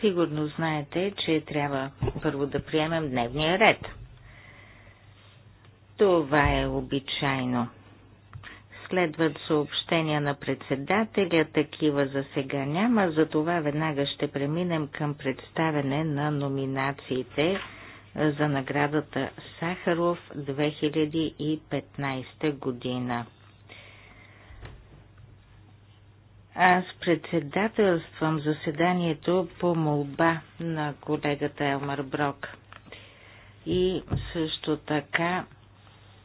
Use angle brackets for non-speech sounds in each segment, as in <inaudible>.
Сигурно знаете, че трябва първо да приемем дневния ред. Това е обичайно. Следват съобщения на председателя, такива за сега няма, затова веднага ще преминем към представене на номинациите за наградата Сахаров 2015 година. Аз председателствам заседанието по молба на колегата Елмар Брок. И също така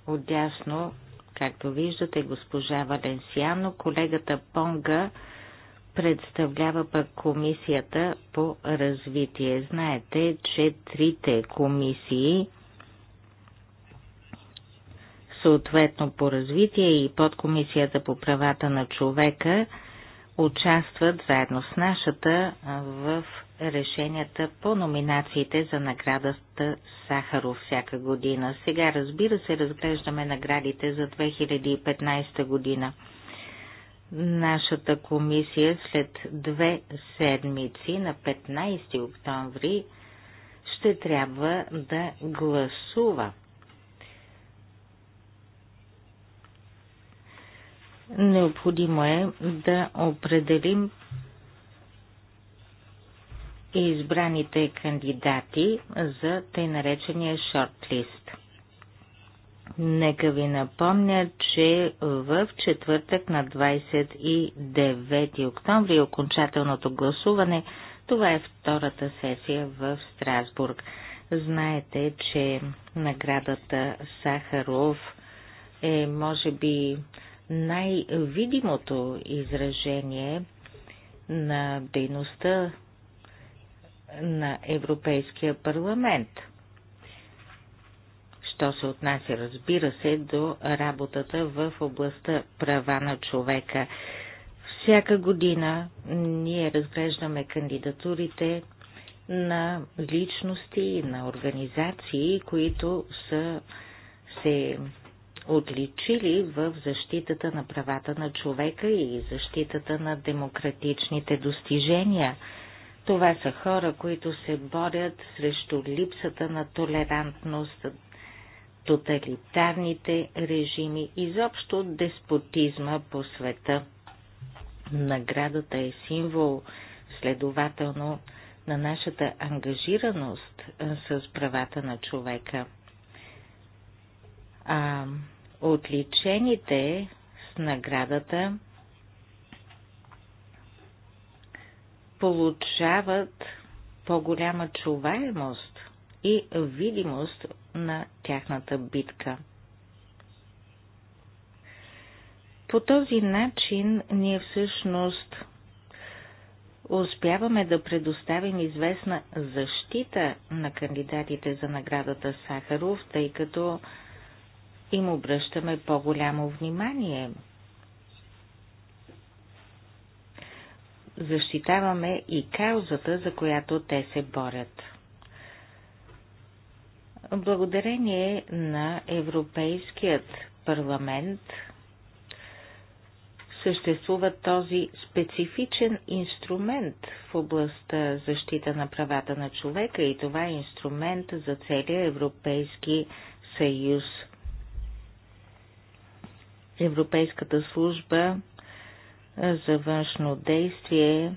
отясно, както виждате, госпожа Валенсиано, колегата Понга представлява пък комисията по развитие. Знаете, че трите комисии съответно по развитие и подкомисията по правата на човека – участват заедно с нашата в решенията по номинациите за наградата Сахаров всяка година. Сега, разбира се, разглеждаме наградите за 2015 година. Нашата комисия след две седмици на 15 октомври ще трябва да гласува Необходимо е да определим избраните кандидати за тъй наречения шортлист. Нека ви напомня, че в четвъртък на 29 октомври окончателното гласуване, това е втората сесия в Страсбург. Знаете, че наградата Сахаров е, може би, най-видимото изражение на дейността на Европейския парламент. Що се отнася, разбира се, до работата в областта права на човека. Всяка година ние разглеждаме кандидатурите на личности, на организации, които са се отличили в защитата на правата на човека и защитата на демократичните достижения. Това са хора, които се борят срещу липсата на толерантност, тоталитарните режими, изобщо деспотизма по света. Наградата е символ, следователно, на нашата ангажираност с правата на човека. А, Отличените с наградата получават по-голяма чуваемост и видимост на тяхната битка. По този начин ние всъщност успяваме да предоставим известна защита на кандидатите за наградата Сахаров, тъй като им обръщаме по-голямо внимание. Защитаваме и каузата, за която те се борят. Благодарение на Европейският парламент съществува този специфичен инструмент в областта защита на правата на човека и това е инструмент за целия Европейски съюз – Европейската служба за външно действие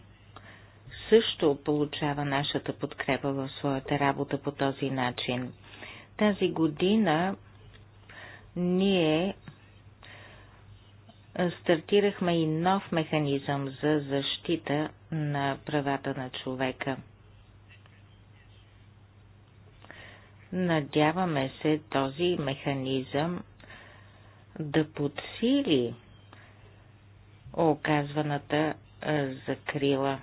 също получава нашата подкрепа в своята работа по този начин. Тази година ние стартирахме и нов механизъм за защита на правата на човека. Надяваме се този механизъм да подсили оказваната закрила.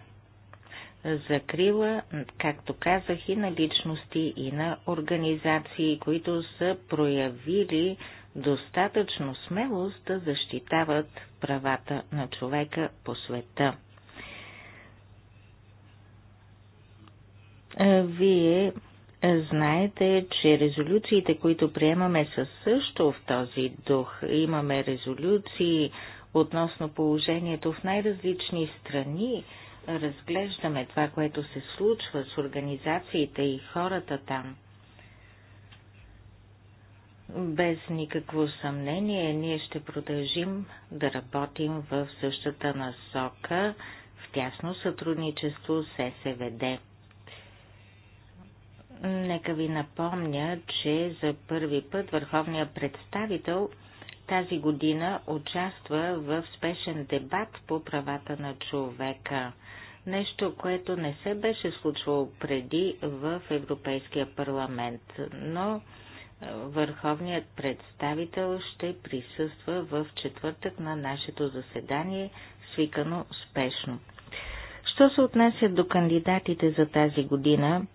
Закрила, както казах, и на личности, и на организации, които са проявили достатъчно смелост да защитават правата на човека по света. Вие Знаете, че резолюциите, които приемаме са също в този дух. Имаме резолюции относно положението в най-различни страни. Разглеждаме това, което се случва с организациите и хората там. Без никакво съмнение, ние ще продължим да работим в същата насока в тясно сътрудничество с СВД. Нека ви напомня, че за първи път върховният представител тази година участва в спешен дебат по правата на човека. Нещо, което не се беше случвало преди в Европейския парламент, но е, върховният представител ще присъства в четвъртък на нашето заседание, свикано спешно. Що се отнася до кандидатите за тази година,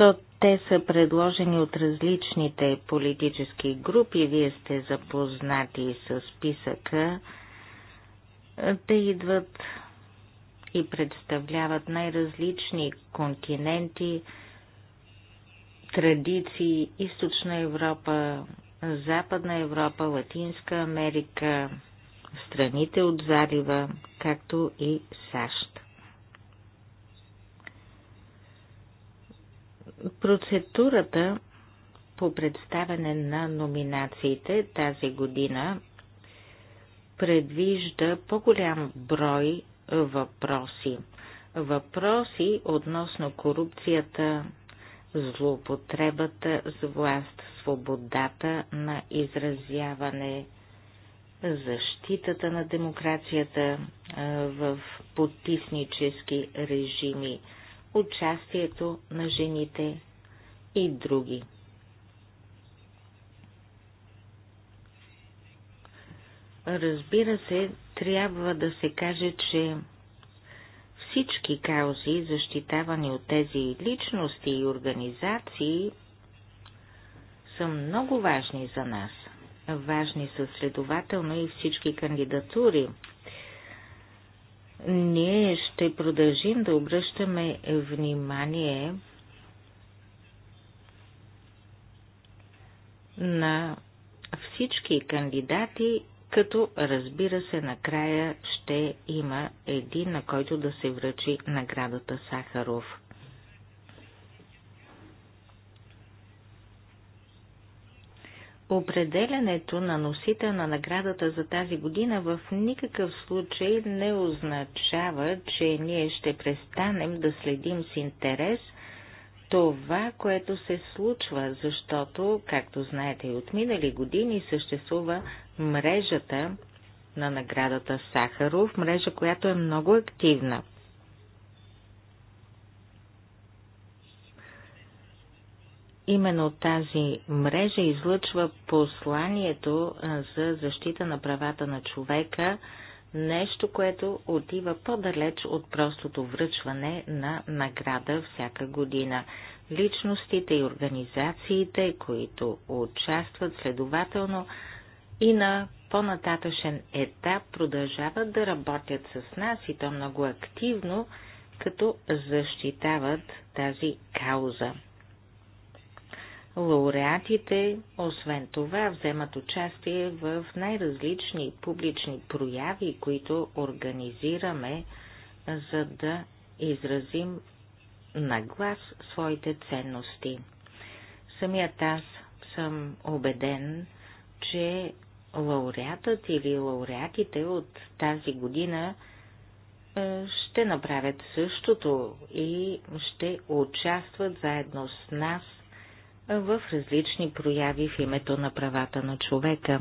то те са предложени от различните политически групи. Вие сте запознати с списъка. Те идват и представляват най-различни континенти, традиции, източна Европа, Западна Европа, Латинска Америка, страните от залива, както и САЩ. Процедурата по представяне на номинациите тази година предвижда по-голям брой въпроси. Въпроси относно корупцията, злоупотребата с власт, свободата на изразяване, защитата на демокрацията в потиснически режими, участието на жените и други. Разбира се, трябва да се каже, че всички каузи, защитавани от тези личности и организации, са много важни за нас. Важни са следователно и всички кандидатури. Ние ще продължим да обръщаме внимание на всички кандидати, като разбира се накрая ще има един, на който да се връчи наградата Сахаров. Определенето на носител на наградата за тази година в никакъв случай не означава, че ние ще престанем да следим с интерес – това, което се случва, защото, както знаете и от минали години, съществува мрежата на наградата Сахаров, мрежа, която е много активна. Именно тази мрежа излъчва посланието за защита на правата на човека – нещо, което отива по-далеч от простото връчване на награда всяка година. Личностите и организациите, които участват следователно и на по-нататъчен етап продължават да работят с нас и то много активно, като защитават тази кауза. Лауреатите, освен това, вземат участие в най-различни публични прояви, които организираме, за да изразим на глас своите ценности. Самият аз съм убеден, че лауреатът или лауреатите от тази година е, ще направят същото и ще участват заедно с нас – в различни прояви в името на правата на човека.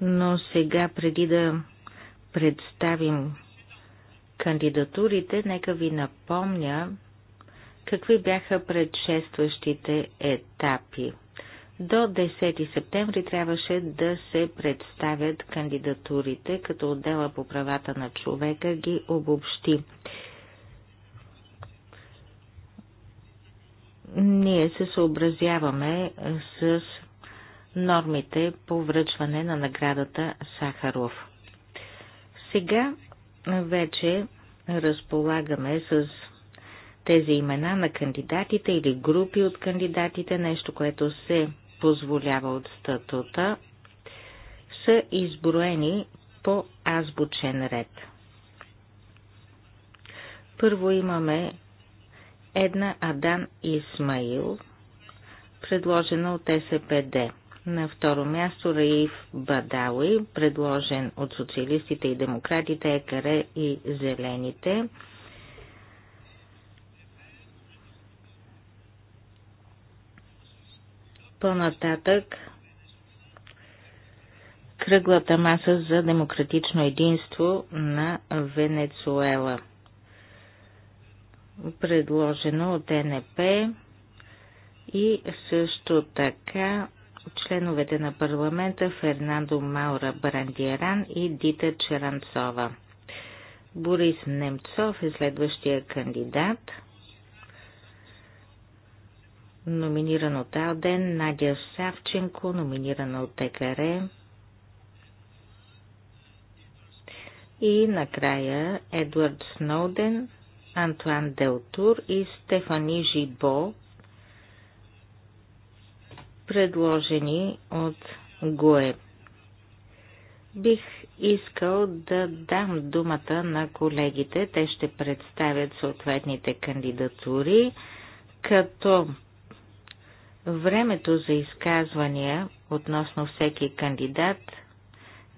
Но сега, преди да представим кандидатурите, нека ви напомня какви бяха предшестващите етапи. До 10 септември трябваше да се представят кандидатурите, като отдела по правата на човека ги обобщи. ние се съобразяваме с нормите по връчване на наградата Сахаров. Сега вече разполагаме с тези имена на кандидатите или групи от кандидатите, нещо, което се позволява от статута, са изброени по азбучен ред. Първо имаме Една Адан Исмаил, предложена от СПД. На второ място Раиф Бадауи, предложен от социалистите и демократите, Екаре и Зелените. По-нататък Кръглата маса за демократично единство на Венецуела – предложено от НП и също така членовете на парламента Фернандо Маура Брандиеран и Дита Черанцова. Борис Немцов е следващия кандидат, номиниран от Алден, Надя Савченко, номинирана от ТКР и накрая Едвард Сноуден, Антуан Делтур и Стефани Жибо, предложени от Гое. Бих искал да дам думата на колегите. Те ще представят съответните кандидатури, като времето за изказвания относно всеки кандидат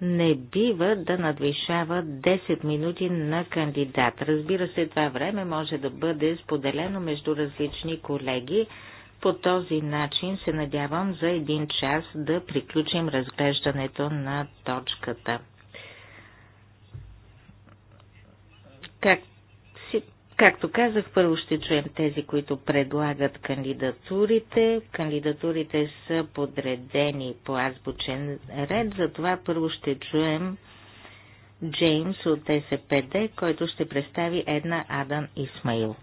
не бива да надвишава 10 минути на кандидат. Разбира се, това време може да бъде споделено между различни колеги. По този начин се надявам за един час да приключим разглеждането на точката. Както Както казах, първо ще чуем тези, които предлагат кандидатурите. Кандидатурите са подредени по азбучен ред, затова първо ще чуем Джеймс от СПД, който ще представи една Адан Исмаил.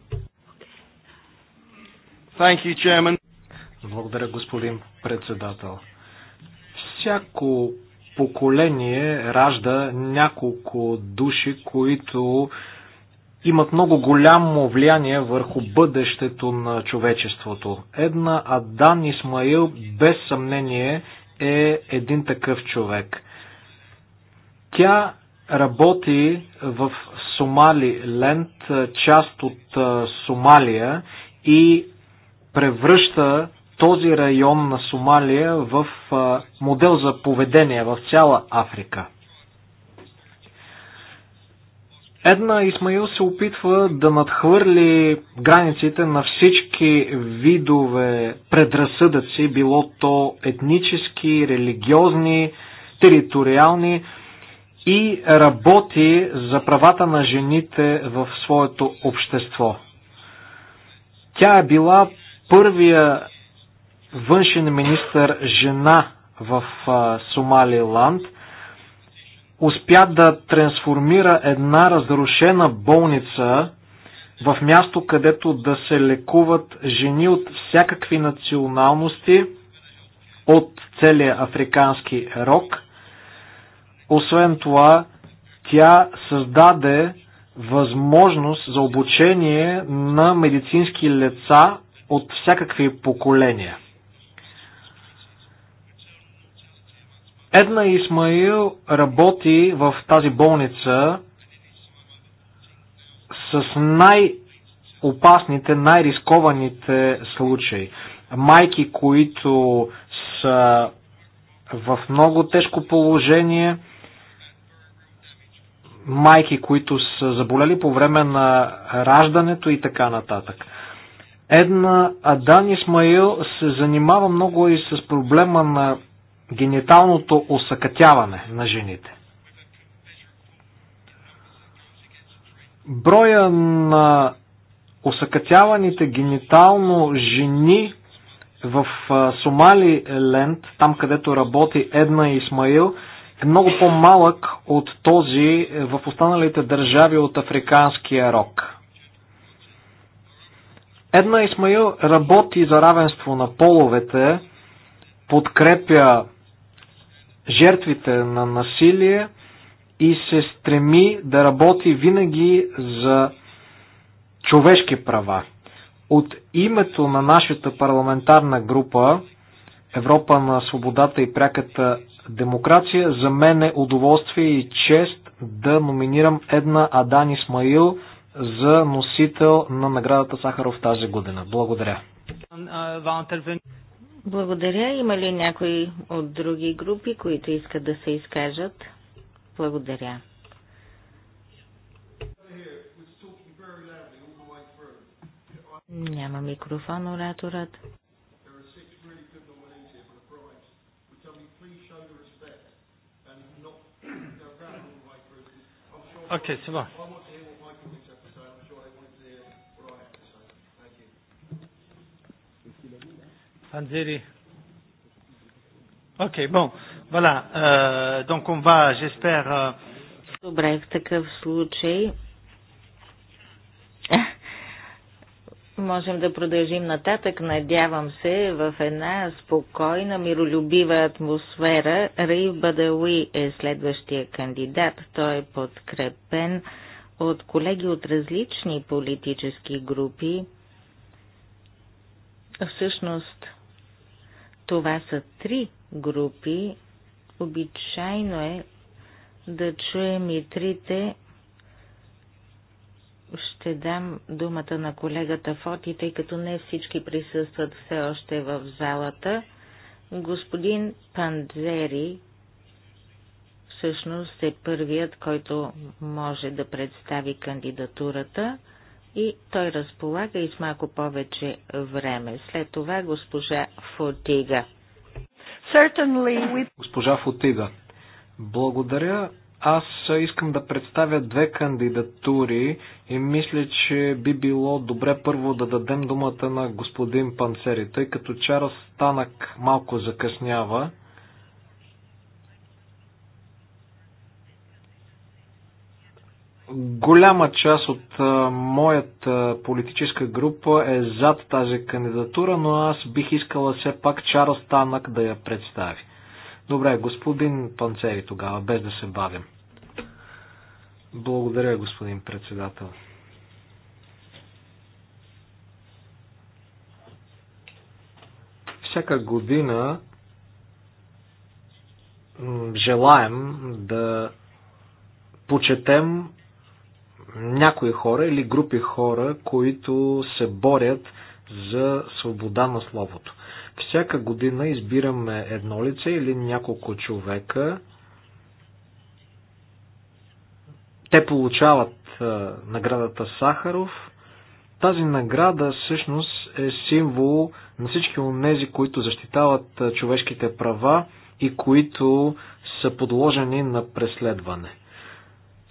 Thank you, chairman. Благодаря, господин председател. Всяко поколение ражда няколко души, които имат много голямо влияние върху бъдещето на човечеството. Една Адан Исмаил без съмнение е един такъв човек. Тя работи в Сомали Ленд, част от Сомалия и превръща този район на Сомалия в модел за поведение в цяла Африка. Една Исмаил се опитва да надхвърли границите на всички видове предразсъдъци, било то етнически, религиозни, териториални и работи за правата на жените в своето общество. Тя е била първия външен министър жена в Сомалиланд – успя да трансформира една разрушена болница в място, където да се лекуват жени от всякакви националности от целия африкански рок. Освен това, тя създаде възможност за обучение на медицински лица от всякакви поколения. Една Исмаил работи в тази болница с най-опасните, най-рискованите случаи. Майки, които са в много тежко положение, майки, които са заболели по време на раждането и така нататък. Една Адан Исмаил се занимава много и с проблема на гениталното осъкътяване на жените. Броя на осъкътяваните генитално жени в Сомали Ленд, там където работи Една и Исмаил, е много по-малък от този в останалите държави от Африканския рок. Една Исмаил работи за равенство на половете, подкрепя жертвите на насилие и се стреми да работи винаги за човешки права. От името на нашата парламентарна група Европа на свободата и пряката демокрация, за мен е удоволствие и чест да номинирам една Адан Исмаил за носител на наградата Сахаров тази година. Благодаря. Е, благодаря. Има ли някои от други групи, които искат да се изкажат? Благодаря. Няма микрофон ораторът. Okay, Panzeri. Окей, okay, bon. Voilà. Euh, donc on va, j'espère... Euh... Добре, в такъв случай можем да продължим нататък. Надявам се в една спокойна, миролюбива атмосфера. Раив Бадауи е следващия кандидат. Той е подкрепен от колеги от различни политически групи. Всъщност, това са три групи. Обичайно е да чуем и трите. Ще дам думата на колегата Фоти, тъй като не всички присъстват все още в залата. Господин Пандзери всъщност е първият, който може да представи кандидатурата и той разполага и с малко повече време. След това госпожа Фотига. Госпожа Фотига, благодаря. Аз искам да представя две кандидатури и мисля, че би било добре първо да дадем думата на господин Панцери, тъй като Чарлз Танък малко закъснява. Голяма част от моята политическа група е зад тази кандидатура, но аз бих искала все пак Чарлз Танък да я представи. Добре, господин Панцери тогава, без да се бавим. Благодаря, господин председател. Всяка година желаем да почетем някои хора или групи хора, които се борят за свобода на словото. Всяка година избираме едно лице или няколко човека. Те получават наградата Сахаров. Тази награда всъщност е символ на всички от тези, които защитават човешките права и които са подложени на преследване.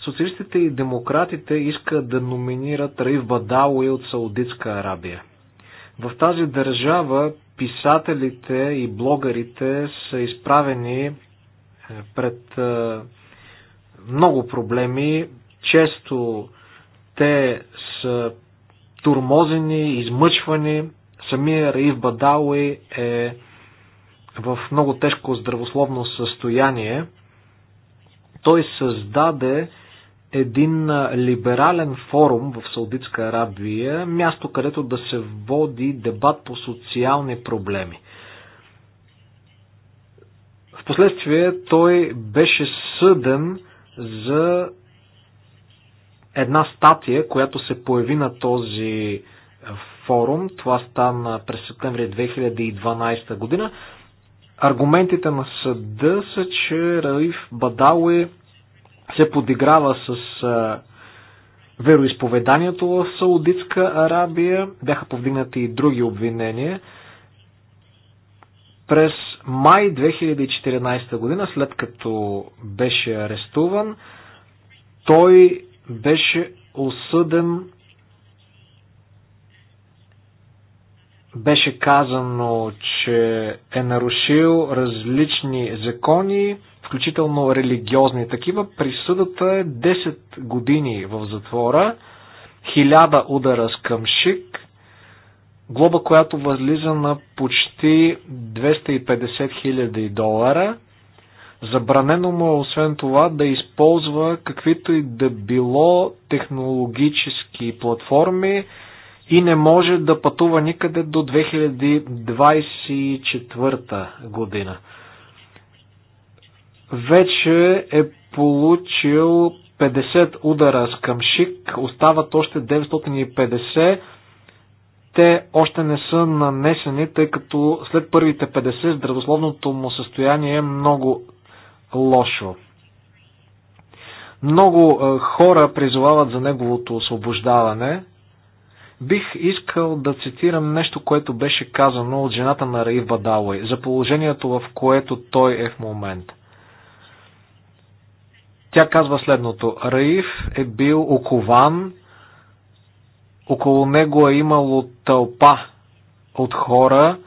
Социалистите и демократите искат да номинират Раив Бадауи от Саудитска Арабия. В тази държава писателите и блогерите са изправени е, пред е, много проблеми. Често те са турмозени, измъчвани. Самия Раив Бадауи е в много тежко здравословно състояние. Той създаде един либерален форум в Саудитска Арабия, място където да се води дебат по социални проблеми. Впоследствие той беше съден за една статия, която се появи на този форум. Това стана през септември 2012 година. Аргументите на съда са, че Раиф Бадауи се подиграва с а, вероисповеданието в Саудитска Арабия. Бяха повдигнати и други обвинения. През май 2014 година, след като беше арестуван, той беше осъден. Беше казано, че е нарушил различни закони, включително религиозни такива. Присъдата е 10 години в затвора, 1000 удара с къмшик, глоба, която възлиза на почти 250 000 долара. Забранено му е освен това да използва каквито и да било технологически платформи и не може да пътува никъде до 2024 година вече е получил 50 удара с камшик, остават още 950. Те още не са нанесени, тъй като след първите 50 здравословното му състояние е много лошо. Много е, хора призовават за неговото освобождаване. Бих искал да цитирам нещо, което беше казано от жената на Раив Бадауи за положението, в което той е в момента. Тя казва следното. Раиф е бил окован, около него е имало тълпа от хора.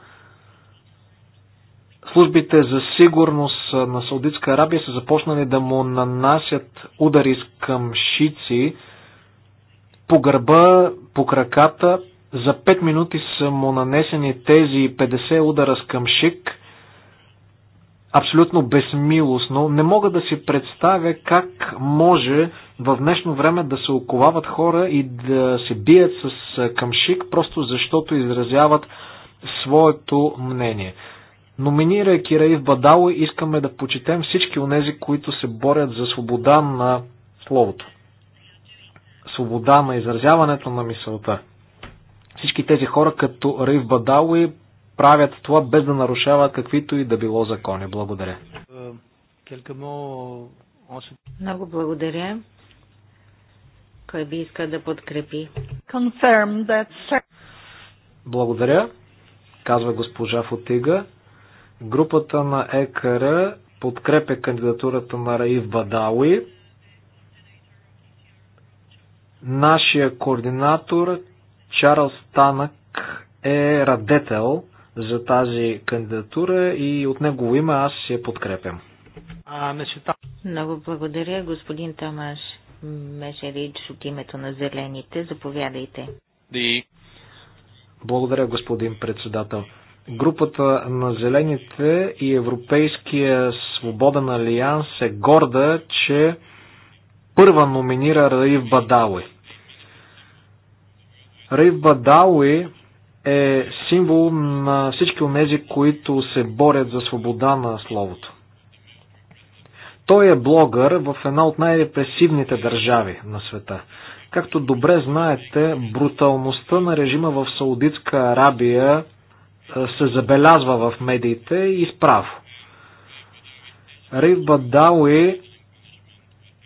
Службите за сигурност на Саудитска Арабия са започнали да му нанасят удари с къмшици по гърба, по краката. За 5 минути са му нанесени тези 50 удара с къмшик – абсолютно безмилостно. Не мога да си представя как може в днешно време да се оковават хора и да се бият с камшик, просто защото изразяват своето мнение. Номинирайки Раив Бадало, искаме да почетем всички онези, които се борят за свобода на словото. Свобода на изразяването на мисълта. Всички тези хора, като Раив Бадауи, правят това без да нарушават каквито и да било закони. Благодаря. Много благодаря. Кой би иска да подкрепи? Confirm that... Благодаря, казва госпожа Фотига. Групата на ЕКР подкрепя кандидатурата на Раив Бадауи. Нашия координатор Чарлз Танък е радетел за тази кандидатура и от негово име аз я подкрепям. Значи Много благодаря, господин Тамаш Мешерич от името на Зелените. Заповядайте. Благодаря, господин председател. Групата на Зелените и Европейския свободен алианс е горда, че първа номинира Раив Бадауи. Раив Бадауи е символ на всички от тези, които се борят за свобода на словото. Той е блогър в една от най-репресивните държави на света. Както добре знаете, бруталността на режима в Саудитска Арабия е, се забелязва в медиите и справо. Рейд Бадауи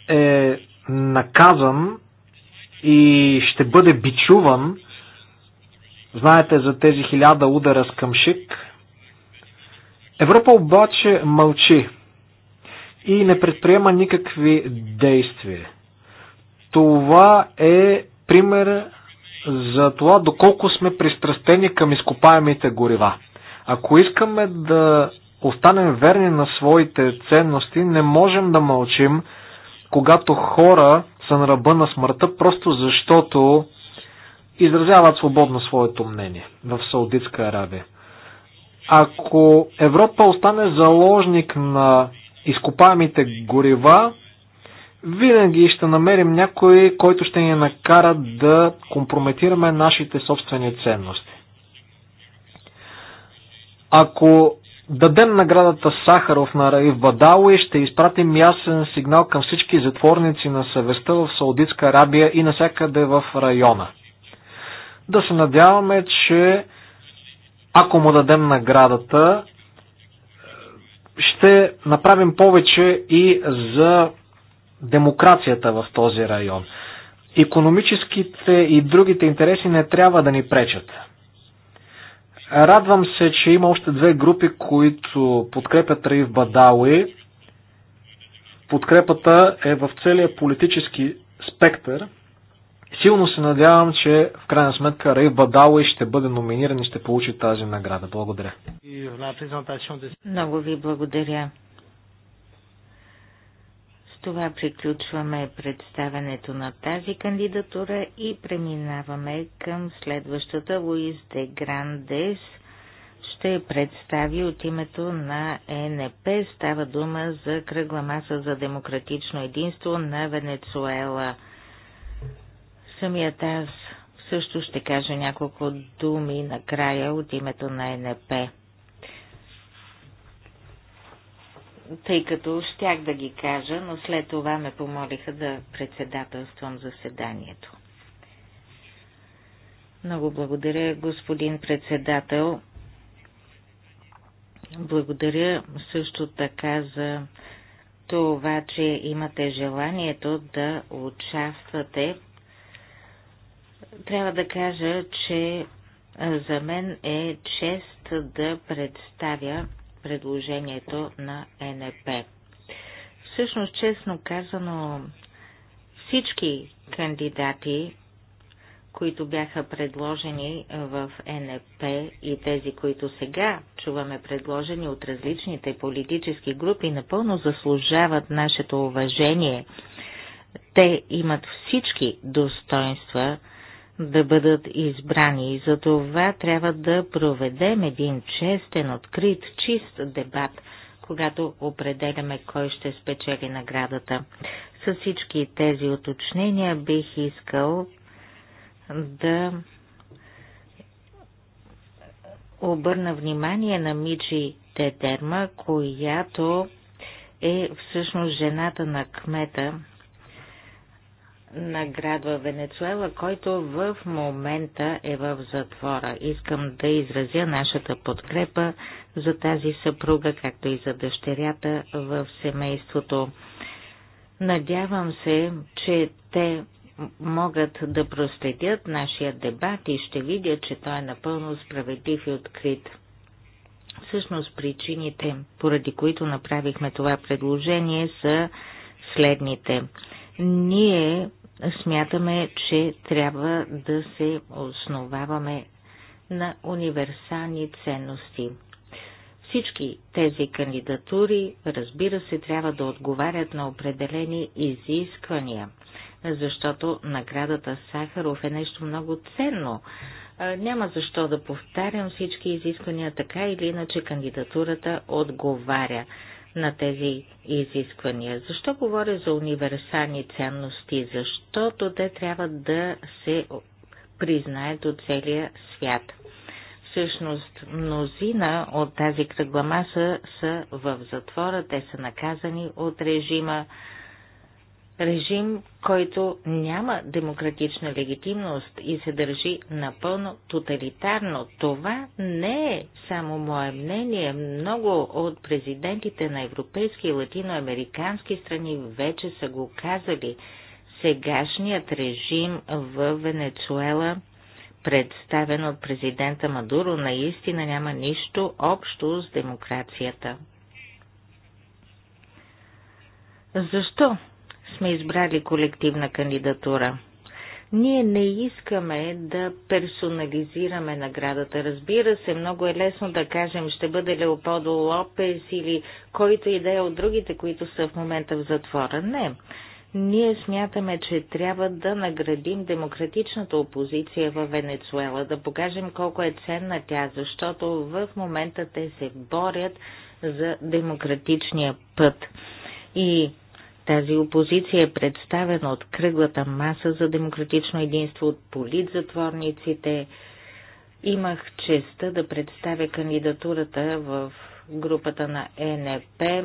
е наказан и ще бъде бичуван Знаете за тези хиляда удара с къмшик. Европа обаче мълчи и не предприема никакви действия. Това е пример за това доколко сме пристрастени към изкопаемите горива. Ако искаме да останем верни на своите ценности, не можем да мълчим, когато хора са на ръба на смъртта, просто защото изразяват свободно своето мнение в Саудитска Арабия. Ако Европа остане заложник на изкопаемите горива, винаги ще намерим някой, който ще ни накара да компрометираме нашите собствени ценности. Ако дадем наградата Сахаров на Раив Бадауи, ще изпратим ясен сигнал към всички затворници на съвестта в Саудитска Арабия и насякъде в района – да се надяваме, че ако му дадем наградата, ще направим повече и за демокрацията в този район. Економическите и другите интереси не трябва да ни пречат. Радвам се, че има още две групи, които подкрепят Раив Бадауи. Подкрепата е в целия политически спектър. Силно се надявам, че в крайна сметка Рей Бадауи ще бъде номиниран и ще получи тази награда. Благодаря. Много ви благодаря. С това приключваме представенето на тази кандидатура и преминаваме към следващата Луис де Грандес – ще представи от името на ЕНП. Става дума за кръгла маса за демократично единство на Венецуела. Самият аз също ще кажа няколко думи накрая от името на НП. Тъй като щях да ги кажа, но след това ме помолиха да председателствам заседанието. Много благодаря, господин председател. Благодаря също така за това, че имате желанието да участвате трябва да кажа, че за мен е чест да представя предложението на НП. Всъщност, честно казано, всички кандидати, които бяха предложени в НП и тези, които сега чуваме предложени от различните политически групи, напълно заслужават нашето уважение. Те имат всички достоинства – да бъдат избрани и за това трябва да проведем един честен, открит, чист дебат, когато определяме кой ще спечели наградата. С всички тези уточнения бих искал да обърна внимание на Мичи Тетерма, която е всъщност жената на кмета наградва Венецуела, който в момента е в затвора. Искам да изразя нашата подкрепа за тази съпруга, както и за дъщерята в семейството. Надявам се, че те могат да проследят нашия дебат и ще видят, че той е напълно справедлив и открит. Всъщност причините, поради които направихме това предложение, са следните. Ние смятаме, че трябва да се основаваме на универсални ценности. Всички тези кандидатури, разбира се, трябва да отговарят на определени изисквания, защото наградата Сахаров е нещо много ценно. Няма защо да повтарям всички изисквания, така или иначе кандидатурата отговаря на тези изисквания. Защо говоря за универсални ценности? Защото те трябва да се признаят от целия свят. Всъщност, мнозина от тази кръгла маса са в затвора, те са наказани от режима, режим, който няма демократична легитимност и се държи напълно тоталитарно. Това не е само мое мнение. Много от президентите на европейски и латиноамерикански страни вече са го казали. Сегашният режим в Венецуела, представен от президента Мадуро, наистина няма нищо общо с демокрацията. Защо сме избрали колективна кандидатура. Ние не искаме да персонализираме наградата. Разбира се, много е лесно да кажем, ще бъде Леоподо Лопес или който и да е от другите, които са в момента в затвора. Не. Ние смятаме, че трябва да наградим демократичната опозиция в Венецуела, да покажем колко е ценна тя, защото в момента те се борят за демократичния път. И тази опозиция е представена от кръглата маса за демократично единство, от политзатворниците. Имах честа да представя кандидатурата в групата на ЕНП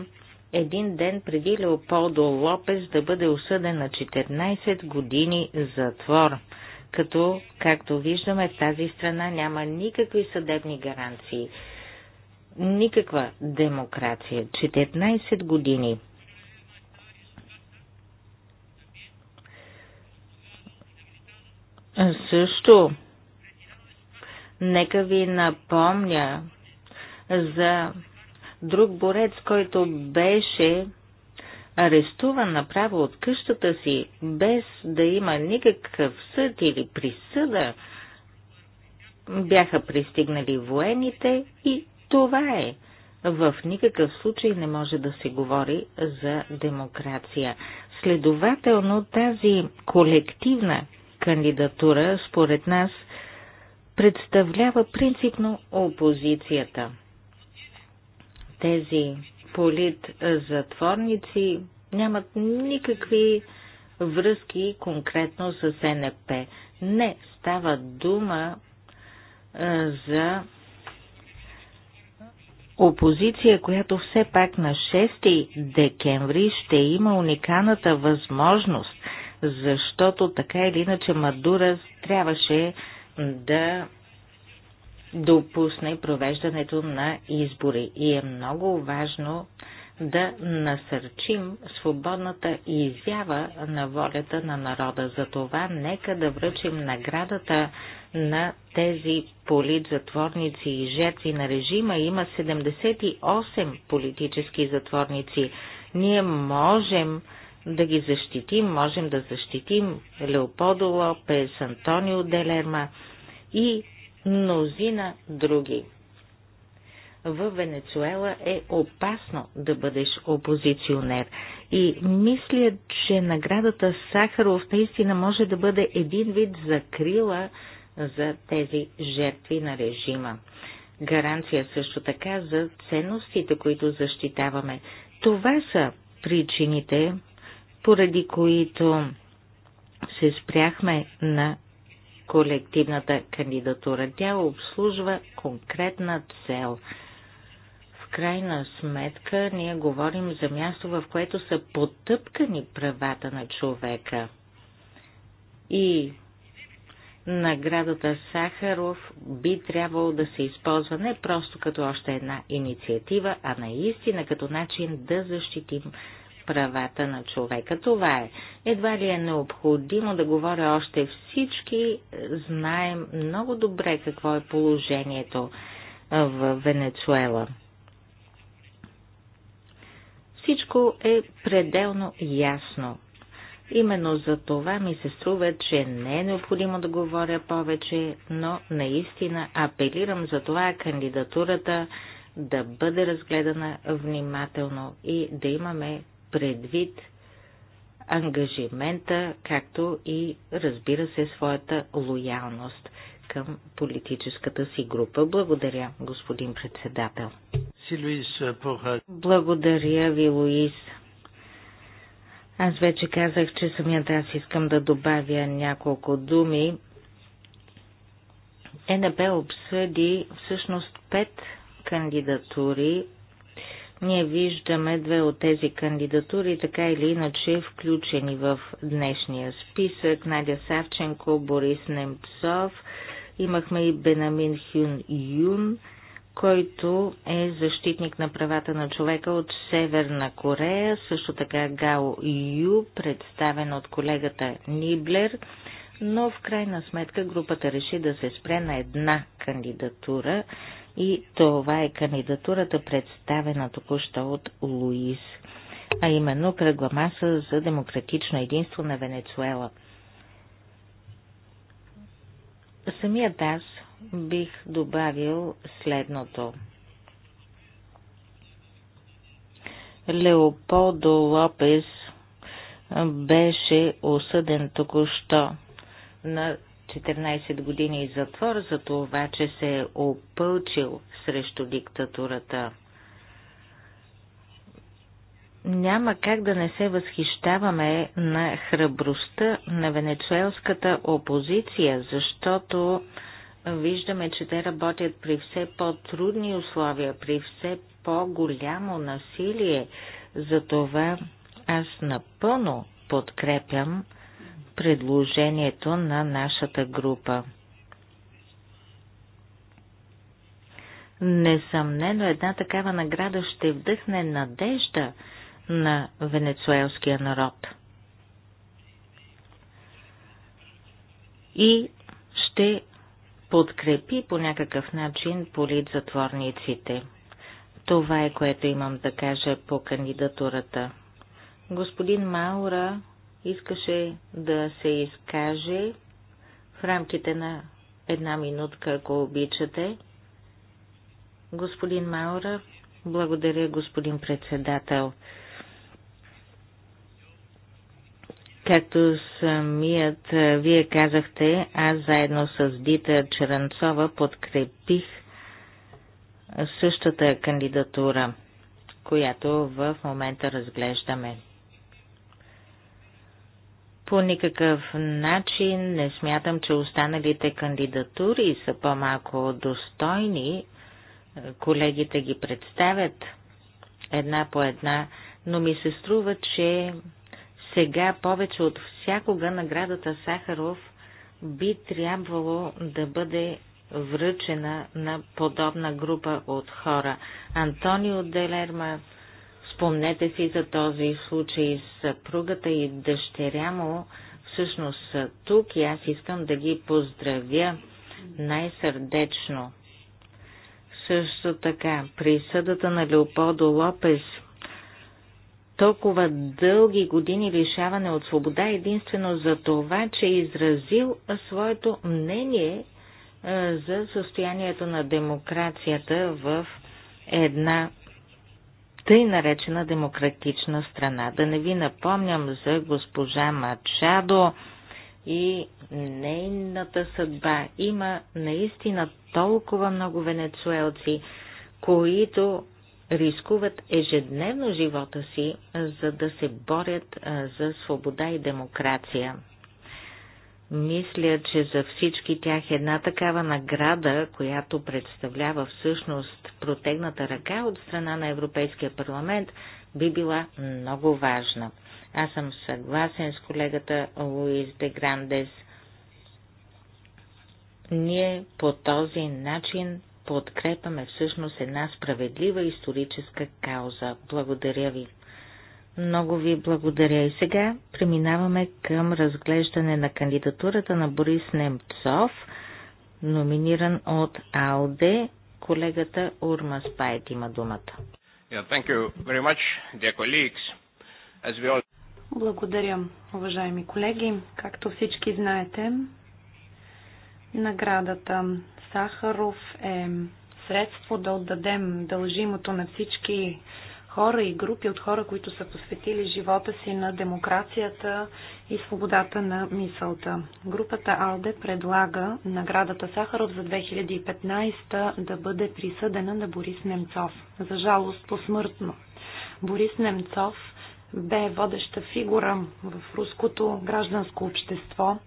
един ден преди Леополдо Лопес да бъде осъден на 14 години затвор, като, както виждаме, в тази страна няма никакви съдебни гаранции. Никаква демокрация. 14 години. Също, нека ви напомня за друг борец, който беше арестуван направо от къщата си, без да има никакъв съд или присъда. Бяха пристигнали военните и това е. В никакъв случай не може да се говори за демокрация. Следователно тази колективна кандидатура, според нас, представлява принципно опозицията. Тези политзатворници нямат никакви връзки конкретно с НП. Не става дума а, за опозиция, която все пак на 6 декември ще има уникалната възможност защото така или иначе Мадура трябваше да допусне провеждането на избори и е много важно да насърчим свободната изява на волята на народа. За това нека да връчим наградата на тези политзатворници и жертви на режима. Има 78 политически затворници. Ние можем да ги защитим. Можем да защитим Леоподо Лопес, Антонио Делерма и мнозина други. В Венецуела е опасно да бъдеш опозиционер и мисля, че наградата Сахаров наистина може да бъде един вид закрила за тези жертви на режима. Гаранция също така за ценностите, които защитаваме. Това са причините, поради които се спряхме на колективната кандидатура. Тя обслужва конкретна цел. В крайна сметка ние говорим за място, в което са потъпкани правата на човека. И наградата Сахаров би трябвало да се използва не просто като още една инициатива, а наистина като начин да защитим правата на човека. Това е. Едва ли е необходимо да говоря още всички. Е, знаем много добре какво е положението е, в Венецуела. Всичко е пределно ясно. Именно за това ми се струва, че не е необходимо да говоря повече, но наистина апелирам за това кандидатурата да бъде разгледана внимателно и да имаме предвид ангажимента, както и разбира се своята лоялност към политическата си група. Благодаря, господин председател. Е, Благодаря ви, Луис. Аз вече казах, че самият аз искам да добавя няколко думи. Енабе обсъди всъщност пет кандидатури ние виждаме две от тези кандидатури, така или иначе включени в днешния списък. Надя Савченко, Борис Немцов, имахме и Бенамин Хюн Юн, който е защитник на правата на човека от Северна Корея, също така Гао Ю, представен от колегата Ниблер, но в крайна сметка групата реши да се спре на една кандидатура, и това е кандидатурата, представена току-що от Луис, а именно кръгла маса за демократично единство на Венецуела. Самият аз бих добавил следното. Леополдо Лопес беше осъден току-що на 14 години затвор за това, че се е опълчил срещу диктатурата. Няма как да не се възхищаваме на храбростта на венецуелската опозиция, защото виждаме, че те работят при все по-трудни условия, при все по-голямо насилие. Затова аз напълно подкрепям предложението на нашата група. Несъмнено една такава награда ще вдъхне надежда на венецуелския народ. И ще подкрепи по някакъв начин политзатворниците. Това е което имам да кажа по кандидатурата. Господин Маура искаше да се изкаже в рамките на една минутка, ако обичате. Господин Маура, благодаря, господин председател. Както самият вие казахте, аз заедно с Дита Черанцова подкрепих същата кандидатура, която в момента разглеждаме. По никакъв начин не смятам, че останалите кандидатури са по-малко достойни. Колегите ги представят една по една, но ми се струва, че сега повече от всякога наградата Сахаров би трябвало да бъде връчена на подобна група от хора. Антонио Делерма, Спомнете си за този случай с съпругата и дъщеря му, всъщност тук и аз искам да ги поздравя най-сърдечно. Също така, присъдата на Леоподо Лопес толкова дълги години лишаване от свобода единствено за това, че е изразил своето мнение за състоянието на демокрацията в една тъй наречена демократична страна. Да не ви напомням за госпожа Мачадо и нейната съдба. Има наистина толкова много венецуелци, които рискуват ежедневно живота си, за да се борят за свобода и демокрация. Мисля, че за всички тях една такава награда, която представлява всъщност протегната ръка от страна на Европейския парламент, би била много важна. Аз съм съгласен с колегата Луис де Грандес. Ние по този начин подкрепаме всъщност една справедлива историческа кауза. Благодаря ви. Много ви благодаря. И сега преминаваме към разглеждане на кандидатурата на Борис Немцов, номиниран от Алде. Колегата Урма Спайт има думата. Благодаря, уважаеми колеги. Както всички знаете, наградата Сахаров е средство да отдадем дължимото на всички хора и групи от хора, които са посветили живота си на демокрацията и свободата на мисълта. Групата АЛДЕ предлага наградата Сахаров за 2015 да бъде присъдена на Борис Немцов. За жалост посмъртно. Борис Немцов бе водеща фигура в руското гражданско общество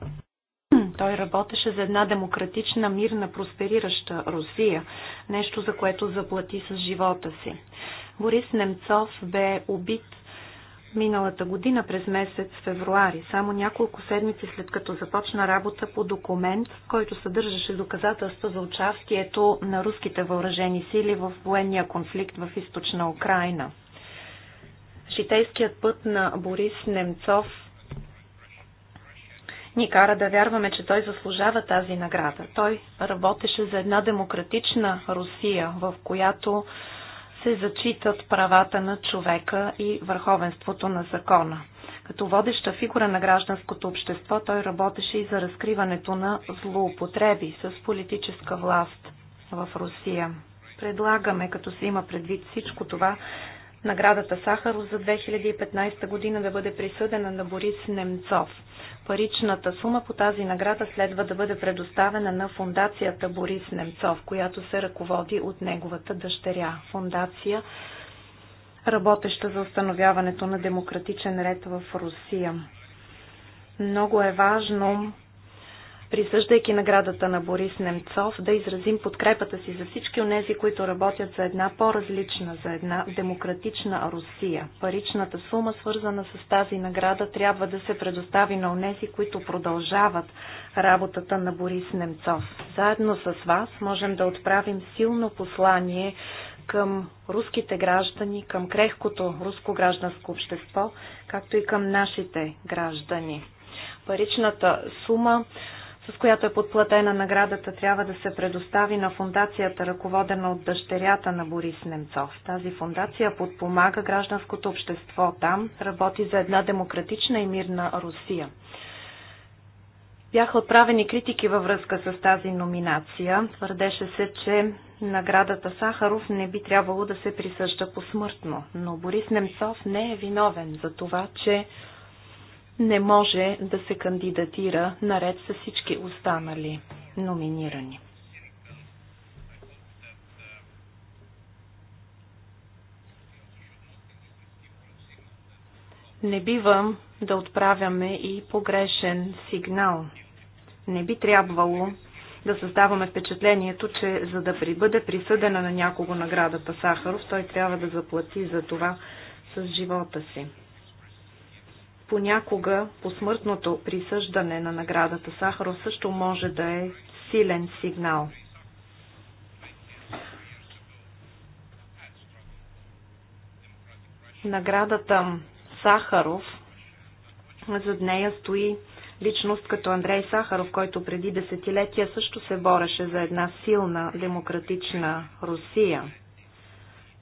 той работеше за една демократична, мирна, просперираща Русия, нещо за което заплати с живота си. Борис Немцов бе убит миналата година през месец февруари, само няколко седмици след като започна работа по документ, който съдържаше доказателства за участието на руските въоръжени сили в военния конфликт в източна Украина. Житейският път на Борис Немцов ни кара да вярваме, че той заслужава тази награда. Той работеше за една демократична Русия, в която се зачитат правата на човека и върховенството на закона. Като водеща фигура на гражданското общество, той работеше и за разкриването на злоупотреби с политическа власт в Русия. Предлагаме, като се има предвид всичко това, наградата Сахаров за 2015 година да бъде присъдена на Борис Немцов. Паричната сума по тази награда следва да бъде предоставена на фундацията Борис Немцов, която се ръководи от неговата дъщеря. Фундация, работеща за установяването на демократичен ред в Русия. Много е важно присъждайки наградата на Борис Немцов, да изразим подкрепата си за всички тези, които работят за една по-различна, за една демократична Русия. Паричната сума, свързана с тази награда, трябва да се предостави на онези, които продължават работата на Борис Немцов. Заедно с вас можем да отправим силно послание към руските граждани, към крехкото руско гражданско общество, както и към нашите граждани. Паричната сума с която е подплатена наградата, трябва да се предостави на фундацията, ръководена от дъщерята на Борис Немцов. Тази фундация подпомага гражданското общество там, работи за една демократична и мирна Русия. Бяха отправени критики във връзка с тази номинация. Твърдеше се, че наградата Сахаров не би трябвало да се присъжда посмъртно, но Борис Немцов не е виновен за това, че не може да се кандидатира наред с всички останали номинирани. Не бивам да отправяме и погрешен сигнал. Не би трябвало да създаваме впечатлението, че за да бъде присъдена на някого наградата Сахаров, той трябва да заплати за това с живота си. Понякога по смъртното присъждане на наградата Сахаров също може да е силен сигнал. Наградата Сахаров, зад нея стои личност като Андрей Сахаров, който преди десетилетия също се бореше за една силна демократична Русия.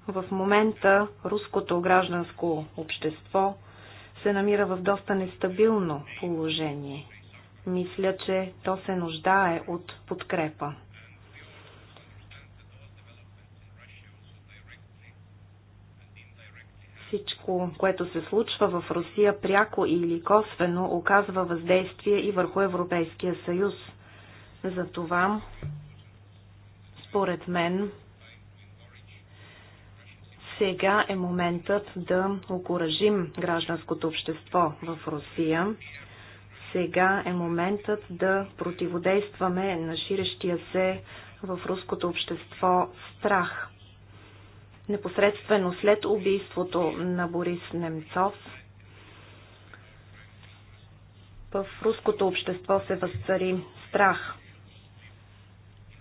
В момента руското гражданско общество – се намира в доста нестабилно положение. Мисля, че то се нуждае от подкрепа. всичко, което се случва в Русия, пряко или косвено оказва въздействие и върху Европейския съюз. Затова, според мен, сега е моментът да окоръжим гражданското общество в Русия. Сега е моментът да противодействаме на ширещия се в руското общество страх. Непосредствено след убийството на Борис Немцов, в руското общество се възцари страх.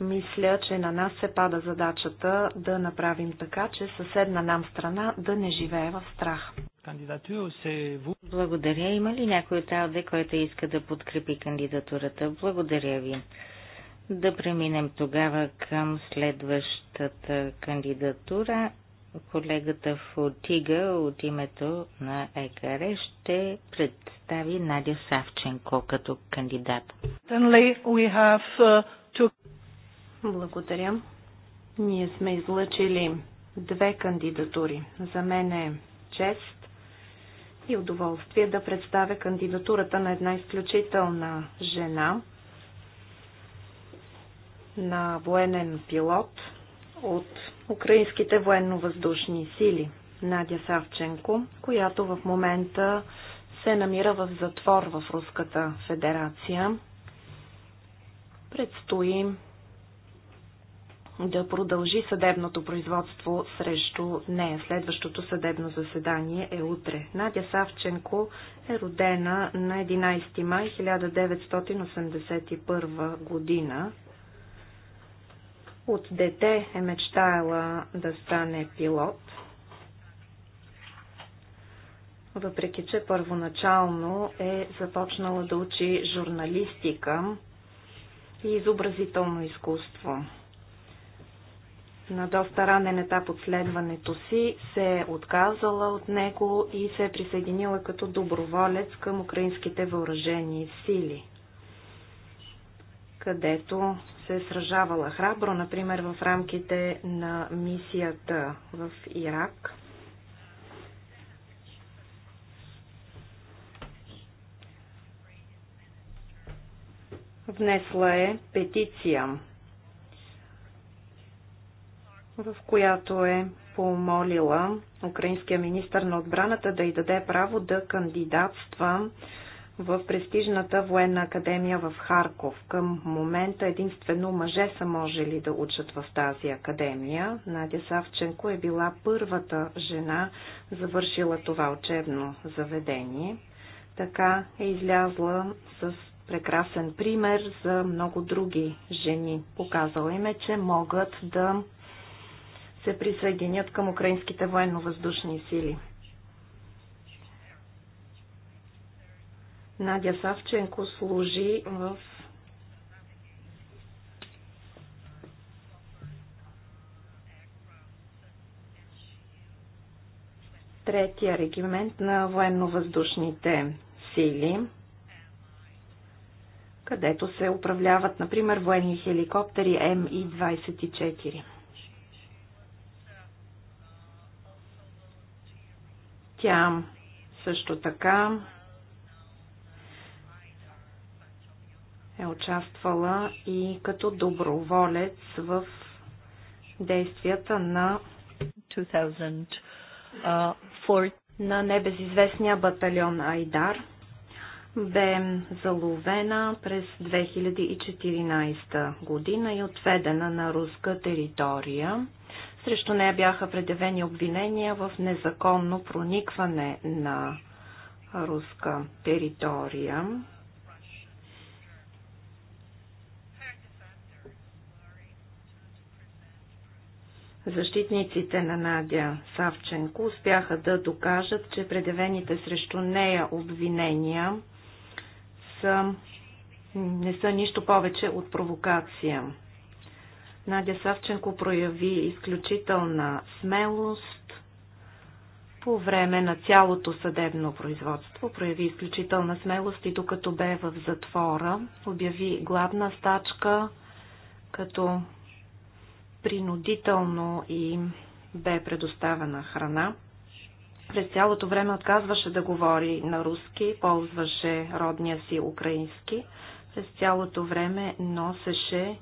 Мисля, че на нас се пада задачата да направим така, че съседна нам страна да не живее в страх. Благодаря. Има ли някой от АЛД, който иска да подкрепи кандидатурата? Благодаря ви. Да преминем тогава към следващата кандидатура. Колегата Фотига от името на ЕКР ще представи Надя Савченко като кандидат. Благодаря. Ние сме излъчили две кандидатури. За мен е чест и удоволствие да представя кандидатурата на една изключителна жена, на военен пилот от украинските военно-въздушни сили, Надя Савченко, която в момента се намира в затвор в Руската федерация. Предстои да продължи съдебното производство срещу нея. Следващото съдебно заседание е утре. Надя Савченко е родена на 11 май 1981 година. От дете е мечтаяла да стане пилот. Въпреки, че първоначално е започнала да учи журналистика и изобразително изкуство на доста ранен етап от следването си се е отказала от него и се е присъединила като доброволец към украинските въоръжени сили, където се е сражавала храбро, например в рамките на мисията в Ирак. Внесла е петиция в която е помолила украинския министр на отбраната да й даде право да кандидатства в престижната военна академия в Харков. Към момента единствено мъже са можели да учат в тази академия. Надя Савченко е била първата жена, завършила това учебно заведение. Така е излязла с прекрасен пример за много други жени. Показала им е, че могат да се присъединят към украинските военно-въздушни сили. Надя Савченко служи в третия регимент на военно-въздушните сили, където се управляват, например, военни хеликоптери МИ-24. Тя също така е участвала и като доброволец в действията на 2004 на небезизвестния батальон Айдар. Бе заловена през 2014 година и отведена на руска територия. Срещу нея бяха предявени обвинения в незаконно проникване на руска територия. Защитниците на Надя Савченко успяха да докажат, че предявените срещу нея обвинения са, не са нищо повече от провокация. Надя Савченко прояви изключителна смелост по време на цялото съдебно производство. Прояви изключителна смелост и докато бе в затвора, обяви гладна стачка като принудително и бе предоставена храна. През цялото време отказваше да говори на руски, ползваше родния си украински. През цялото време носеше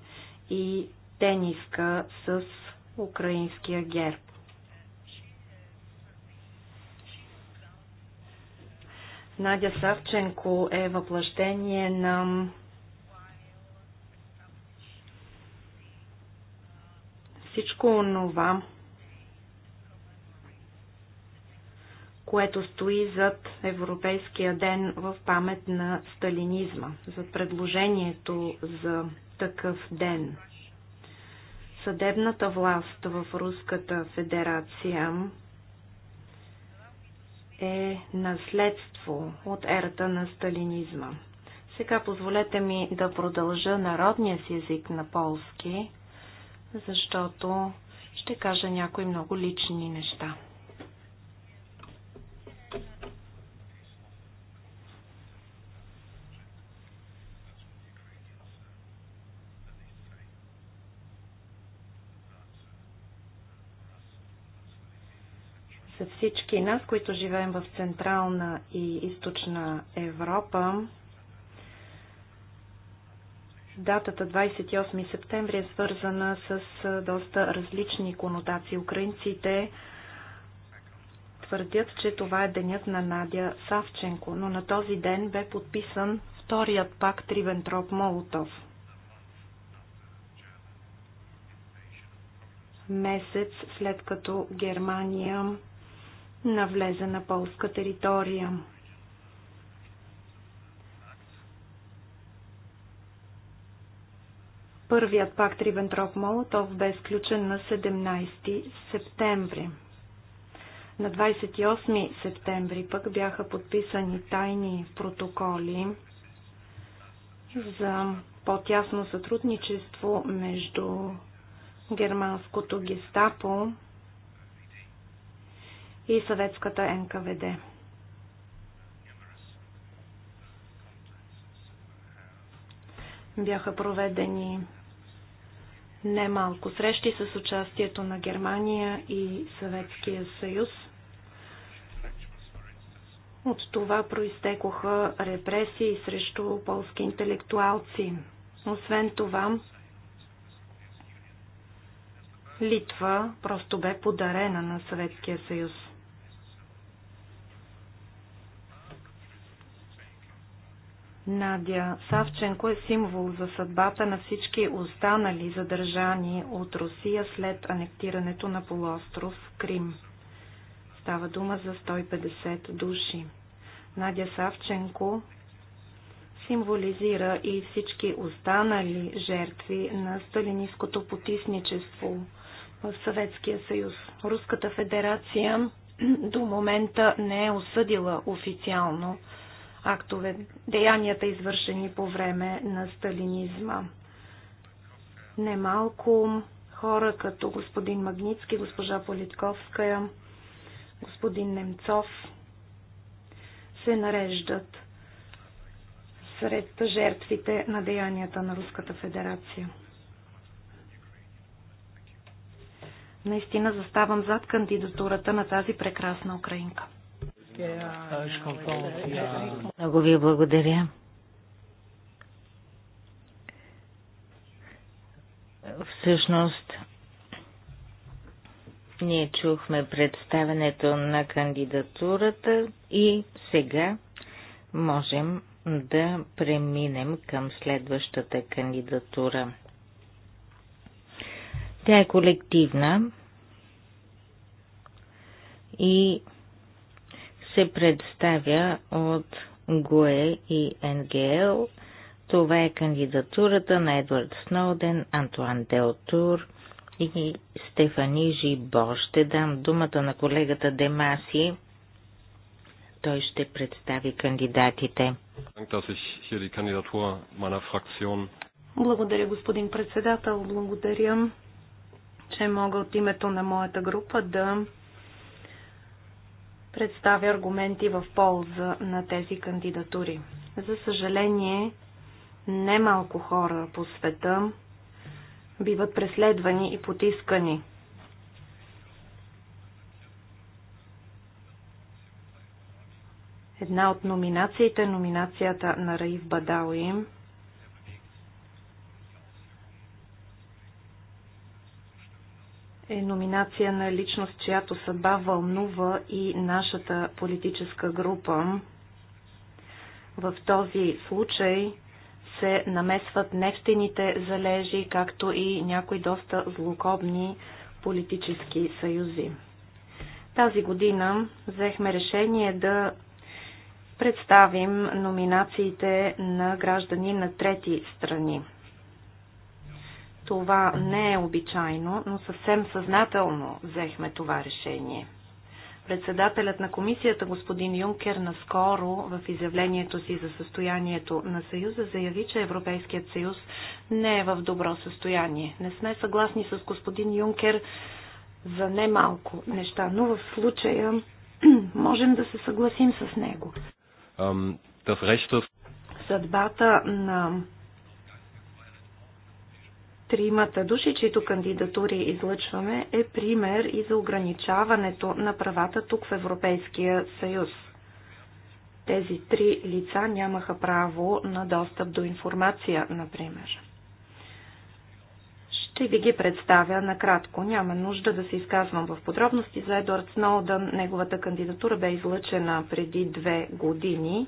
и тениска с украинския герб. Надя Савченко е въплъщение на всичко онова, което стои зад Европейския ден в памет на сталинизма, за предложението за такъв ден – съдебната власт в Руската федерация е наследство от ерата на сталинизма. Сега позволете ми да продължа народния си език на полски, защото ще кажа някои много лични неща. всички нас, които живеем в Централна и Източна Европа, датата 28 септември е свързана с доста различни конотации. Украинците твърдят, че това е денят на Надя Савченко, но на този ден бе подписан вторият пакт Рибентроп-Молотов. Месец след като Германия навлезе на полска територия. Първият пакт Рибентроп-Молотов бе сключен на 17 септември. На 28 септември пък бяха подписани тайни протоколи за по-тясно сътрудничество между германското гестапо и съветската НКВД. Бяха проведени немалко срещи с участието на Германия и Съветския съюз. От това проистекоха репресии срещу полски интелектуалци. Освен това, Литва просто бе подарена на Съветския съюз. Надя Савченко е символ за съдбата на всички останали задържани от Русия след анектирането на полуостров Крим. Става дума за 150 души. Надя Савченко символизира и всички останали жертви на сталинистското потисничество в Съветския съюз. Руската федерация до момента не е осъдила официално актове, деянията извършени по време на сталинизма. Немалко хора като господин Магницки, госпожа Политковская, господин Немцов се нареждат сред жертвите на деянията на Руската федерация. Наистина заставам зад кандидатурата на тази прекрасна украинка. Много ви благодаря. Всъщност, ние чухме представенето на кандидатурата и сега можем да преминем към следващата кандидатура. Тя е колективна и се представя от ГУЕ и НГЛ. Това е кандидатурата на Едвард Сноуден, Антуан Делтур и Стефани Жибо. Ще дам думата на колегата Демаси. Той ще представи кандидатите. Благодаря, господин председател. Благодаря, че мога от името на моята група да представя аргументи в полза на тези кандидатури. За съжаление, немалко хора по света биват преследвани и потискани. Една от номинациите, номинацията на Раив Бадауи, е номинация на личност, чиято съдба вълнува и нашата политическа група. В този случай се намесват нефтените залежи, както и някои доста злокобни политически съюзи. Тази година взехме решение да представим номинациите на граждани на трети страни. Това не е обичайно, но съвсем съзнателно взехме това решение. Председателят на комисията господин Юнкер наскоро в изявлението си за състоянието на Съюза заяви, че Европейският съюз не е в добро състояние. Не сме съгласни с господин Юнкер за немалко неща, но в случая <clears throat> можем да се съгласим с него. Um, Съдбата на Тримата души, чието кандидатури излъчваме, е пример и за ограничаването на правата тук в Европейския съюз. Тези три лица нямаха право на достъп до информация, например. Ще ви ги представя накратко. Няма нужда да се изказвам в подробности за Едуард Сноудън. Неговата кандидатура бе излъчена преди две години.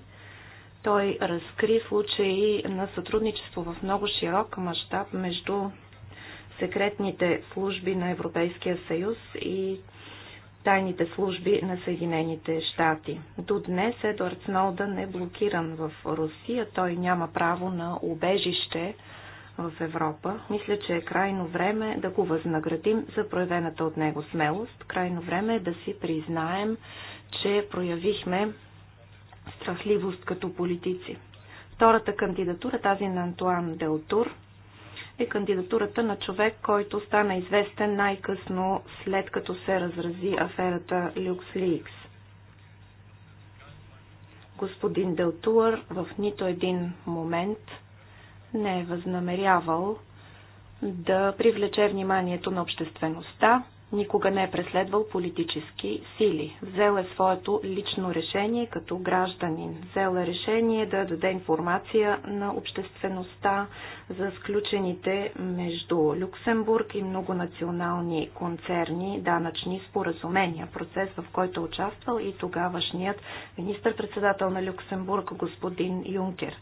Той разкри случаи на сътрудничество в много широк мащаб между секретните служби на Европейския съюз и тайните служби на Съединените щати. До днес Едуард Сноудън е блокиран в Русия. Той няма право на убежище в Европа. Мисля, че е крайно време да го възнаградим за проявената от него смелост. Крайно време е да си признаем, че проявихме страхливост като политици. Втората кандидатура, тази на Антуан Делтур, е кандидатурата на човек, който стана известен най-късно след като се разрази аферата LuxLeaks. Господин Делтур в нито един момент не е възнамерявал да привлече вниманието на обществеността, никога не е преследвал политически сили. Взел е своето лично решение като гражданин. Взел е решение да даде информация на обществеността за сключените между Люксембург и многонационални концерни данъчни споразумения. Процес, в който е участвал и тогавашният министър-председател на Люксембург господин Юнкер.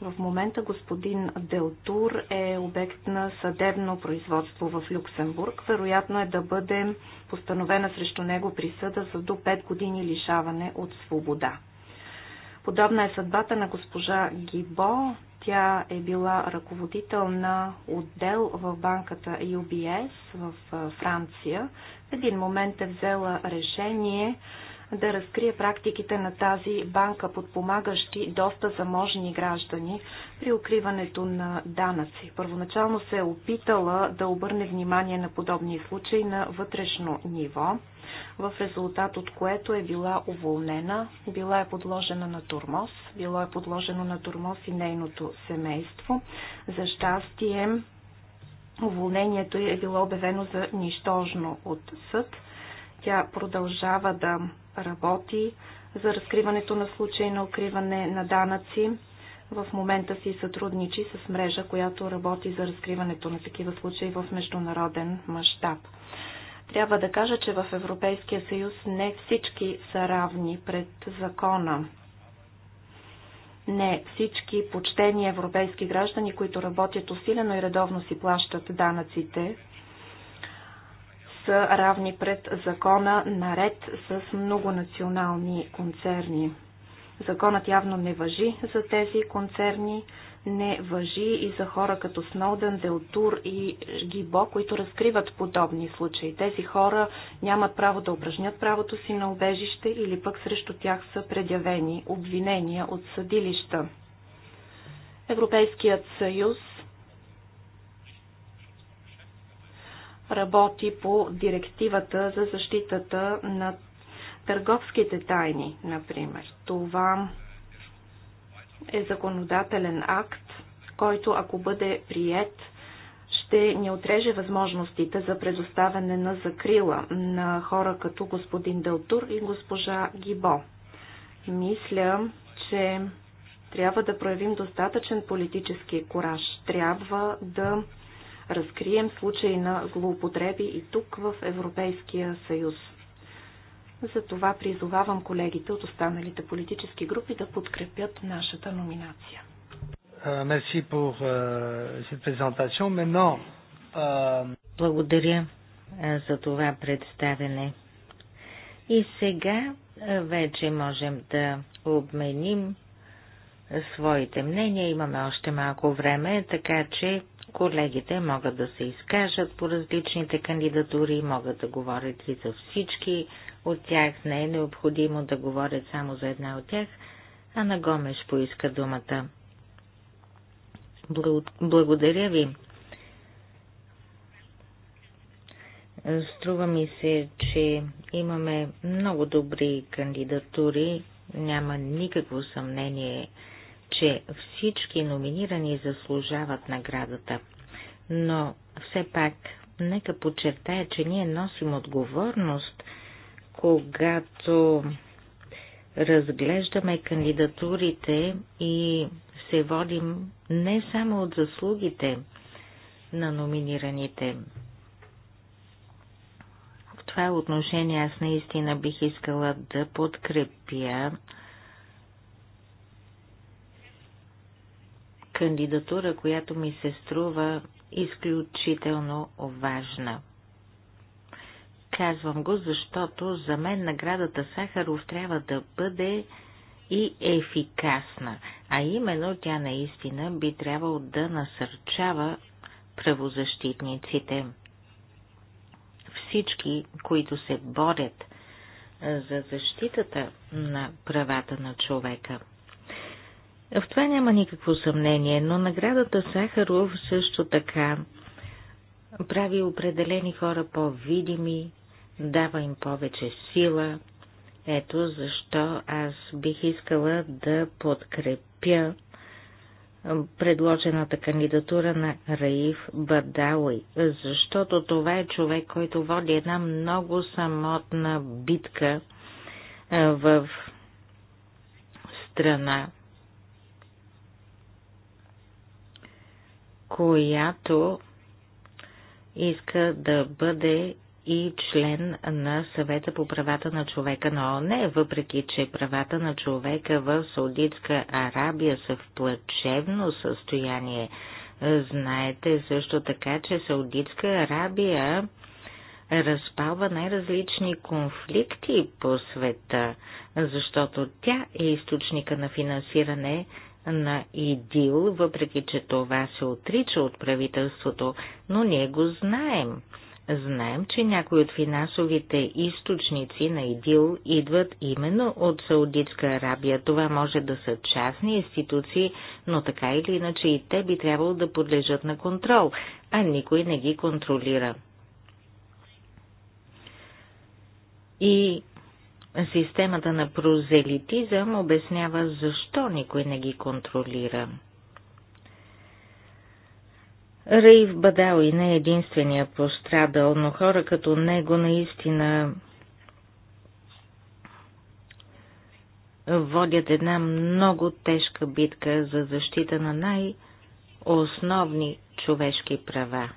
В момента господин Делтур е обект на съдебно производство в Люксембург. Вероятно е да бъде постановена срещу него присъда за до 5 години лишаване от свобода. Подобна е съдбата на госпожа Гибо. Тя е била ръководител на отдел в банката UBS в Франция. В един момент е взела решение да разкрие практиките на тази банка, подпомагащи доста заможни граждани при укриването на данъци. Първоначално се е опитала да обърне внимание на подобни случаи на вътрешно ниво, в резултат от което е била уволнена, била е подложена на турмоз, било е подложено на турмоз и нейното семейство. За щастие, уволнението е било обявено за нищожно от съд. Тя продължава да работи за разкриването на случаи на укриване на данъци. В момента си сътрудничи с мрежа, която работи за разкриването на такива случаи в международен мащаб. Трябва да кажа, че в Европейския съюз не всички са равни пред закона. Не всички почтени европейски граждани, които работят усилено и редовно си плащат данъците, са равни пред закона наред с многонационални концерни. Законът явно не въжи за тези концерни, не въжи и за хора като Сноуден, Делтур и Гибо, които разкриват подобни случаи. Тези хора нямат право да упражнят правото си на убежище или пък срещу тях са предявени обвинения от съдилища. Европейският съюз работи по директивата за защитата на търговските тайни, например. Това е законодателен акт, който ако бъде прият, ще ни отреже възможностите за предоставяне на закрила на хора като господин Делтур и госпожа Гибо. Мисля, че трябва да проявим достатъчен политически кораж. Трябва да разкрием случаи на злоупотреби и тук в Европейския съюз. Затова призовавам колегите от останалите политически групи да подкрепят нашата номинация. Мерси по презентация. Maintenant, благодаря за това представене. И сега вече можем да обменим своите мнения. Имаме още малко време, така че колегите могат да се изкажат по различните кандидатури, могат да говорят и за всички от тях. Не е необходимо да говорят само за една от тях. Ана Гомеш поиска думата. Благодаря ви. Струва ми се, че имаме много добри кандидатури. Няма никакво съмнение, че всички номинирани заслужават наградата, но все пак нека подчертая, че ние носим отговорност, когато разглеждаме кандидатурите и се водим не само от заслугите на номинираните. В това отношение аз наистина бих искала да подкрепя кандидатура, която ми се струва изключително важна. Казвам го, защото за мен наградата Сахаров трябва да бъде и ефикасна, а именно тя наистина би трябвало да насърчава правозащитниците. Всички, които се борят за защитата на правата на човека – в това няма никакво съмнение, но наградата Сахаров също така прави определени хора по-видими, дава им повече сила. Ето защо аз бих искала да подкрепя предложената кандидатура на Раиф Бадауи, защото това е човек, който води една много самотна битка в страна, която иска да бъде и член на съвета по правата на човека на ООН, въпреки че правата на човека в Саудитска Арабия са в плачевно състояние. Знаете също така, че Саудитска Арабия разпалва най-различни конфликти по света, защото тя е източника на финансиране на ИДИЛ, въпреки че това се отрича от правителството, но ние го знаем. Знаем, че някои от финансовите източници на ИДИЛ идват именно от Саудитска Арабия. Това може да са частни институции, но така или иначе и те би трябвало да подлежат на контрол, а никой не ги контролира. И Системата на прозелитизъм обяснява защо никой не ги контролира. Бадал и не е единствения пострадал, но хора като него наистина водят една много тежка битка за защита на най-основни човешки права.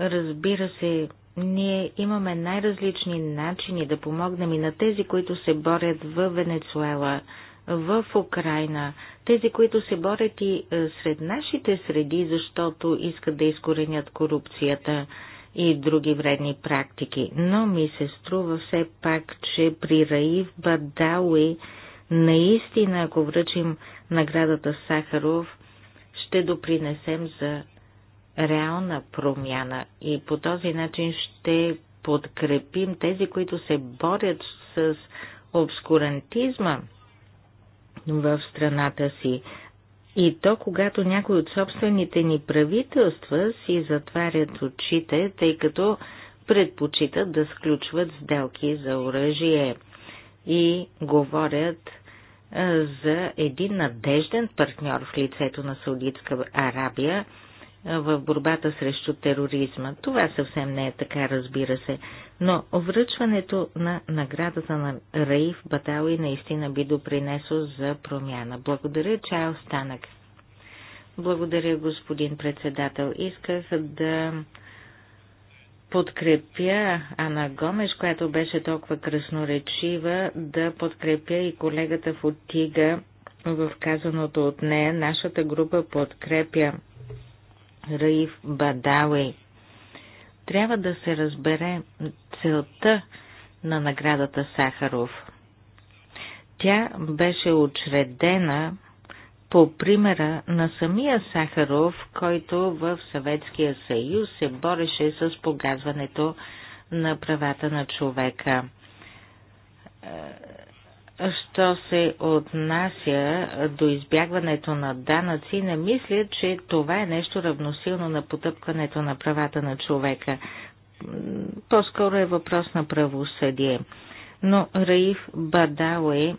Разбира се, ние имаме най-различни начини да помогнем и на тези, които се борят в Венецуела, в Украина, тези, които се борят и е, сред нашите среди, защото искат да изкоренят корупцията и други вредни практики. Но ми се струва все пак, че при Раив Бадауи наистина, ако връчим наградата Сахаров, ще допринесем за реална промяна и по този начин ще подкрепим тези, които се борят с обскурантизма в страната си. И то, когато някои от собствените ни правителства си затварят очите, тъй като предпочитат да сключват сделки за оръжие и говорят за един надежден партньор в лицето на Саудитска Арабия – в борбата срещу тероризма. Това съвсем не е така, разбира се. Но връчването на наградата на Раиф Батауи наистина би допринесло за промяна. Благодаря, Чайл Станък. Благодаря, господин председател. Исках да подкрепя Ана Гомеш, която беше толкова красноречива, да подкрепя и колегата Фотига в казаното от нея. Нашата група подкрепя Раиф Бадауей. Трябва да се разбере целта на наградата Сахаров. Тя беше учредена по примера на самия Сахаров, който в Съветския съюз се бореше с погазването на правата на човека. Що се отнася до избягването на данъци, не мисля, че това е нещо равносилно на потъпкането на правата на човека. По-скоро е въпрос на правосъдие. Но Раиф Бадауи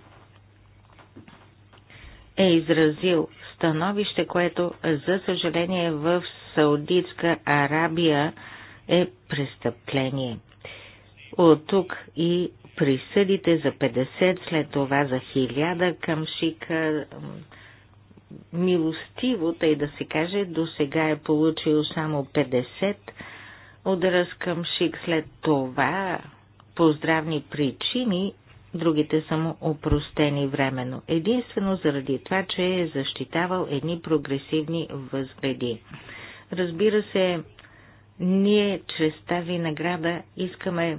е изразил становище, което за съжаление в Саудитска Арабия е престъпление. От тук и присъдите за 50, след това за 1000 към Шика. Милостиво, тъй да се каже, до сега е получил само 50 удръз към Шик, след това по здравни причини другите са му опростени временно, единствено заради това, че е защитавал едни прогресивни възгледи. Разбира се, ние чрез тази награда искаме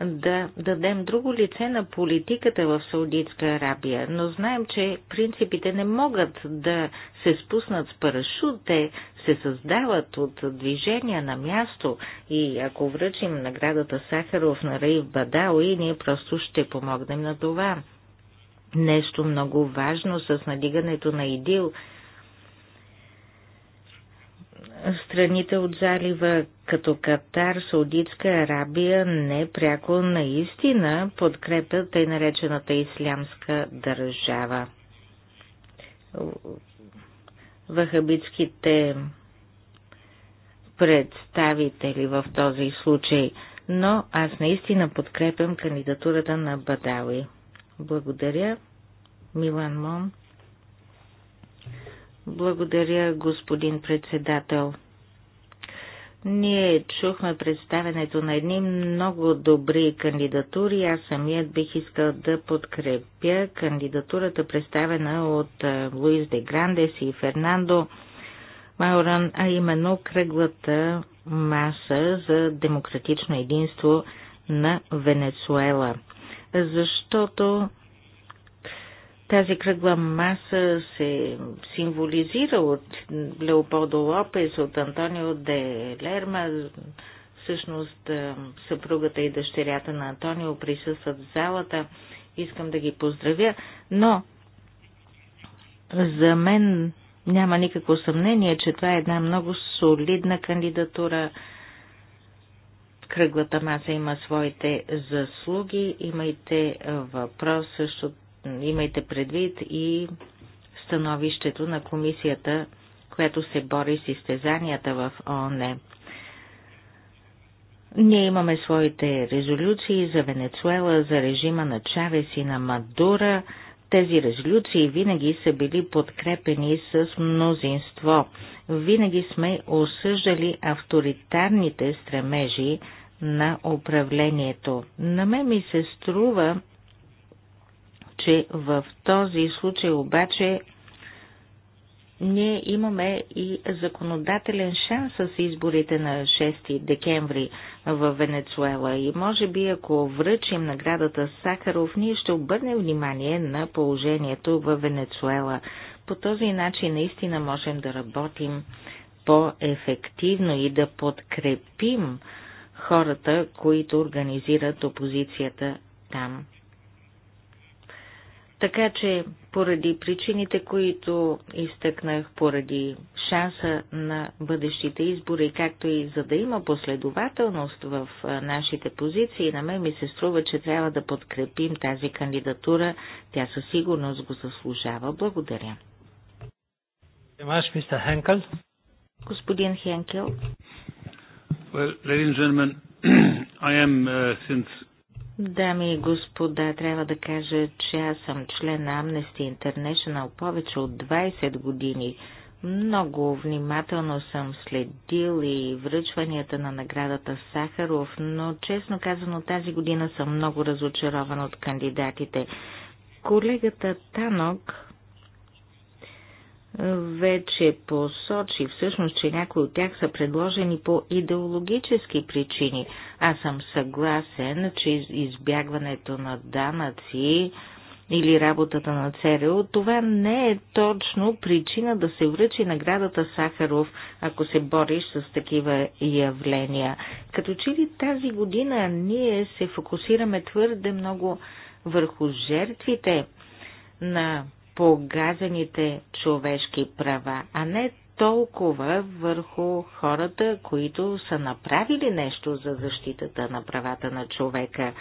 да дадем друго лице на политиката в Саудитска Арабия, но знаем, че принципите не могат да се спуснат с парашут, те се създават от движения на място и ако връчим наградата Сахаров на Раив Бадауи, ние просто ще помогнем на това. Нещо много важно с надигането на идил – страните от залива, като Катар, Саудитска Арабия, не пряко наистина подкрепят тъй наречената ислямска държава. Вахабитските представители в този случай, но аз наистина подкрепям кандидатурата на Бадави. Благодаря, Милан Мон. Благодаря, господин председател. Ние чухме представенето на едни много добри кандидатури. Аз самият бих искал да подкрепя кандидатурата, представена от Луис де Грандес и Фернандо Майоран, а именно кръглата маса за демократично единство на Венецуела. Защото тази кръгла маса се символизира от Леополдо Лопес, от Антонио де Лерма. Всъщност съпругата и дъщерята на Антонио присъстват в залата. Искам да ги поздравя, но за мен няма никакво съмнение, че това е една много солидна кандидатура. Кръглата маса има своите заслуги. Имайте въпрос също имайте предвид и становището на комисията, която се бори с изтезанията в ООН. Ние имаме своите резолюции за Венецуела, за режима на Чавес и на Мадура. Тези резолюции винаги са били подкрепени с мнозинство. Винаги сме осъждали авторитарните стремежи на управлението. На мен ми се струва, че в този случай обаче ние имаме и законодателен шанс с изборите на 6 декември в Венецуела и може би ако връчим наградата Сахаров, ние ще обърнем внимание на положението в Венецуела. По този начин наистина можем да работим по-ефективно и да подкрепим хората, които организират опозицията там. Така че поради причините, които изтъкнах, поради шанса на бъдещите избори, както и за да има последователност в нашите позиции, на мен ми се струва, че трябва да подкрепим тази кандидатура. Тя със сигурност го заслужава. Благодаря. Господин Хенкел. Well, ladies and gentlemen, <clears throat> I am uh, since Дами и господа, трябва да кажа, че аз съм член на Amnesty International повече от 20 години. Много внимателно съм следил и връчванията на наградата Сахаров, но честно казано тази година съм много разочарован от кандидатите. Колегата Танок вече посочи всъщност, че някои от тях са предложени по идеологически причини – аз съм съгласен, че избягването на данъци или работата на ЦРУ, това не е точно причина да се връчи наградата Сахаров, ако се бориш с такива явления. Като че ли тази година ние се фокусираме твърде много върху жертвите на погазените човешки права, а не толкова върху хората, които са направили нещо за защитата на правата на човека.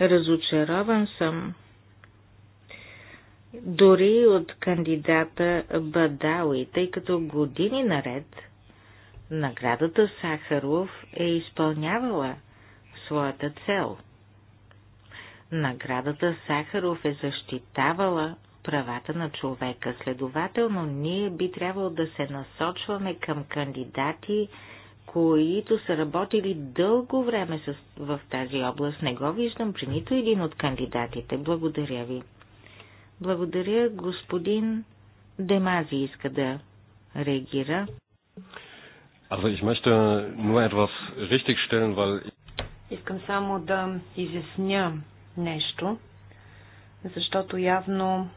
Разочарован съм дори от кандидата Бадауи, тъй като години наред наградата Сахаров е изпълнявала своята цел. Наградата Сахаров е защитавала правата на човека. Следователно, ние би трябвало да се насочваме към кандидати, които са работили дълго време с, в тази област. Не го виждам при нито един от кандидатите. Благодаря ви. Благодаря, господин Демази иска да реагира. Also ich möchte nur etwas weil Искам само да изясня нещо, защото явно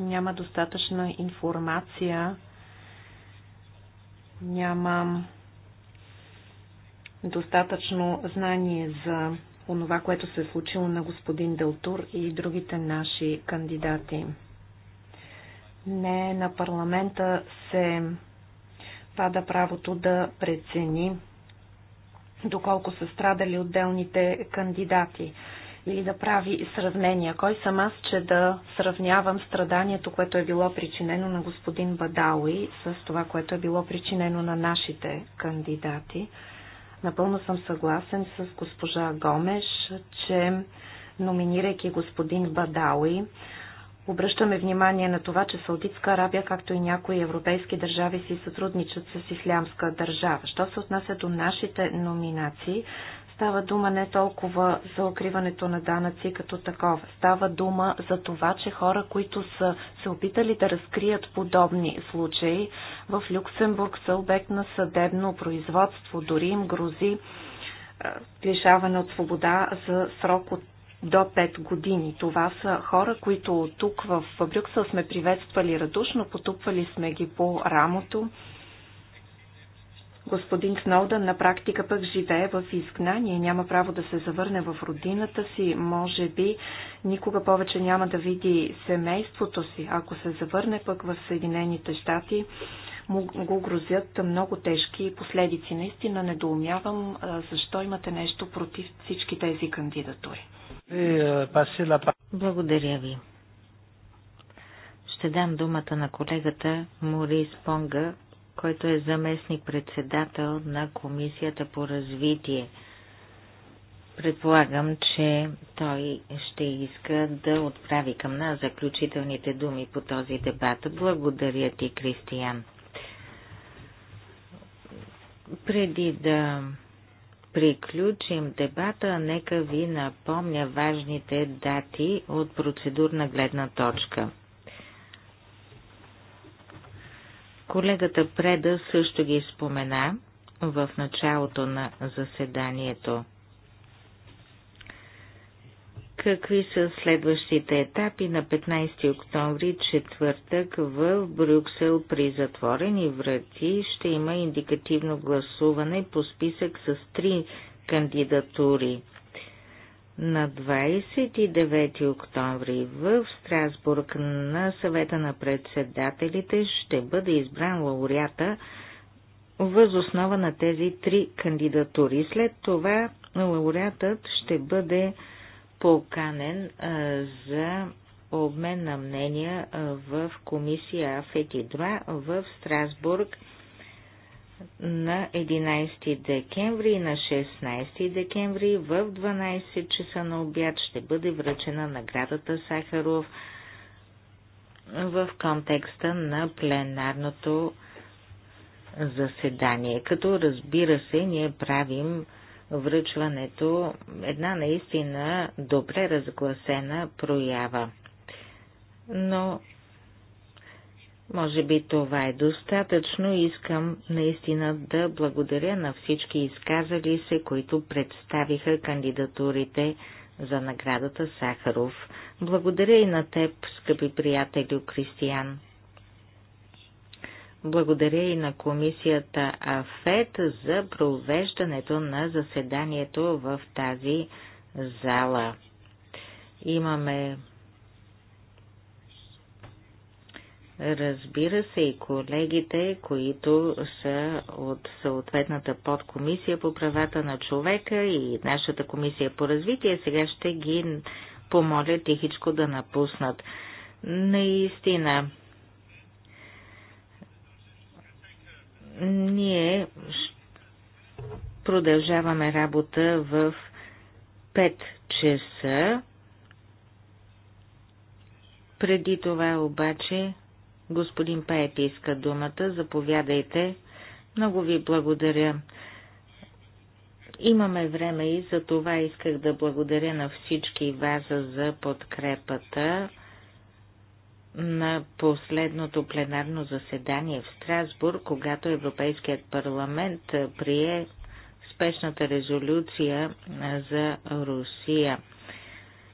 няма достатъчна информация. Няма достатъчно знание за онова, което се е случило на господин Делтур и другите наши кандидати. Не на парламента се пада правото да прецени доколко са страдали отделните кандидати или да прави сравнения. Кой съм аз, че да сравнявам страданието, което е било причинено на господин Бадауи с това, което е било причинено на нашите кандидати? Напълно съм съгласен с госпожа Гомеш, че номинирайки господин Бадауи, Обръщаме внимание на това, че Саудитска Арабия, както и някои европейски държави си сътрудничат с ислямска държава. Що се отнася до нашите номинации, Става дума не толкова за укриването на данъци като такова. Става дума за това, че хора, които са се опитали да разкрият подобни случаи, в Люксембург са обект на съдебно производство. Дори им грози е, лишаване от свобода за срок от до 5 години. Това са хора, които тук в Брюксел сме приветствали радушно, потупвали сме ги по рамото, Господин Сноудън на практика пък живее в изгнание, няма право да се завърне в родината си, може би никога повече няма да види семейството си. Ако се завърне пък в Съединените щати, му го грозят много тежки последици. Наистина недоумявам защо имате нещо против всички тези кандидатури. Е, Благодаря ви. Ще дам думата на колегата Морис Понга който е заместник-председател на Комисията по развитие. Предполагам, че той ще иска да отправи към нас заключителните думи по този дебат. Благодаря ти, Кристиян. Преди да приключим дебата, нека ви напомня важните дати от процедурна гледна точка. Колегата Преда също ги спомена в началото на заседанието. Какви са следващите етапи на 15 октомври, четвъртък, в Брюксел при затворени врати ще има индикативно гласуване по списък с три кандидатури – на 29 октомври в Страсбург на съвета на председателите ще бъде избран лауреата въз основа на тези три кандидатури. След това лауреатът ще бъде поканен за обмен на мнения в комисия АФЕТИ 2 в Страсбург – на 11 декември и на 16 декември в 12 часа на обяд ще бъде връчена наградата Сахаров в контекста на пленарното заседание. Като разбира се, ние правим връчването една наистина добре разгласена проява. Но може би това е достатъчно. Искам наистина да благодаря на всички изказали се, които представиха кандидатурите за наградата Сахаров. Благодаря и на теб, скъпи приятелю Кристиян. Благодаря и на комисията АФЕТ за провеждането на заседанието в тази зала. Имаме Разбира се и колегите, които са от съответната подкомисия по правата на човека и нашата комисия по развитие, сега ще ги помоля тихичко да напуснат. Наистина, ние продължаваме работа в 5 часа. Преди това обаче Господин Пает иска думата. Заповядайте. Много ви благодаря. Имаме време и за това исках да благодаря на всички вас за подкрепата на последното пленарно заседание в Страсбург, когато Европейският парламент прие спешната резолюция за Русия.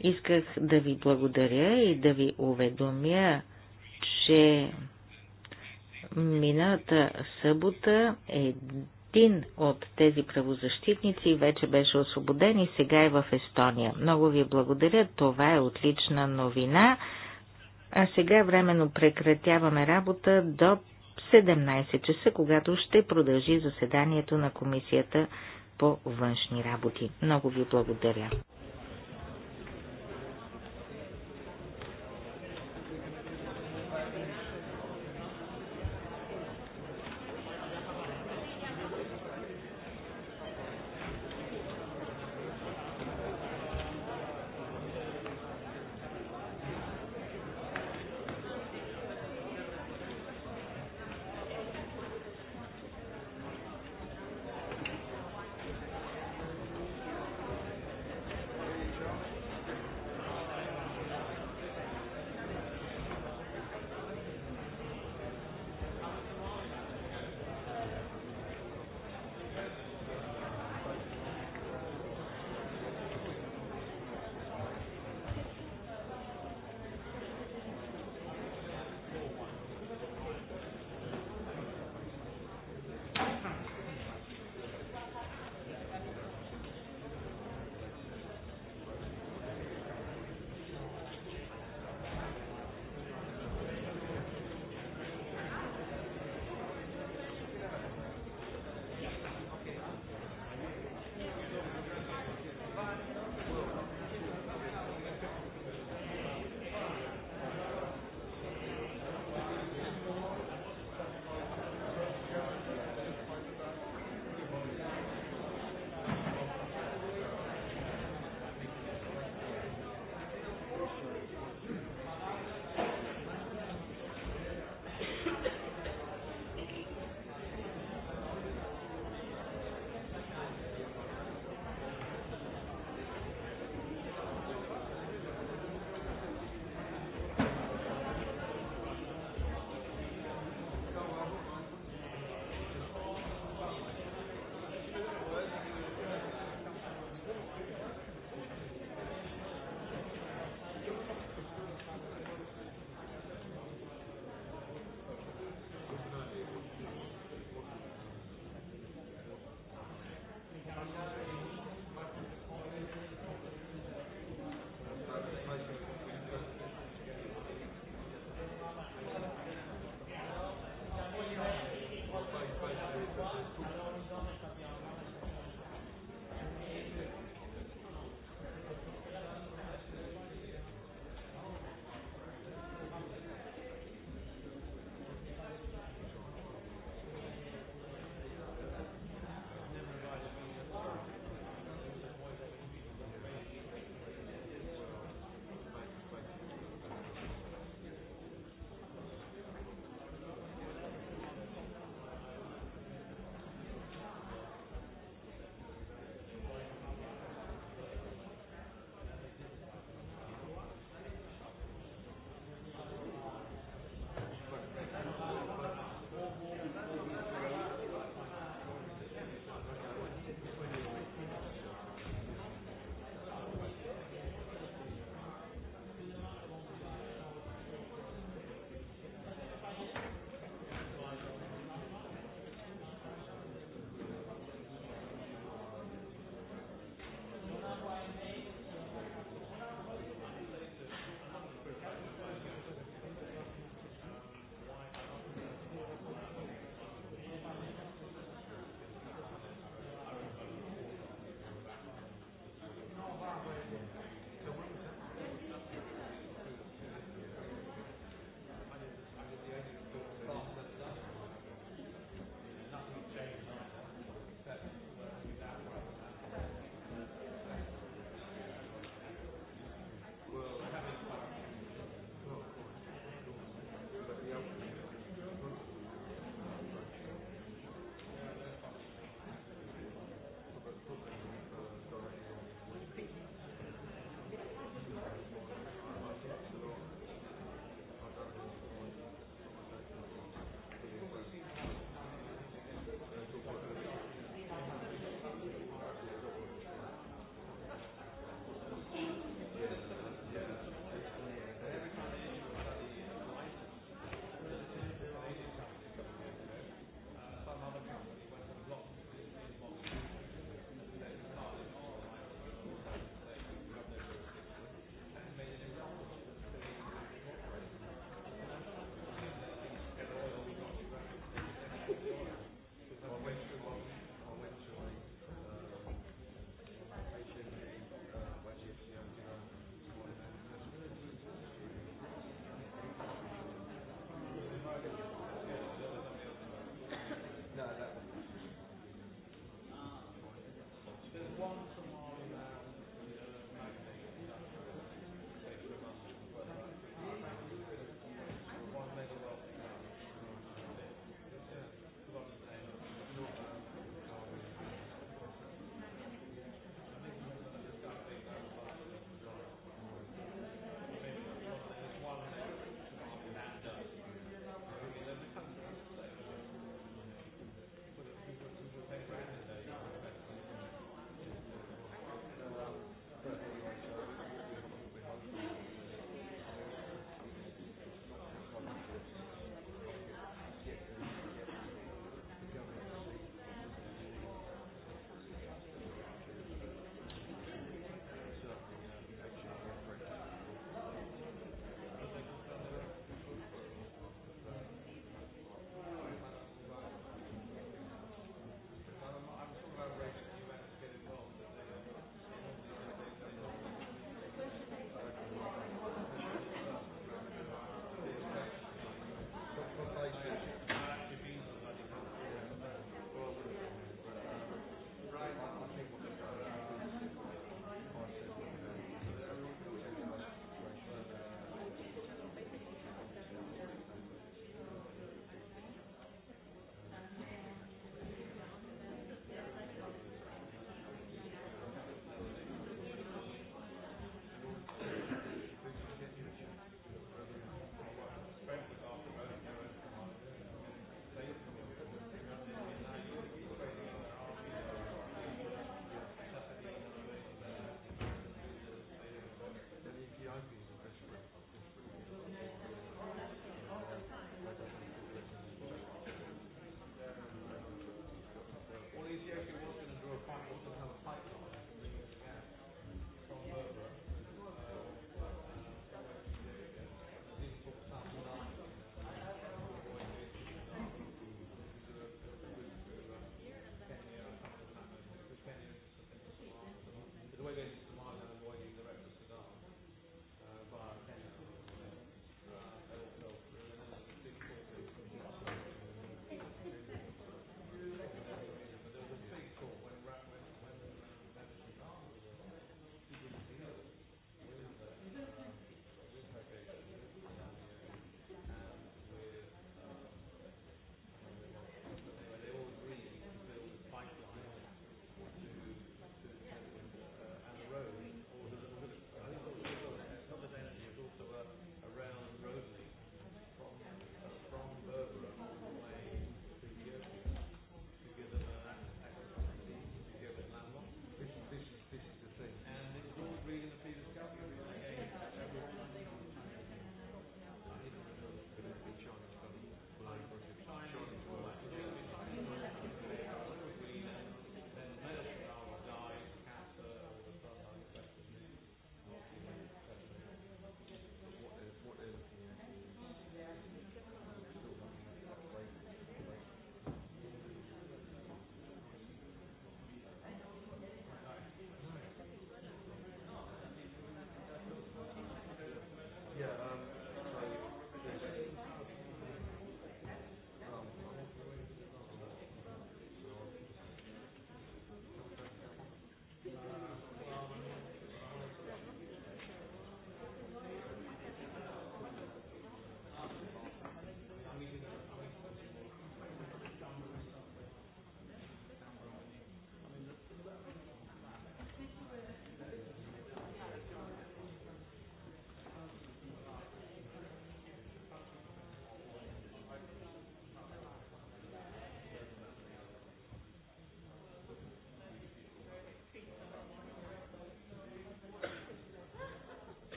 Исках да ви благодаря и да ви уведомя че миналата събота един от тези правозащитници вече беше освободен и сега е в Естония. Много ви благодаря, това е отлична новина. А сега временно прекратяваме работа до 17 часа, когато ще продължи заседанието на Комисията по външни работи. Много ви благодаря.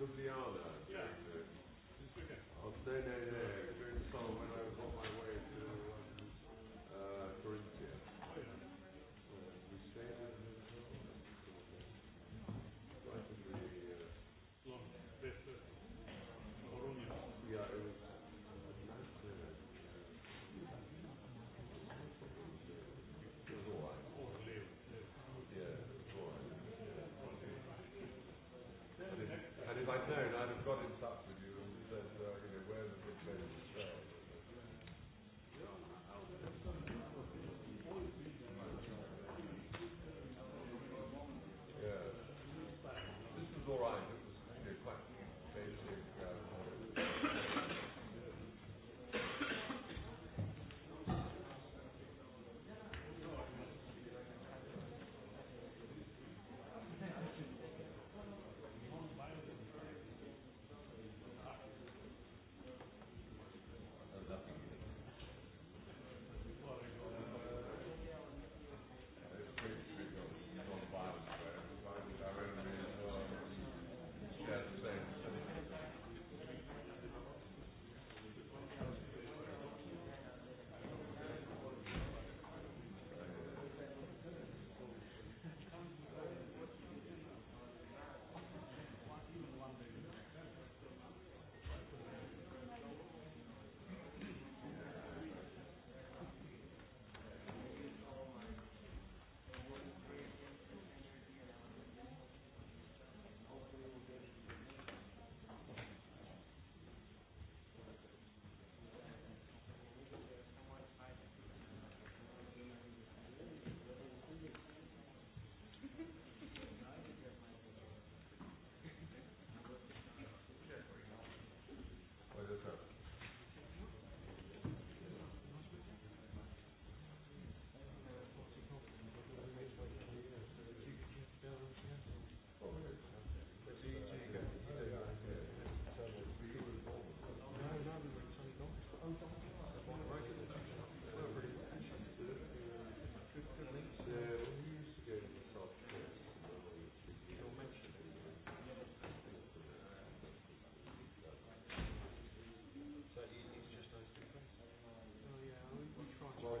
Ljubljana. Yeah. Oh, during the summer When I was on my no, no, I've got it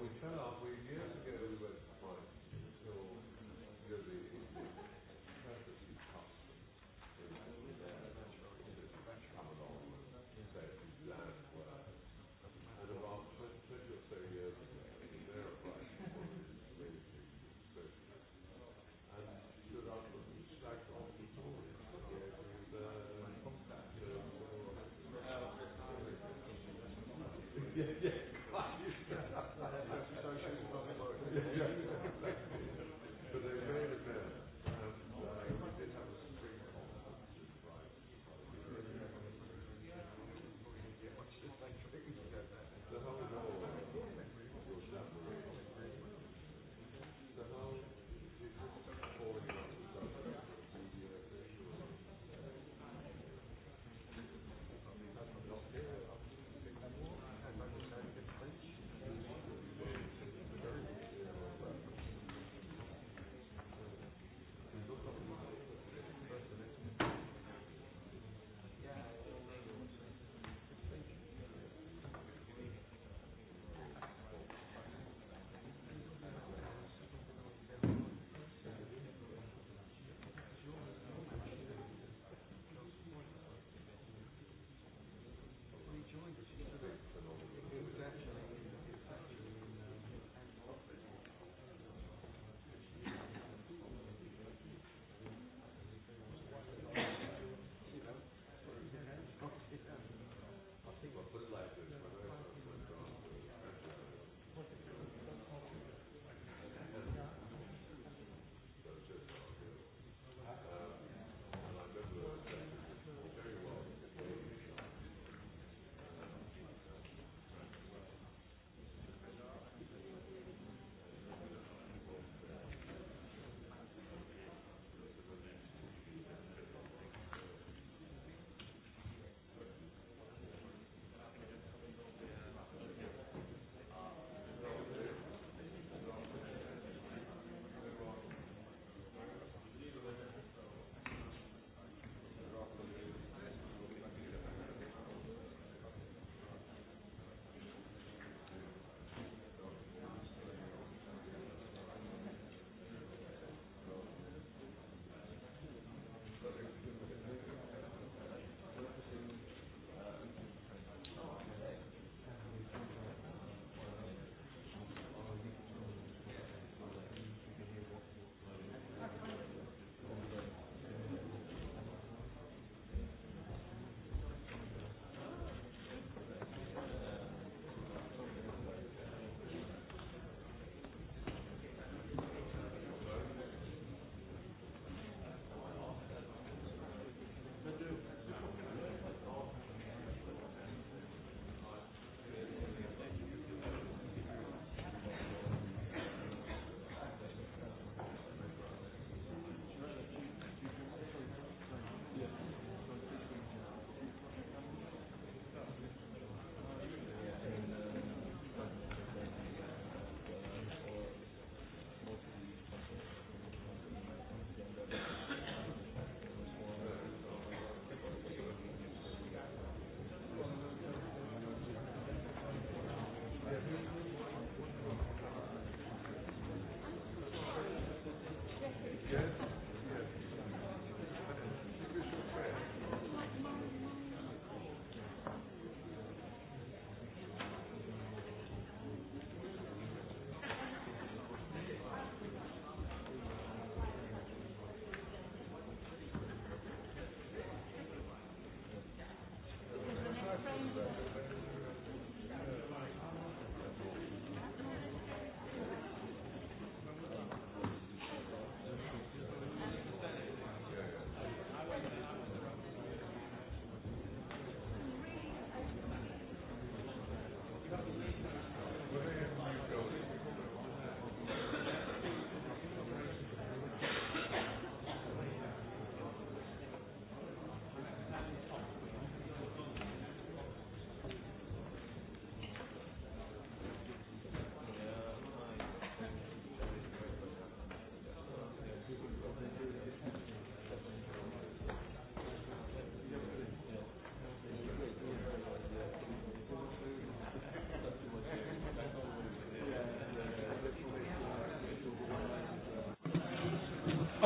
we fell off we years ago we went to Mike until the purposely custom. And about 20 or so years ago, the aeroplane and stood up with the stag the uh, Yeah, yeah.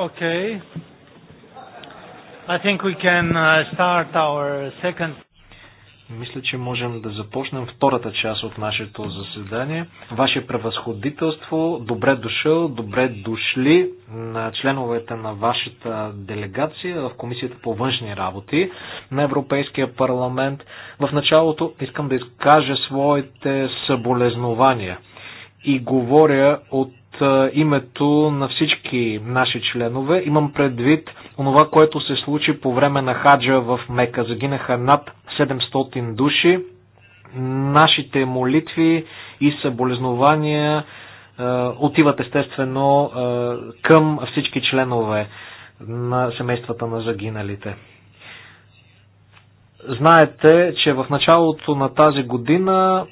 Okay. I think we can uh, start our second. Мисля, че можем да започнем втората част от нашето заседание. Ваше превъзходителство, добре дошъл, добре дошли на членовете на вашата делегация в Комисията по външни работи на Европейския парламент. В началото искам да изкажа своите съболезнования и говоря от е, името на всички наши членове. Имам предвид онова, което се случи по време на хаджа в Мека. Загинаха над 700 души. Нашите молитви и съболезнования е, отиват естествено е, към всички членове на семействата на загиналите. Знаете, че в началото на тази година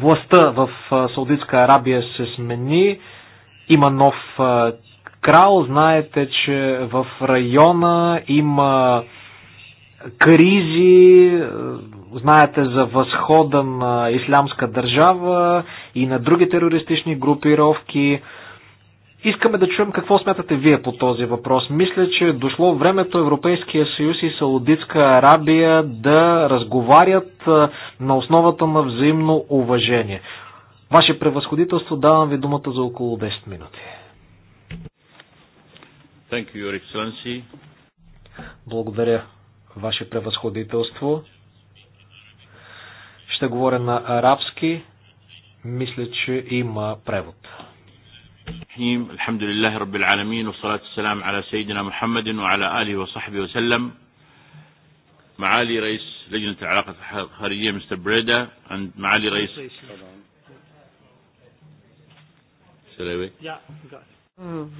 властта в Саудитска Арабия се смени, има нов крал, знаете, че в района има кризи, знаете за възхода на ислямска държава и на други терористични групировки. Искаме да чуем какво смятате вие по този въпрос. Мисля, че е дошло времето Европейския съюз и Саудитска Арабия да разговарят на основата на взаимно уважение. Ваше превъзходителство, давам ви думата за около 10 минути. Thank you, Your Excellency. Благодаря, Ваше превъзходителство. Ще говоря на арабски. Мисля, че има превод. الرحيم الحمد لله رب العالمين والصلاة والسلام على سيدنا محمد وعلى آله وصحبه وسلم معالي رئيس لجنة العلاقات الخارجية مستر بريدا and معالي رئيس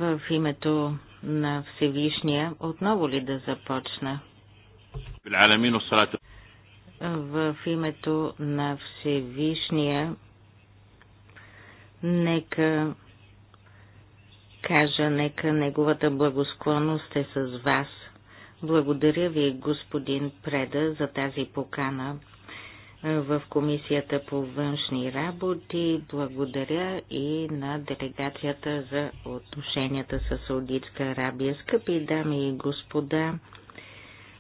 В името на Всевишния отново ли да започна? В името на Всевишния нека кажа, нека неговата благосклонност е с вас. Благодаря ви, господин Преда, за тази покана в Комисията по външни работи. Благодаря и на делегацията за отношенията с Саудитска Арабия. Скъпи дами и господа,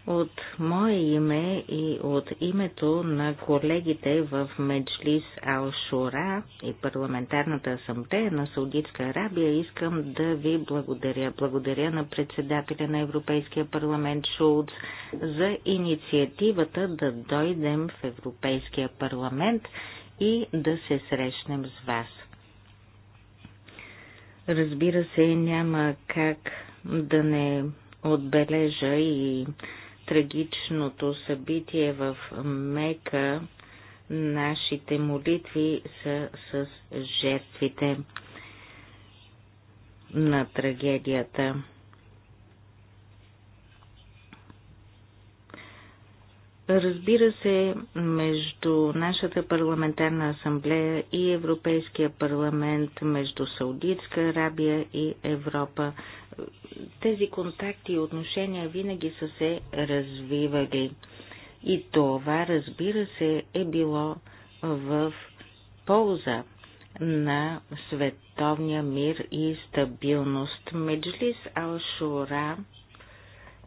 от мое име и от името на колегите в Меджлис Ал-Шура и Парламентарната асамблея на Саудитска Арабия искам да ви благодаря. Благодаря на председателя на Европейския парламент Шулц за инициативата да дойдем в Европейския парламент и да се срещнем с вас. Разбира се, няма как да не отбележа и трагичното събитие в Мека, нашите молитви са с жертвите на трагедията. Разбира се, между нашата парламентарна асамблея и Европейския парламент, между Саудитска Арабия и Европа, тези контакти и отношения винаги са се развивали. И това, разбира се, е било в полза на световния мир и стабилност. Меджлис Алшура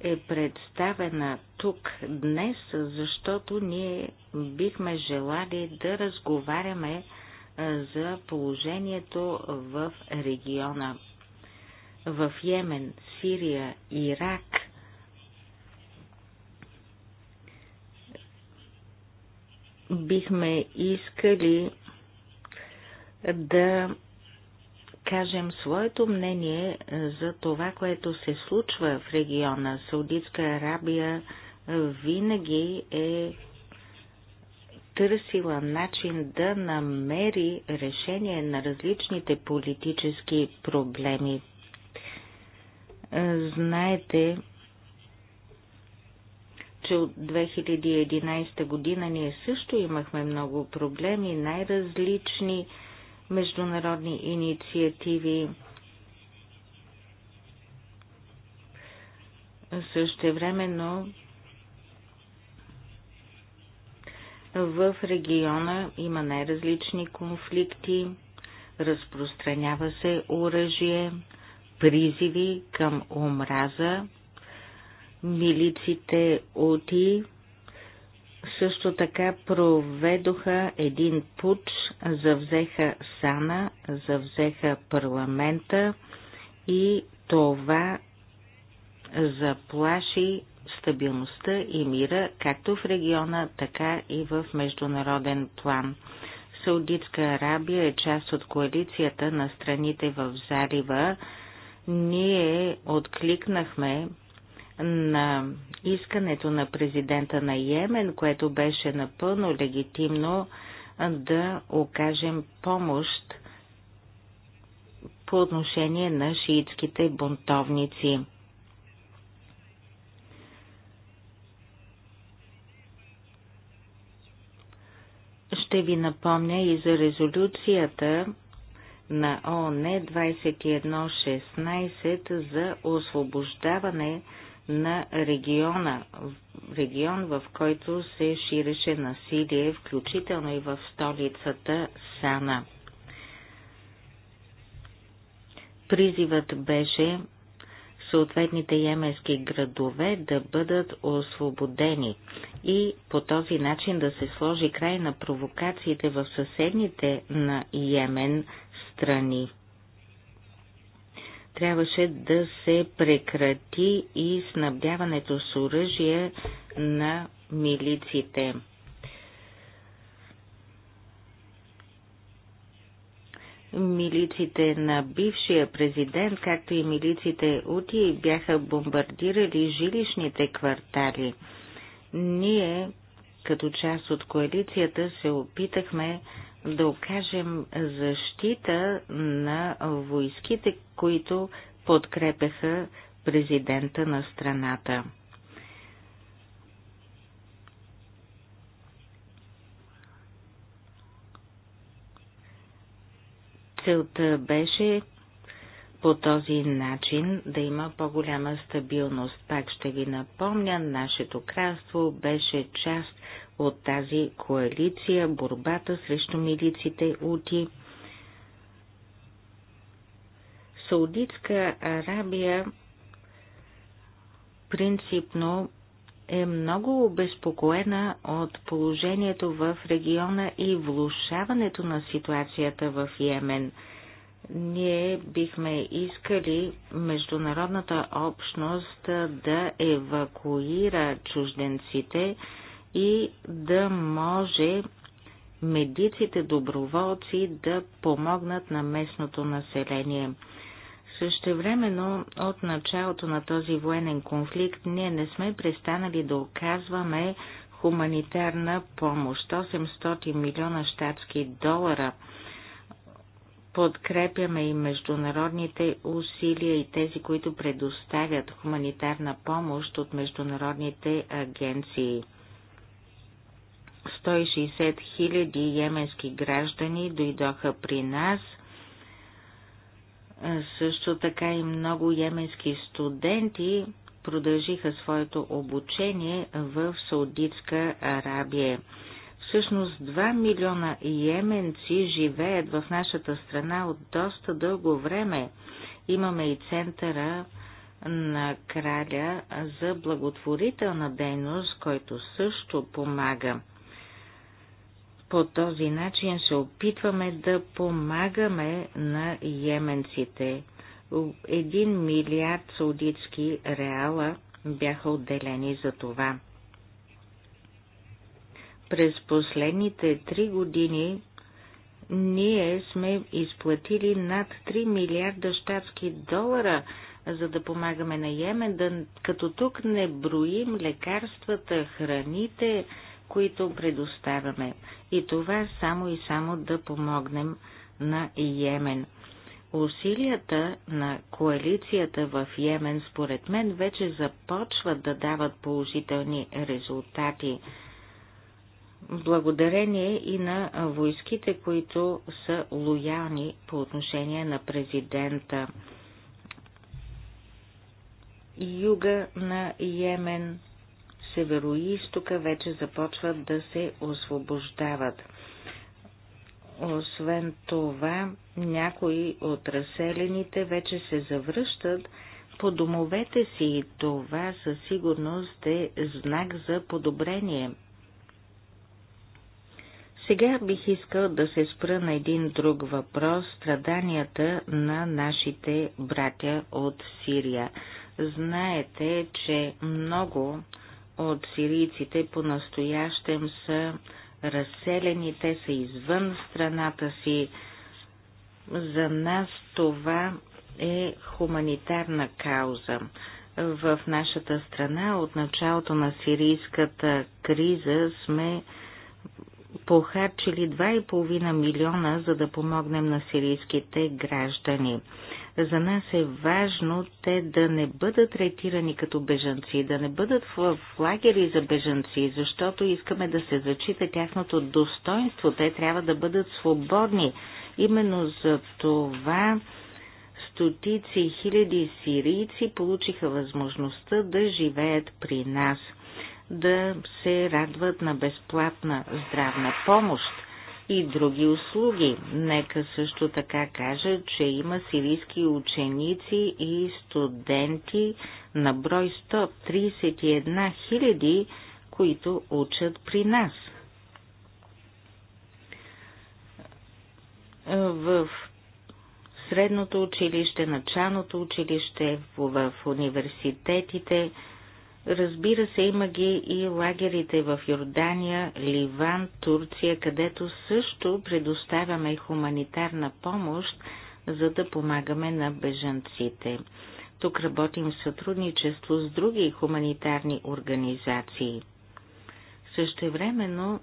е представена тук днес, защото ние бихме желали да разговаряме за положението в региона. В Йемен, Сирия, Ирак бихме искали да кажем своето мнение е, за това, което се случва в региона. Саудитска Арабия е, винаги е търсила начин да намери решение на различните политически проблеми. Е, знаете, че от 2011 година ние също имахме много проблеми, най-различни, международни инициативи. времено в региона има най-различни конфликти, разпространява се оръжие, призиви към омраза, милиците ОТИ също така проведоха един путь, завзеха Сана, завзеха парламента и това заплаши стабилността и мира, както в региона, така и в международен план. Саудитска Арабия е част от коалицията на страните в залива. Ние откликнахме на искането на президента на Йемен, което беше напълно легитимно да окажем помощ по отношение на шиитските бунтовници. Ще ви напомня и за резолюцията на ООН 2116 за освобождаване на на региона, регион в който се ширеше насилие, включително и в столицата Сана. Призивът беше съответните йеменски градове да бъдат освободени и по този начин да се сложи край на провокациите в съседните на Йемен страни трябваше да се прекрати и снабдяването с оръжие на милиците. Милиците на бившия президент, както и милиците Ути, бяха бомбардирали жилищните квартали. Ние, като част от коалицията, се опитахме да окажем защита на войските, които подкрепяха президента на страната. Целта беше по този начин да има по-голяма стабилност. Пак ще ви напомня, нашето кралство беше част от тази коалиция, борбата срещу милиците ути. Саудитска Арабия принципно е много обезпокоена от положението в региона и влушаването на ситуацията в Йемен. Ние бихме искали международната общност да евакуира чужденците, и да може медиците доброволци да помогнат на местното население. Същевременно от началото на този военен конфликт ние не сме престанали да оказваме хуманитарна помощ 800 милиона щатски долара. Подкрепяме и международните усилия и тези, които предоставят хуманитарна помощ от международните агенции. 160 хиляди йеменски граждани дойдоха при нас. Също така и много йеменски студенти продължиха своето обучение в Саудитска Арабия. Всъщност 2 милиона йеменци живеят в нашата страна от доста дълго време. Имаме и центъра на краля за благотворителна дейност, който също помага. По този начин се опитваме да помагаме на йеменците. Един милиард саудитски реала бяха отделени за това. През последните три години ние сме изплатили над 3 милиарда щатски долара, за да помагаме на Йемен, да, като тук не броим лекарствата, храните, които предоставяме. И това само и само да помогнем на Йемен. Усилията на коалицията в Йемен, според мен, вече започват да дават положителни резултати, благодарение и на войските, които са лоялни по отношение на президента. Юга на Йемен северо-истока вече започват да се освобождават. Освен това, някои от разселените вече се завръщат по домовете си и това със сигурност е знак за подобрение. Сега бих искал да се спра на един друг въпрос – страданията на нашите братя от Сирия. Знаете, че много от сирийците по-настоящем са разселени, те са извън страната си. За нас това е хуманитарна кауза. В нашата страна от началото на сирийската криза сме похарчили 2,5 милиона, за да помогнем на сирийските граждани. За нас е важно те да не бъдат третирани като бежанци, да не бъдат в лагери за бежанци, защото искаме да се зачита тяхното достоинство. Те трябва да бъдат свободни. Именно за това стотици хиляди сирийци получиха възможността да живеят при нас, да се радват на безплатна здравна помощ и други услуги. Нека също така кажа, че има сирийски ученици и студенти на брой 131 000, които учат при нас. В средното училище, началното училище, в университетите – Разбира се, има ги и лагерите в Йордания, Ливан, Турция, където също предоставяме хуманитарна помощ, за да помагаме на бежанците. Тук работим в сътрудничество с други хуманитарни организации. Същевременно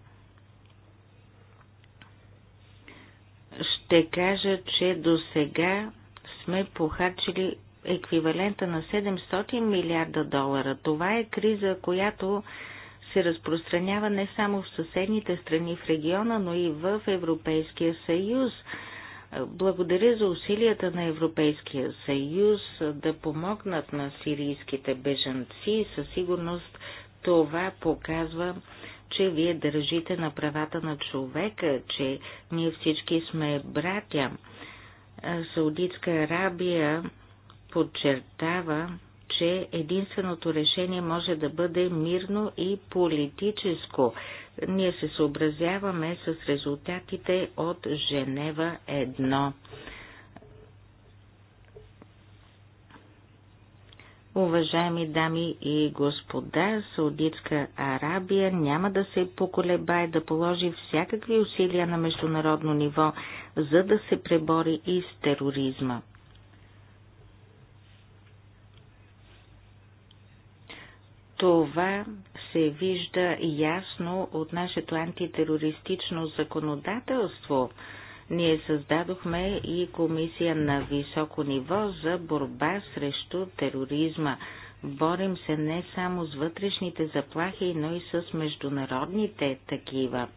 ще кажа, че до сега сме похарчили еквивалента на 700 милиарда долара. Това е криза, която се разпространява не само в съседните страни в региона, но и в Европейския съюз. Благодаря за усилията на Европейския съюз да помогнат на сирийските бежанци. Със сигурност това показва, че вие държите на правата на човека, че ние всички сме братя. Саудитска Арабия подчертава, че единственото решение може да бъде мирно и политическо. Ние се съобразяваме с резултатите от Женева 1. Уважаеми дами и господа, Саудитска Арабия няма да се поколебае да положи всякакви усилия на международно ниво, за да се пребори и с тероризма. Това се вижда ясно от нашето антитерористично законодателство. Ние създадохме и комисия на високо ниво за борба срещу тероризма. Борим се не само с вътрешните заплахи, но и с международните такива.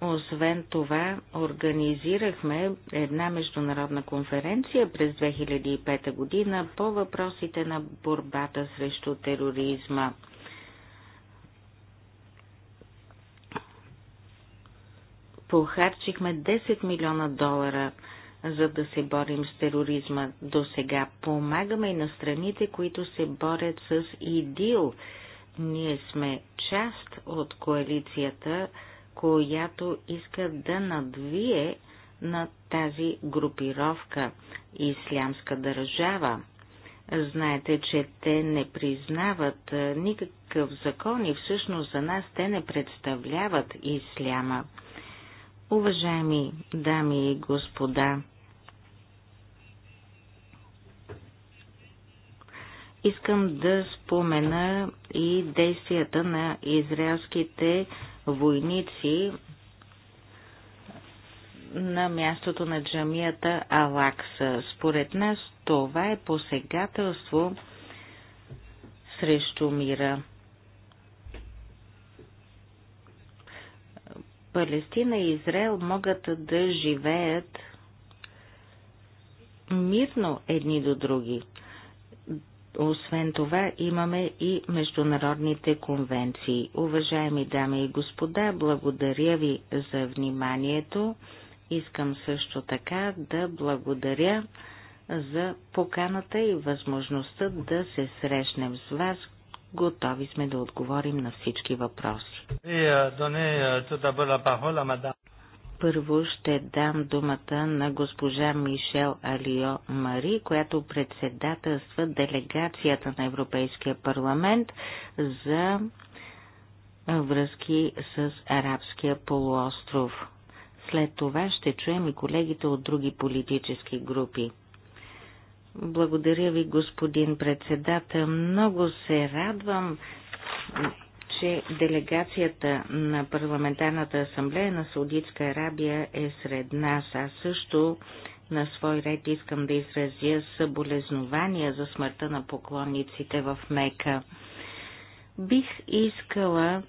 Освен това, организирахме една международна конференция през 2005 година по въпросите на борбата срещу тероризма. Похарчихме 10 милиона долара, за да се борим с тероризма до сега. Помагаме и на страните, които се борят с ИДИЛ. Ние сме част от коалицията която иска да надвие на тази групировка – Ислямска държава. Знаете, че те не признават никакъв закон и всъщност за нас те не представляват Исляма. Уважаеми дами и господа, искам да спомена и действията на израелските войници на мястото на джамията Алакса. Според нас това е посегателство срещу мира. Палестина и Израел могат да живеят мирно едни до други. Освен това имаме и международните конвенции. Уважаеми дами и господа, благодаря ви за вниманието. Искам също така да благодаря за поканата и възможността да се срещнем с вас. Готови сме да отговорим на всички въпроси. Euh, euh, първо ще дам думата на госпожа Мишел Алио Мари, която председателства делегацията на Европейския парламент за връзки с Арабския полуостров. След това ще чуем и колегите от други политически групи. Благодаря ви, господин председател. Много се радвам че делегацията на Парламентарната асамблея на Саудитска Арабия е сред нас. Аз също на свой ред искам да изразя съболезнования за смъртта на поклонниците в Мека. Бих искала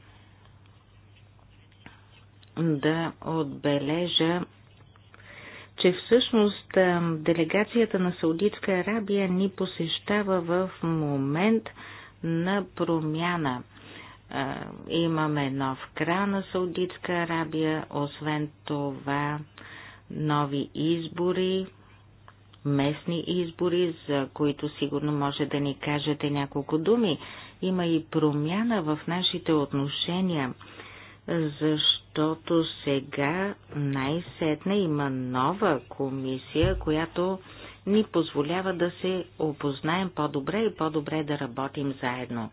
да отбележа, че всъщност делегацията на Саудитска Арабия ни посещава в момент на промяна – имаме нов крал на Саудитска Арабия, освен това нови избори, местни избори, за които сигурно може да ни кажете няколко думи. Има и промяна в нашите отношения, защото сега най-сетне има нова комисия, която ни позволява да се опознаем по-добре и по-добре да работим заедно.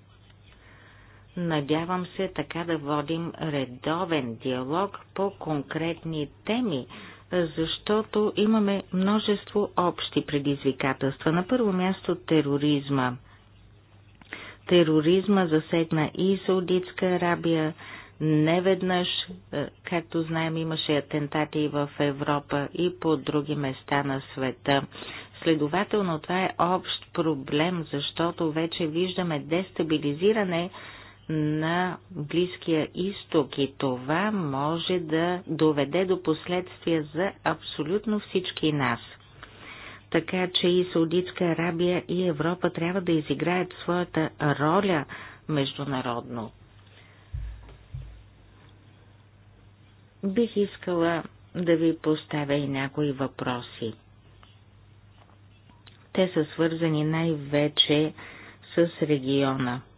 Надявам се така да водим редовен диалог по конкретни теми, защото имаме множество общи предизвикателства. На първо място тероризма. Тероризма засегна и Саудитска Арабия, неведнъж, е, както знаем, имаше атентати и в Европа и по други места на света. Следователно това е общ проблем, защото вече виждаме дестабилизиране на Близкия изток и това може да доведе до последствия за абсолютно всички нас. Така че и Саудитска Арабия и Европа трябва да изиграят своята роля международно. Бих искала да ви поставя и някои въпроси. Те са свързани най-вече с региона –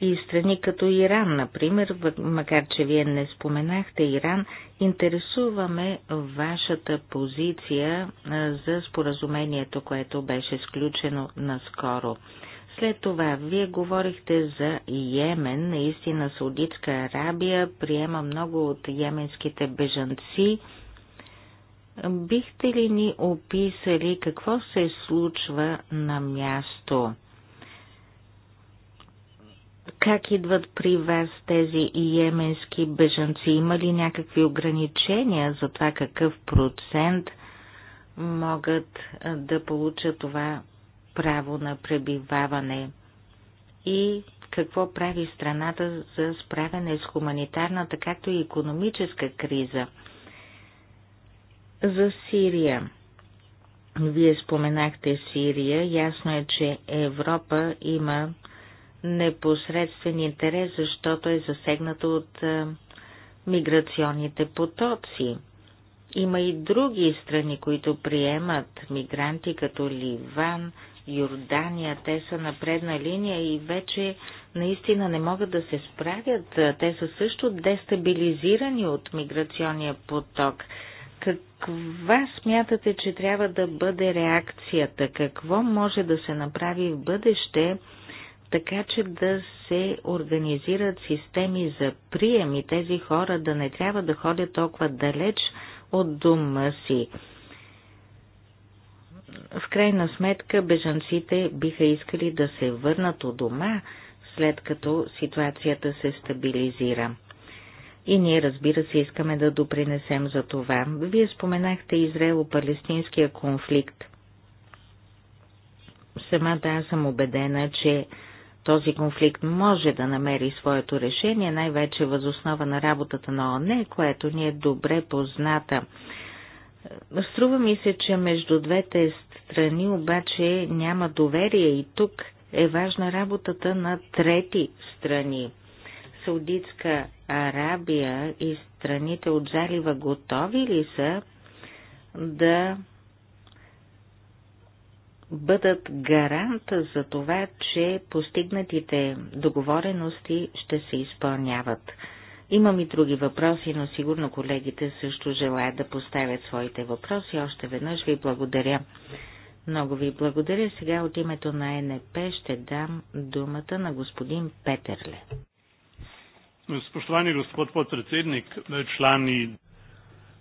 и страни като Иран, например, макар че вие не споменахте Иран, интересуваме вашата позиция за споразумението, което беше сключено наскоро. След това, вие говорихте за Йемен, наистина Саудитска Арабия приема много от йеменските бежанци. Бихте ли ни описали какво се случва на място? Как идват при вас тези йеменски бежанци? Има ли някакви ограничения за това какъв процент могат да получат това право на пребиваване? И какво прави страната за справяне с хуманитарната, както и економическа криза? За Сирия. Вие споменахте Сирия. Ясно е, че Европа има непосредствен интерес, защото е засегнато от миграционните потоци. Има и други страни, които приемат мигранти, като Ливан, Йордания. Те са на предна линия и вече наистина не могат да се справят. Те са също дестабилизирани от миграционния поток. Каква смятате, че трябва да бъде реакцията? Какво може да се направи в бъдеще? така че да се организират системи за прием и тези хора да не трябва да ходят толкова далеч от дома си. В крайна сметка бежанците биха искали да се върнат от дома, след като ситуацията се стабилизира. И ние, разбира се, искаме да допринесем за това. Вие споменахте Израело-палестинския конфликт. Самата аз съм убедена, че този конфликт може да намери своето решение, най-вече възоснова на работата на ОНЕ, което ни е добре позната. Струва ми се, че между двете страни обаче няма доверие и тук е важна работата на трети страни. Саудитска Арабия и страните от залива готови ли са да бъдат гарант за това, че постигнатите договорености ще се изпълняват. Имам и други въпроси, но сигурно колегите също желаят да поставят своите въпроси. Още веднъж ви благодаря. Много ви благодаря. Сега от името на НП ще дам думата на господин Петерле. Споštovani gospod podpredsednik, člani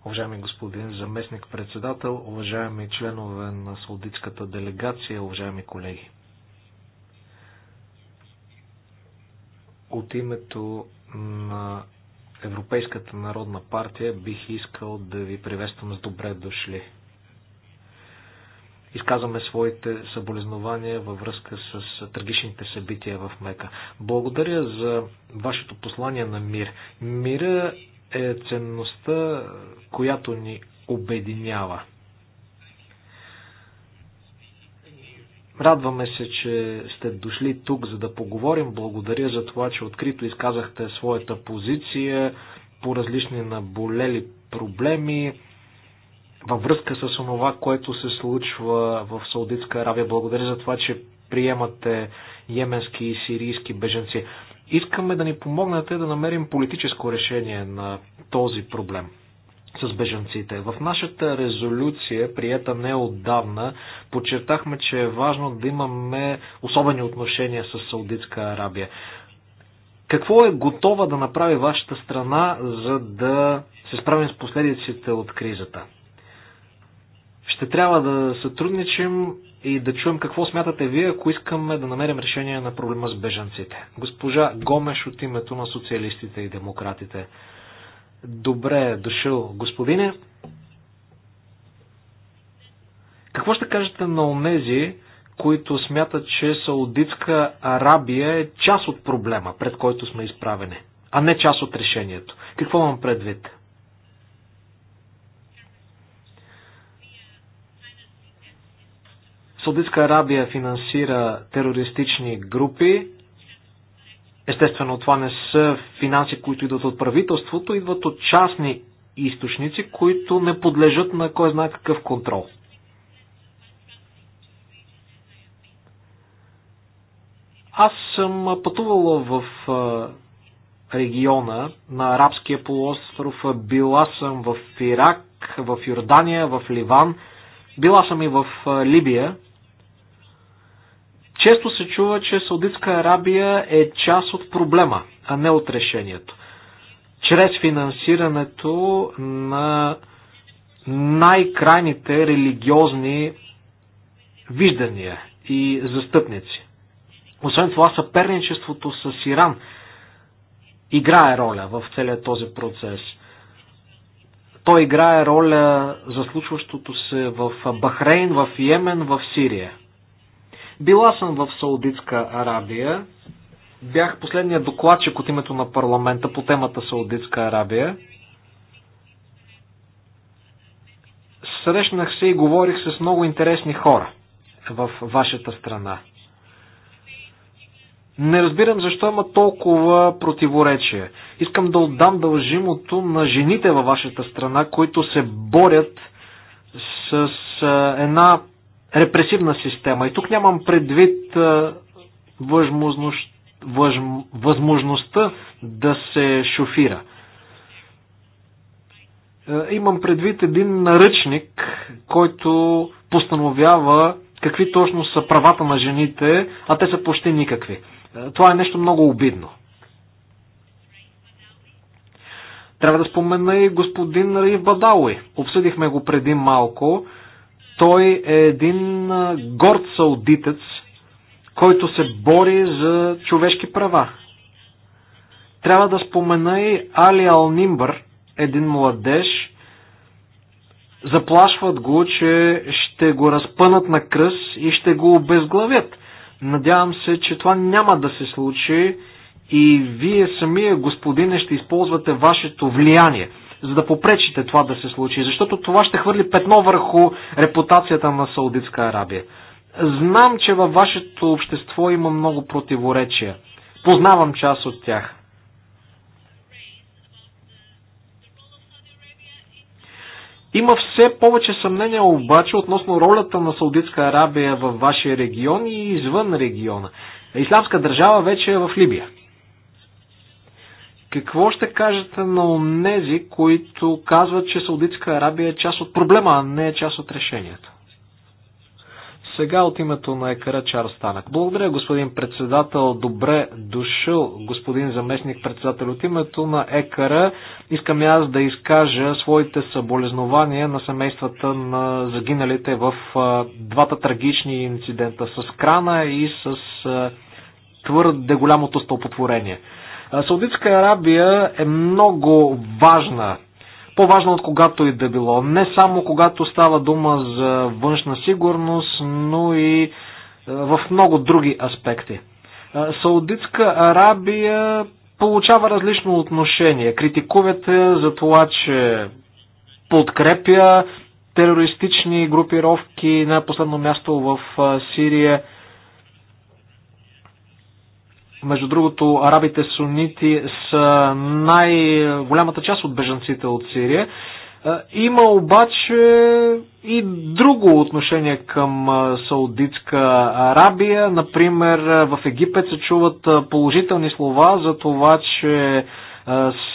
уважаеми господин заместник председател, уважаеми членове на Саудитската делегация, уважаеми колеги. От името на Европейската народна партия бих искал да ви приветствам с добре дошли. Изказваме своите съболезнования във връзка с трагичните събития в Мека. Благодаря за вашето послание на мир. Мира е ценността, която ни обединява. Радваме се, че сте дошли тук, за да поговорим. Благодаря за това, че открито изказахте своята позиция по различни наболели проблеми във връзка с това, което се случва в Саудитска Аравия. Благодаря за това, че приемате йеменски и сирийски беженци. Искаме да ни помогнете да намерим политическо решение на този проблем с бежанците. В нашата резолюция, прията не отдавна, подчертахме, че е важно да имаме особени отношения с Саудитска Арабия. Какво е готова да направи вашата страна, за да се справим с последиците от кризата? Ще трябва да сътрудничим и да чуем какво смятате вие, ако искаме да намерим решение на проблема с бежанците. Госпожа Гомеш от името на социалистите и демократите. Добре е дошъл, господине. Какво ще кажете на онези, които смятат, че Саудитска Арабия е част от проблема, пред който сме изправени, а не част от решението? Какво имам предвид? Саудитска Арабия финансира терористични групи. Естествено, това не са финанси, които идват от правителството, идват от частни източници, които не подлежат на кой знае какъв контрол. Аз съм пътувала в региона на Арабския полуостров, била съм в Ирак, в Йордания, в Ливан, била съм и в Либия. Често се чува, че Саудитска Арабия е част от проблема, а не от решението. Чрез финансирането на най-крайните религиозни виждания и застъпници. Освен това, съперничеството с Иран играе роля в целият този процес. Той играе роля за случващото се в Бахрейн, в Йемен, в Сирия – била съм в Саудитска Арабия. Бях последният докладчик от името на парламента по темата Саудитска Арабия. Срещнах се и говорих с много интересни хора в вашата страна. Не разбирам защо има толкова противоречие. Искам да отдам дължимото на жените във вашата страна, които се борят с една репресивна система. И тук нямам предвид възможността да се шофира. Имам предвид един наръчник, който постановява какви точно са правата на жените, а те са почти никакви. Това е нещо много обидно. Трябва да спомена и господин Раив Бадауи. Обсъдихме го преди малко. Той е един горд саудитец, който се бори за човешки права. Трябва да спомена и Али Алнимбър, един младеж. Заплашват го, че ще го разпънат на кръс и ще го обезглавят. Надявам се, че това няма да се случи и вие самия, господине, ще използвате вашето влияние за да попречите това да се случи, защото това ще хвърли петно върху репутацията на Саудитска Арабия. Знам, че във вашето общество има много противоречия. Познавам част от тях. Има все повече съмнения обаче относно ролята на Саудитска Арабия във вашия регион и извън региона. Исламска държава вече е в Либия. Какво ще кажете на онези, които казват, че Саудитска Арабия е част от проблема, а не е част от решението? Сега от името на екара Чар Станък. Благодаря, господин председател. Добре дошъл, господин заместник председател. От името на екара искам аз да изкажа своите съболезнования на семействата на загиналите в двата трагични инцидента с крана и с твърде голямото стълпотворение. Саудитска Арабия е много важна, по-важна от когато и да било. Не само когато става дума за външна сигурност, но и в много други аспекти. Саудитска Арабия получава различно отношение. Критикуват за това, че подкрепя терористични групировки на последно място в Сирия – между другото, арабите сунити са най-голямата част от бежанците от Сирия. Има обаче и друго отношение към Саудитска Арабия. Например, в Египет се чуват положителни слова за това, че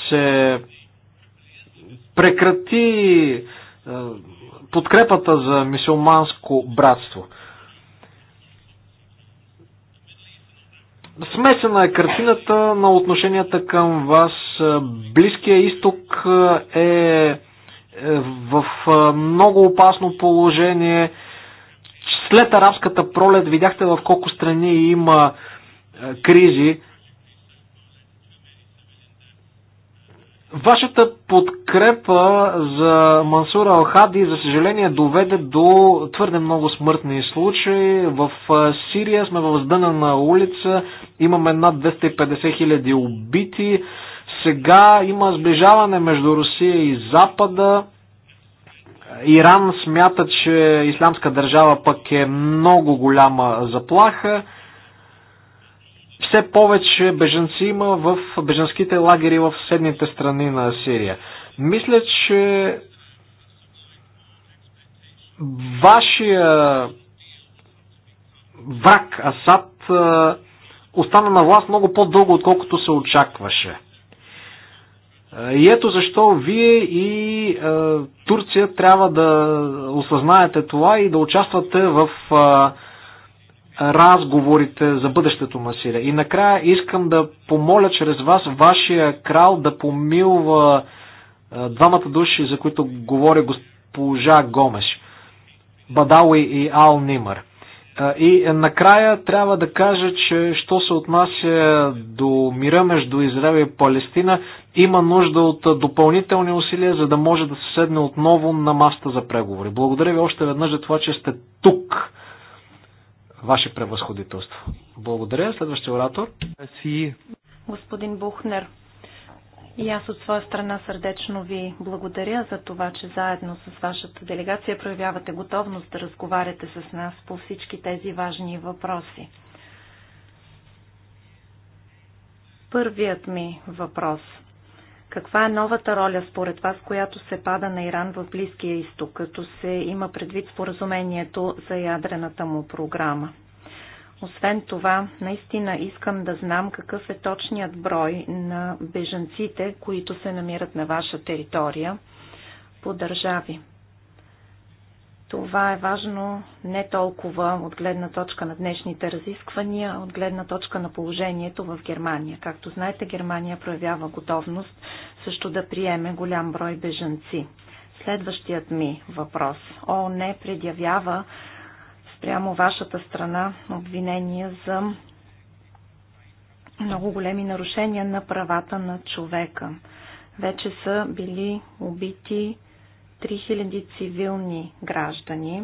се прекрати подкрепата за мисулманско братство. Смесена е картината на отношенията към вас. Близкия изток е, е в е, много опасно положение. След арабската пролет видяхте в колко страни има е, кризи. Вашата подкрепа за Мансура Алхади, за съжаление, доведе до твърде много смъртни случаи. В Сирия сме в на улица, имаме над 250 хиляди убити. Сега има сближаване между Русия и Запада. Иран смята, че Исламска държава пък е много голяма заплаха. Все повече беженци има в беженските лагери в съседните страни на Сирия. Мисля, че вашия враг Асад остана на власт много по-дълго, отколкото се очакваше. И ето защо вие и е, Турция трябва да осъзнаете това и да участвате в е, разговорите за бъдещето на Сирия. И накрая искам да помоля чрез вас вашия крал да помилва двамата души, за които говори госпожа Гомеш. Бадауи и Ал Нимър. И накрая трябва да кажа, че що се отнася до мира между Израел и Палестина, има нужда от допълнителни усилия, за да може да се седне отново на маста за преговори. Благодаря ви още веднъж за това, че сте тук Ваше превъзходителство. Благодаря. Следващия оратор. Господин Бухнер, и аз от своя страна сърдечно ви благодаря за това, че заедно с вашата делегация проявявате готовност да разговаряте с нас по всички тези важни въпроси. Първият ми въпрос – каква е новата роля според вас, която се пада на Иран в Близкия изток, като се има предвид споразумението за ядрената му програма? Освен това, наистина искам да знам какъв е точният брой на бежанците, които се намират на ваша територия по държави. Това е важно не толкова от гледна точка на днешните разисквания, а от гледна точка на положението в Германия. Както знаете, Германия проявява готовност също да приеме голям брой бежанци. Следващият ми въпрос. ООН предявява спрямо вашата страна обвинения за много големи нарушения на правата на човека. Вече са били убити 3000 цивилни граждани,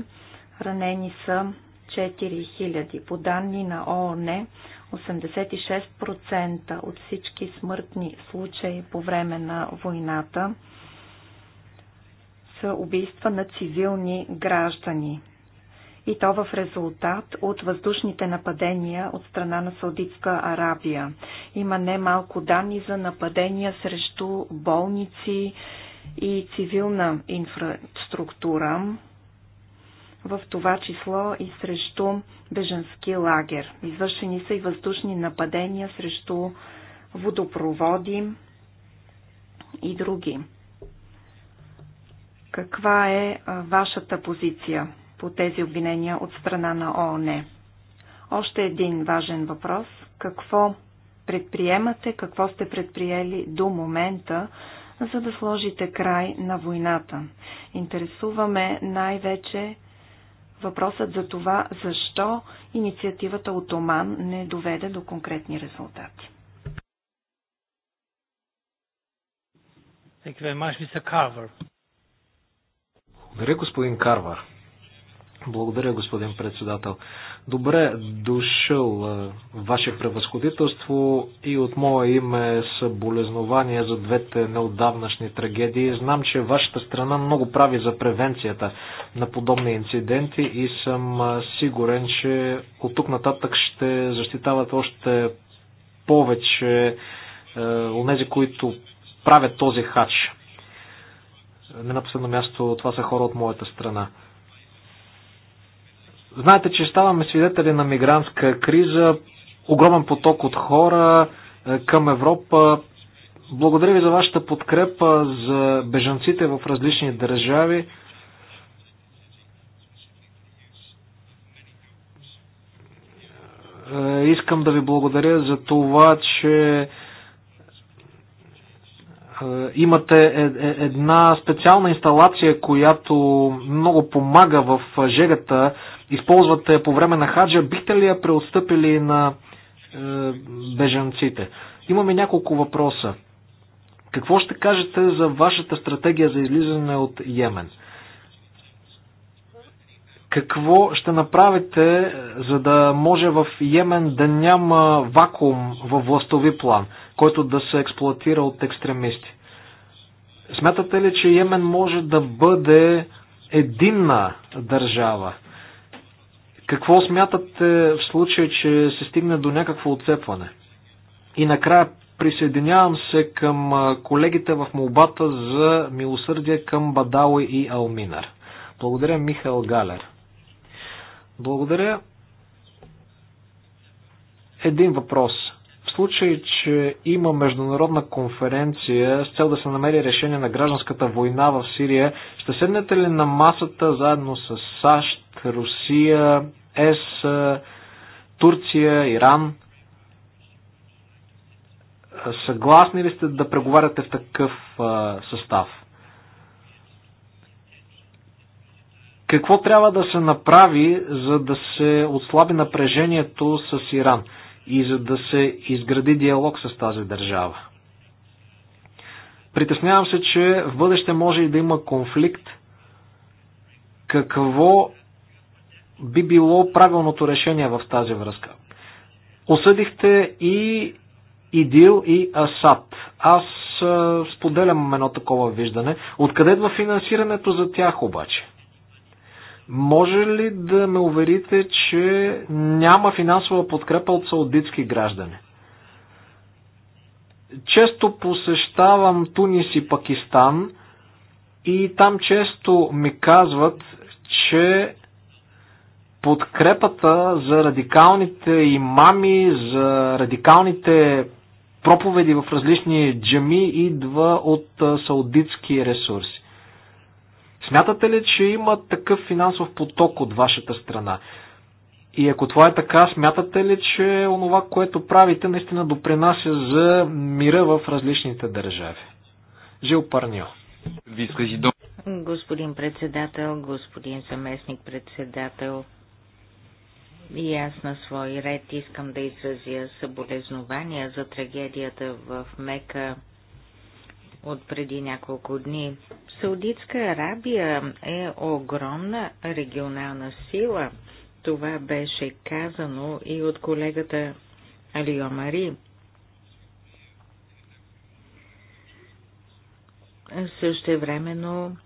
ранени са 4000. По данни на ООН, 86% от всички смъртни случаи по време на войната са убийства на цивилни граждани. И то в резултат от въздушните нападения от страна на Саудитска Арабия. Има немалко данни за нападения срещу болници, и цивилна инфраструктура, в това число и срещу беженски лагер. Извършени са и въздушни нападения срещу водопроводи и други. Каква е вашата позиция по тези обвинения от страна на ООН? Още един важен въпрос. Какво предприемате, какво сте предприели до момента, за да сложите край на войната. Интересуваме най-вече въпросът за това, защо инициативата от Оман не доведе до конкретни резултати. Благодаря, господин Карвар. Благодаря, господин председател. Добре дошъл, Ваше превъзходителство и от мое име са болезнования за двете неотдавнашни трагедии. Знам, че Вашата страна много прави за превенцията на подобни инциденти и съм сигурен, че от тук нататък ще защитават още повече от тези, които правят този хач. Не на последно място, това са хора от моята страна. Знаете, че ставаме свидетели на мигрантска криза, огромен поток от хора е, към Европа. Благодаря ви за вашата подкрепа за бежанците в различни държави. Е, искам да ви благодаря за това, че е, имате една специална инсталация, която много помага в жегата използвате по време на хаджа, бихте ли я преотстъпили на е, бежанците? Имаме няколко въпроса. Какво ще кажете за вашата стратегия за излизане от Йемен? Какво ще направите, за да може в Йемен да няма вакуум във властови план, който да се експлуатира от екстремисти? Смятате ли, че Йемен може да бъде единна държава? Какво смятате в случай, че се стигне до някакво отцепване? И накрая присъединявам се към колегите в молбата за милосърдие към Бадауи и Алминар. Благодаря, Михаил Галер. Благодаря. Един въпрос. В случай, че има международна конференция с цел да се намери решение на гражданската война в Сирия, ще седнете ли на масата заедно с САЩ, Русия, ЕС, Турция, Иран. Съгласни ли сте да преговаряте в такъв състав? Какво трябва да се направи, за да се отслаби напрежението с Иран и за да се изгради диалог с тази държава? Притеснявам се, че в бъдеще може и да има конфликт. Какво би било правилното решение в тази връзка. Осъдихте и Идил и Асад. Аз споделям едно такова виждане. Откъде идва финансирането за тях обаче? Може ли да ме уверите, че няма финансова подкрепа от саудитски граждани? Често посещавам Тунис и Пакистан и там често ми казват, че подкрепата за радикалните имами, за радикалните проповеди в различни джами идва от саудитски ресурси. Смятате ли, че има такъв финансов поток от вашата страна? И ако това е така, смятате ли, че онова, което правите, наистина допринася за мира в различните държави? Жил Парнио. Господин председател, господин заместник председател, и аз на свой ред искам да изразя съболезнования за трагедията в Мека от преди няколко дни. Саудитска Арабия е огромна регионална сила. Това беше казано и от колегата Алио Мари. времено.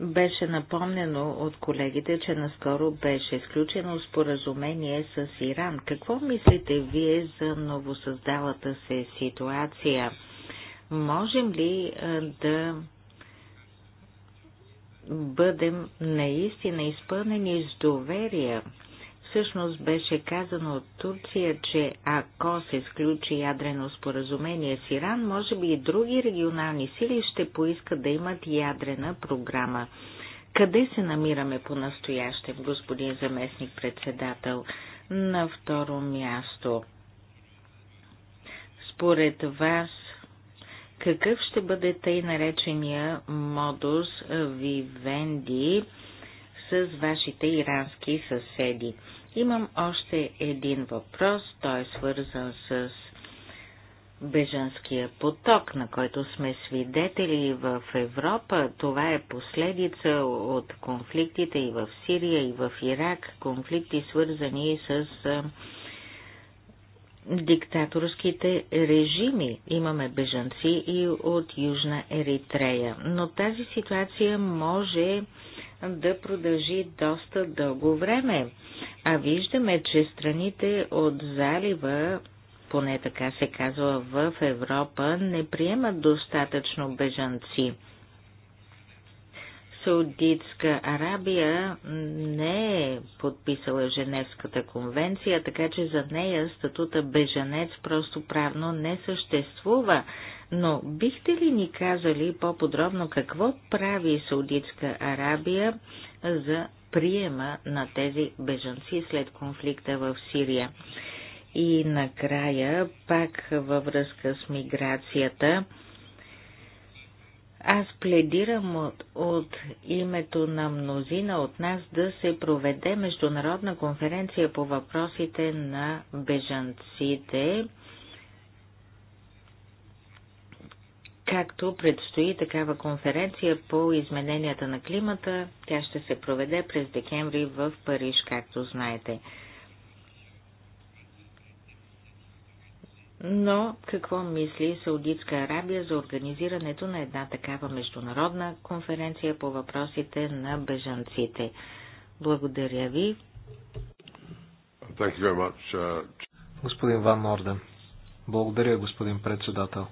Беше напомнено от колегите, че наскоро беше изключено споразумение с Иран. Какво мислите вие за новосъздалата се ситуация? Можем ли да бъдем наистина изпълнени с доверие Всъщност беше казано от Турция, че ако се сключи ядрено споразумение с Иран, може би и други регионални сили ще поискат да имат ядрена програма. Къде се намираме по настояще, господин заместник председател? На второ място. Според вас, какъв ще бъде тъй наречения модус вивенди с вашите ирански съседи? Имам още един въпрос, той е свързан с бежанския поток, на който сме свидетели в Европа. Това е последица от конфликтите и в Сирия, и в Ирак, конфликти свързани с диктаторските режими. Имаме бежанци и от Южна Еритрея. Но тази ситуация може да продължи доста дълго време. А виждаме, че страните от залива, поне така се казва в Европа, не приемат достатъчно бежанци. Саудитска Арабия не е подписала Женевската конвенция, така че за нея статута бежанец просто правно не съществува но бихте ли ни казали по-подробно какво прави Саудитска Арабия за приема на тези бежанци след конфликта в Сирия? И накрая, пак във връзка с миграцията, аз пледирам от, от името на мнозина от нас да се проведе международна конференция по въпросите на бежанците. Както предстои такава конференция по измененията на климата, тя ще се проведе през декември в Париж, както знаете. Но какво мисли Саудитска Арабия за организирането на една такава международна конференция по въпросите на бежанците? Благодаря ви. Uh, господин Ван Орден. Благодаря, господин председател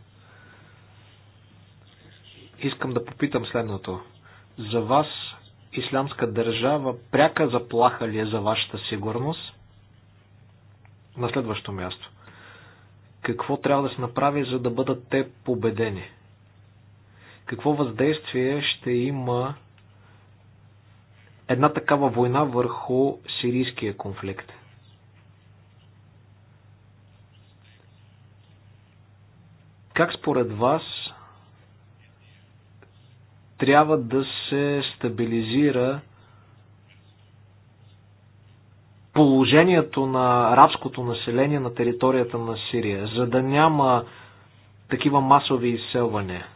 искам да попитам следното. За вас ислямска държава пряка заплаха ли е за вашата сигурност? На следващо място. Какво трябва да се направи, за да бъдат те победени? Какво въздействие ще има една такава война върху сирийския конфликт? Как според вас трябва да се стабилизира положението на арабското население на територията на Сирия, за да няма такива масови изселвания.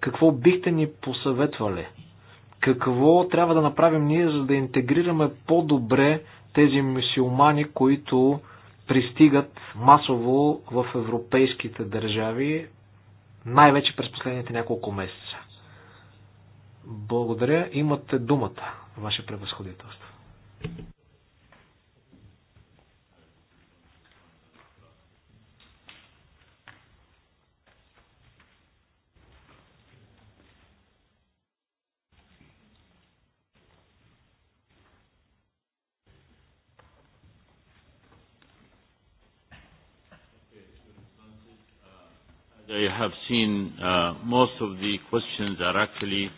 Какво бихте ни посъветвали? Какво трябва да направим ние, за да интегрираме по-добре тези мусулмани, които пристигат масово в европейските държави най-вече през последните няколко месеца. Благодаря, имате думата, Ваше превъзходителство. I have seen uh, most of the questions are actually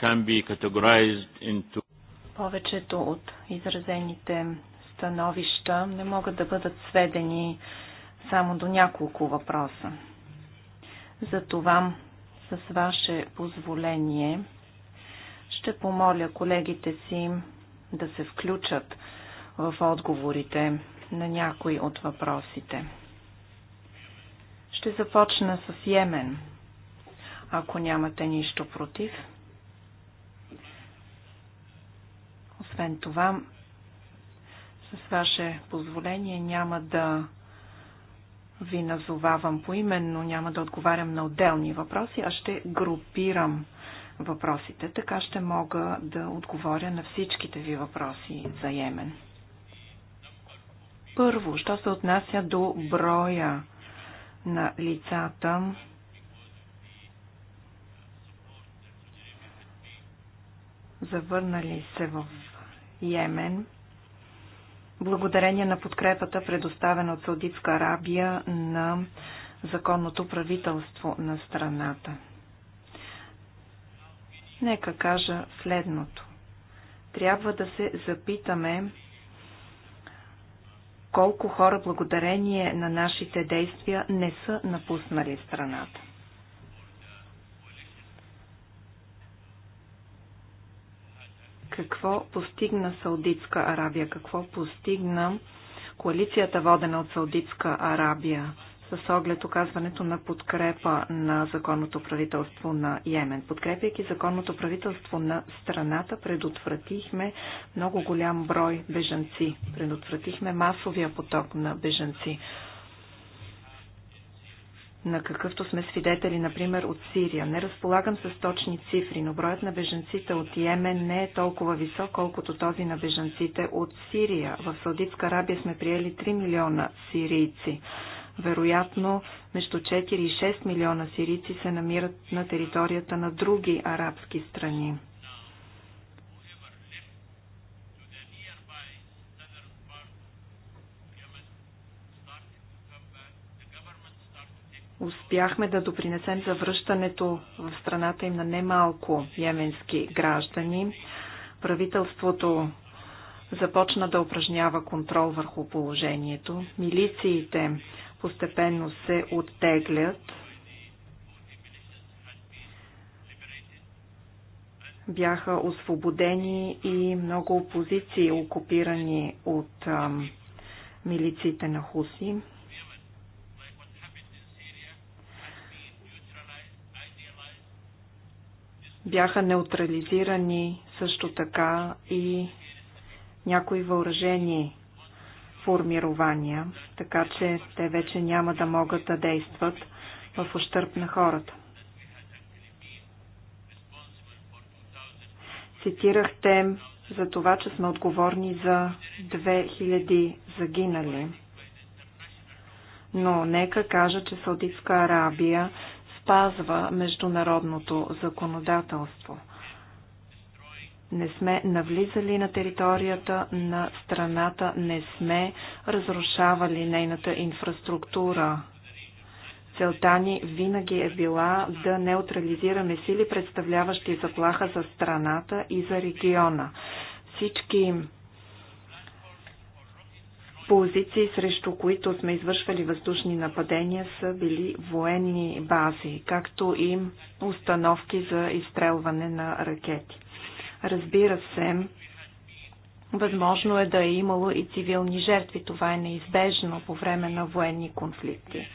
can be categorized into повечето от изразените становища не могат да бъдат сведени само до няколко въпроса. Затова с ваше позволение ще помоля колегите си да се включат в отговорите на някои от въпросите. Ще започна с Йемен, ако нямате нищо против. Освен това, с ваше позволение няма да ви назовавам по но няма да отговарям на отделни въпроси, а ще групирам въпросите. Така ще мога да отговоря на всичките ви въпроси за Йемен. Първо, що се отнася до броя на лицата, завърнали се в Йемен, благодарение на подкрепата, предоставена от Саудитска Арабия на законното правителство на страната. Нека кажа следното. Трябва да се запитаме колко хора благодарение на нашите действия не са напуснали страната. Какво постигна Саудитска Арабия? Какво постигна коалицията водена от Саудитска Арабия? с оглед оказването на подкрепа на законното правителство на Йемен. Подкрепяйки законното правителство на страната, предотвратихме много голям брой бежанци. Предотвратихме масовия поток на бежанци на какъвто сме свидетели, например, от Сирия. Не разполагам с точни цифри, но броят на беженците от Йемен не е толкова висок, колкото този на беженците от Сирия. В Саудитска Арабия сме приели 3 милиона сирийци. Вероятно, между 4 и 6 милиона сирийци се намират на територията на други арабски страни. успяхме да допринесем за връщането в страната им на немалко йеменски граждани. Правителството започна да упражнява контрол върху положението. Милициите постепенно се оттеглят. Бяха освободени и много опозиции, окупирани от а, милиците на Хуси. Бяха неутрализирани също така и някои въоръжени формирования, така че те вече няма да могат да действат в ущърп на хората. Цитирахте за това, че сме отговорни за 2000 загинали. Но нека кажа, че Саудитска Арабия спазва международното законодателство не сме навлизали на територията на страната, не сме разрушавали нейната инфраструктура. Целта ни винаги е била да неутрализираме сили, представляващи заплаха за страната и за региона. Всички позиции, срещу които сме извършвали въздушни нападения, са били военни бази, както и установки за изстрелване на ракети. Разбира се, възможно е да е имало и цивилни жертви. Това е неизбежно по време на военни конфликти.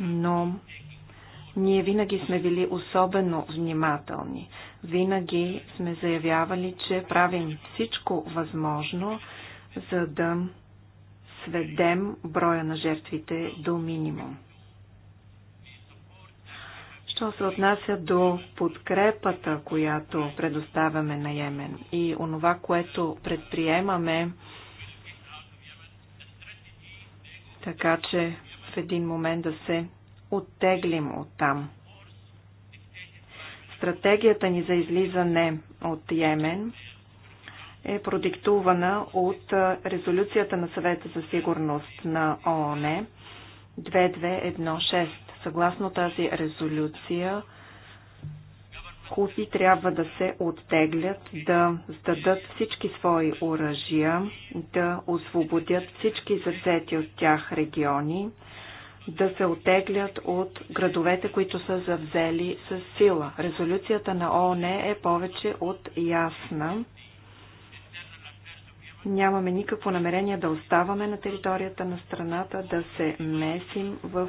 Но ние винаги сме били особено внимателни. Винаги сме заявявали, че правим всичко възможно, за да сведем броя на жертвите до минимум. Що се отнася до подкрепата, която предоставяме на Йемен и онова, което предприемаме, така че в един момент да се оттеглим от там. Стратегията ни за излизане от Йемен е продиктувана от резолюцията на съвета за сигурност на ООН 2216 Съгласно тази резолюция, Хуфи трябва да се оттеглят, да сдадат всички свои оръжия, да освободят всички завзети от тях региони, да се оттеглят от градовете, които са завзели с сила. Резолюцията на ООН е повече от ясна. Нямаме никакво намерение да оставаме на територията на страната, да се месим в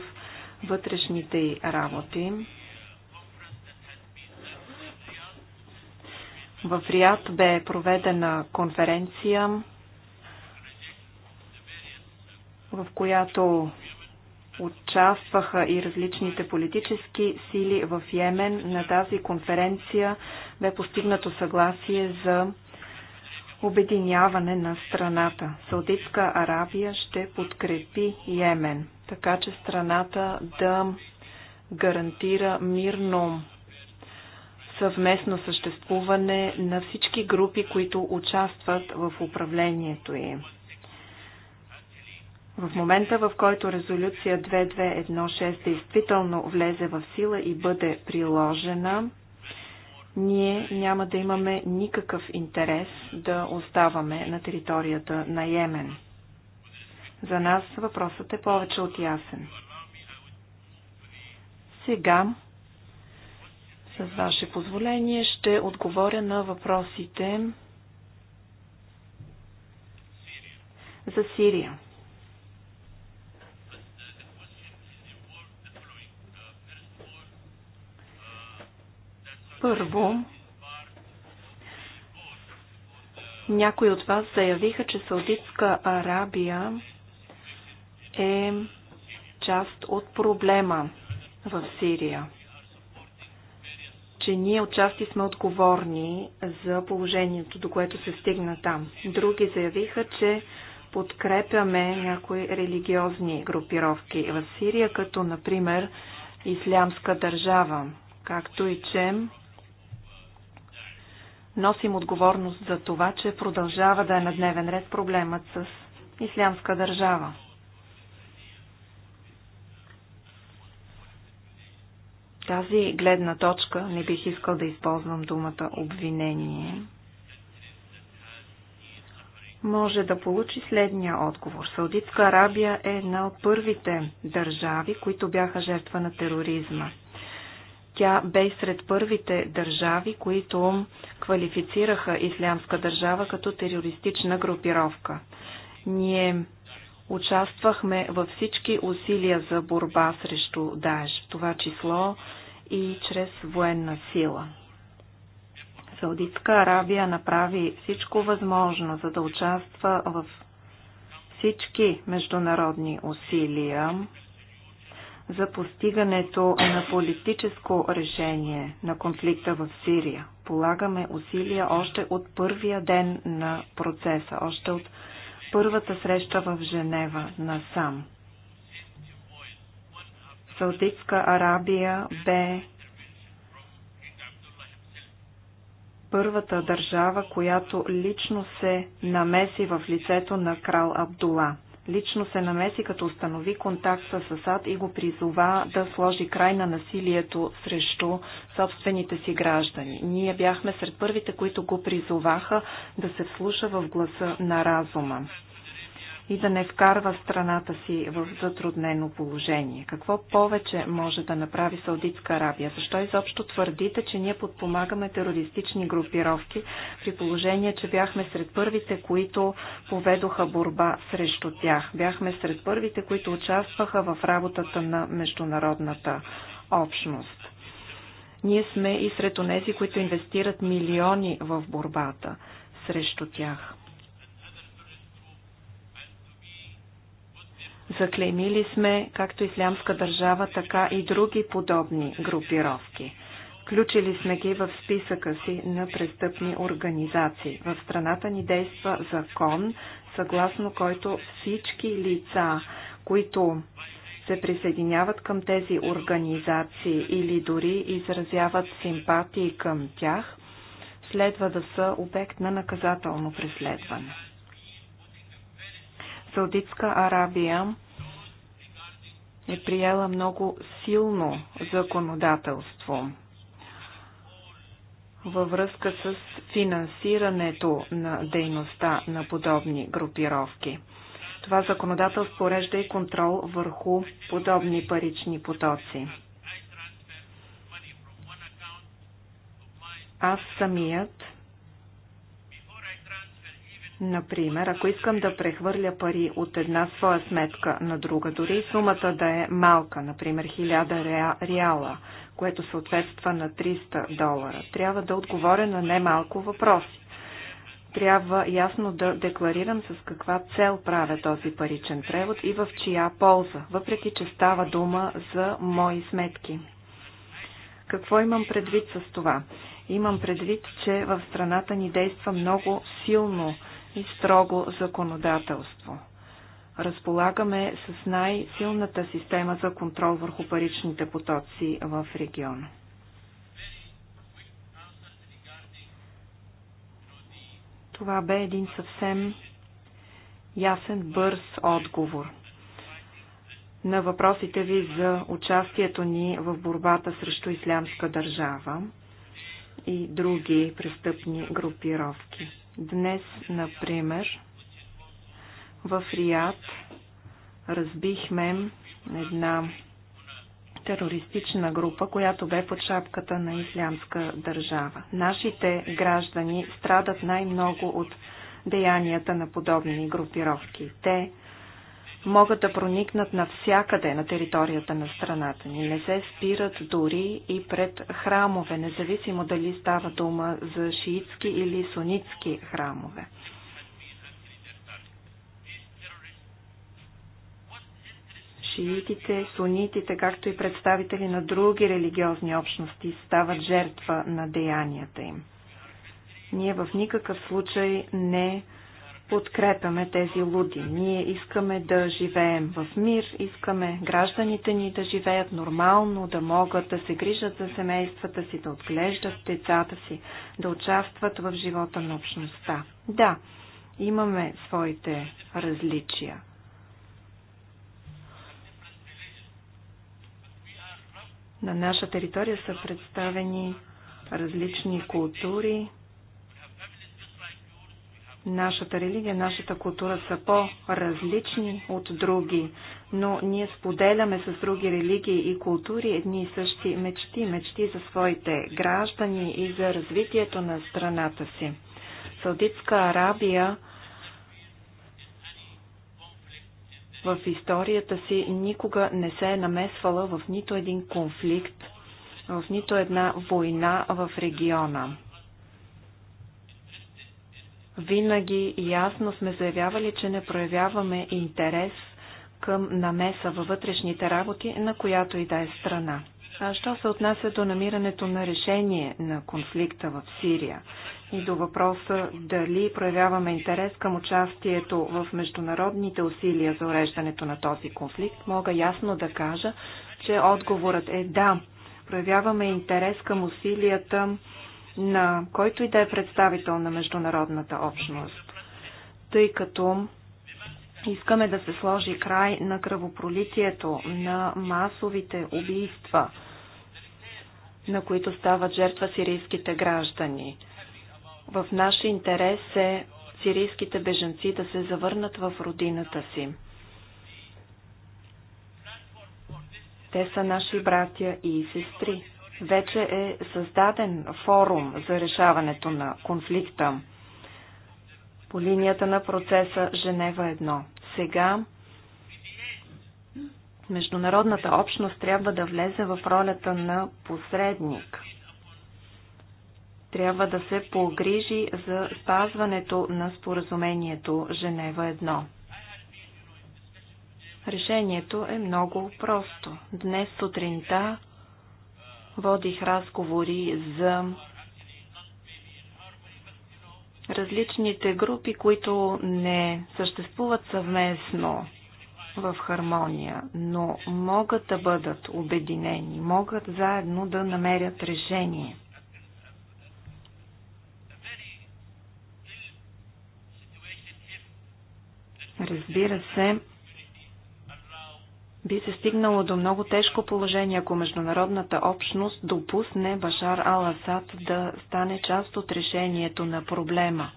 вътрешните работи. В Риад бе проведена конференция, в която участваха и различните политически сили в Йемен. На тази конференция бе постигнато съгласие за обединяване на страната. Саудитска Аравия ще подкрепи Йемен така че страната да гарантира мирно съвместно съществуване на всички групи, които участват в управлението й. В момента, в който резолюция 2216 действително влезе в сила и бъде приложена, ние няма да имаме никакъв интерес да оставаме на територията на Йемен. За нас въпросът е повече от ясен. Сега, с ваше позволение, ще отговоря на въпросите за Сирия. Първо, някои от вас заявиха, че Саудитска Арабия е част от проблема в Сирия. Че ние отчасти сме отговорни за положението, до което се стигна там. Други заявиха, че подкрепяме някои религиозни групировки в Сирия, като например Ислямска държава, както и че носим отговорност за това, че продължава да е на дневен ред проблемът с Ислямска държава. тази гледна точка не бих искал да използвам думата обвинение. Може да получи следния отговор. Саудитска Арабия е една от първите държави, които бяха жертва на тероризма. Тя бе сред първите държави, които квалифицираха Ислямска държава като терористична групировка. Ние Участвахме във всички усилия за борба срещу Даеш, в това число и чрез военна сила. Саудитска Арабия направи всичко възможно, за да участва в всички международни усилия за постигането на политическо решение на конфликта в Сирия. Полагаме усилия още от първия ден на процеса, още от първата среща в Женева насам. Саудитска Арабия бе първата държава, която лично се намеси в лицето на крал Абдула лично се намеси, като установи контакт с Асад и го призова да сложи край на насилието срещу собствените си граждани. Ние бяхме сред първите, които го призоваха да се вслуша в гласа на разума и да не вкарва страната си в затруднено положение. Какво повече може да направи Саудитска Арабия? Защо изобщо твърдите, че ние подпомагаме терористични групировки при положение, че бяхме сред първите, които поведоха борба срещу тях? Бяхме сред първите, които участваха в работата на международната общност. Ние сме и сред онези, които инвестират милиони в борбата срещу тях. Заклеймили сме както Ислямска държава, така и други подобни групировки. Включили сме ги в списъка си на престъпни организации. В страната ни действа закон, съгласно който всички лица, които се присъединяват към тези организации или дори изразяват симпатии към тях, следва да са обект на наказателно преследване. Саудитска Арабия е приела много силно законодателство във връзка с финансирането на дейността на подобни групировки. Това законодателство порежда и контрол върху подобни парични потоци. Аз самият Например, ако искам да прехвърля пари от една своя сметка на друга, дори сумата да е малка, например 1000 реала, което съответства на 300 долара, трябва да отговоря на немалко въпроси. Трябва ясно да декларирам с каква цел правя този паричен превод и в чия полза, въпреки че става дума за мои сметки. Какво имам предвид с това? Имам предвид, че в страната ни действа много силно и строго законодателство. Разполагаме с най-силната система за контрол върху паричните потоци в региона. Това бе един съвсем ясен, бърз отговор на въпросите ви за участието ни в борбата срещу ислямска държава и други престъпни групировки. Днес, например, в Риад разбихме една терористична група, която бе под шапката на ислямска държава. Нашите граждани страдат най-много от деянията на подобни групировки. Те могат да проникнат навсякъде на територията на страната ни. Не се спират дори и пред храмове, независимо дали става дума за шиитски или сунитски храмове. шиитите, сунитите, както и представители на други религиозни общности стават жертва на деянията им. Ние в никакъв случай не подкрепяме тези луди. Ние искаме да живеем в мир, искаме гражданите ни да живеят нормално, да могат да се грижат за семействата си, да отглеждат децата си, да участват в живота на общността. Да, имаме своите различия. На наша територия са представени различни култури, нашата религия, нашата култура са по-различни от други, но ние споделяме с други религии и култури едни и същи мечти, мечти за своите граждани и за развитието на страната си. Саудитска Арабия в историята си никога не се е намесвала в нито един конфликт, в нито една война в региона. Винаги ясно сме заявявали, че не проявяваме интерес към намеса във вътрешните работи, на която и да е страна. А що се отнася до намирането на решение на конфликта в Сирия и до въпроса дали проявяваме интерес към участието в международните усилия за уреждането на този конфликт, мога ясно да кажа, че отговорът е да. Проявяваме интерес към усилията на който и да е представител на международната общност, тъй като искаме да се сложи край на кръвопролитието, на масовите убийства, на които стават жертва сирийските граждани. В наш интерес е сирийските беженци да се завърнат в родината си. Те са наши братя и сестри вече е създаден форум за решаването на конфликта по линията на процеса Женева 1. Сега международната общност трябва да влезе в ролята на посредник. Трябва да се погрижи за спазването на споразумението Женева 1. Решението е много просто. Днес сутринта водих разговори за различните групи, които не съществуват съвместно в хармония, но могат да бъдат обединени, могат заедно да намерят решение. Разбира се, би се стигнало до много тежко положение, ако международната общност допусне Башар Ал-Асад да стане част от решението на проблема.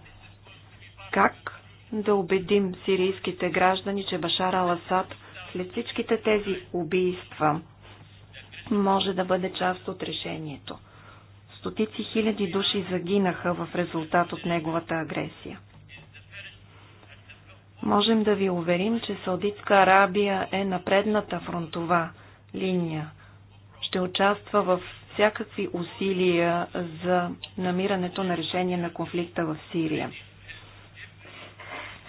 Как да убедим сирийските граждани, че Башар Ал-Асад след всичките тези убийства може да бъде част от решението? Стотици хиляди души загинаха в резултат от неговата агресия. Можем да ви уверим, че Саудитска Арабия е напредната фронтова линия. Ще участва в всякакви усилия за намирането на решение на конфликта в Сирия.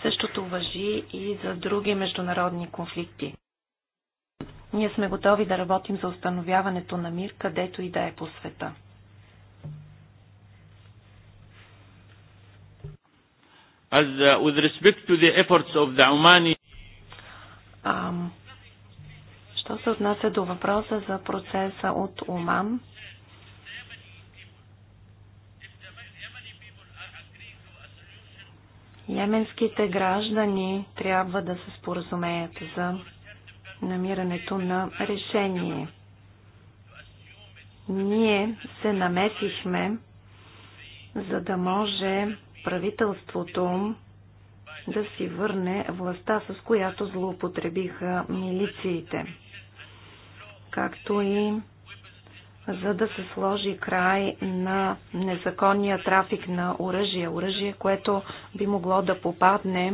Същото въжи и за други международни конфликти. Ние сме готови да работим за установяването на мир, където и да е по света. as uh, with respect to the efforts of the Omani що се отнася до въпроса за процеса от Оман, Йеменските граждани трябва да се споразумеят за намирането на решение. Ние се намесихме, за да може правителството да си върне властта, с която злоупотребиха милициите, както и за да се сложи край на незаконния трафик на оръжие. Оръжие, което би могло да попадне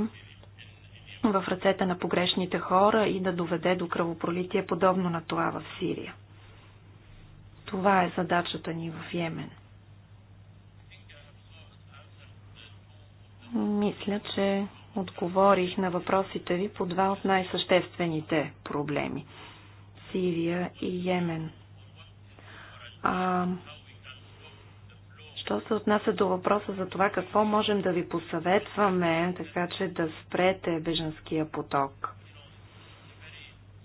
в ръцете на погрешните хора и да доведе до кръвопролитие, подобно на това в Сирия. Това е задачата ни в Йемен. Мисля, че отговорих на въпросите ви по два от най-съществените проблеми – Сирия и Йемен. А, що се отнася до въпроса за това какво можем да ви посъветваме, така че да спрете беженския поток?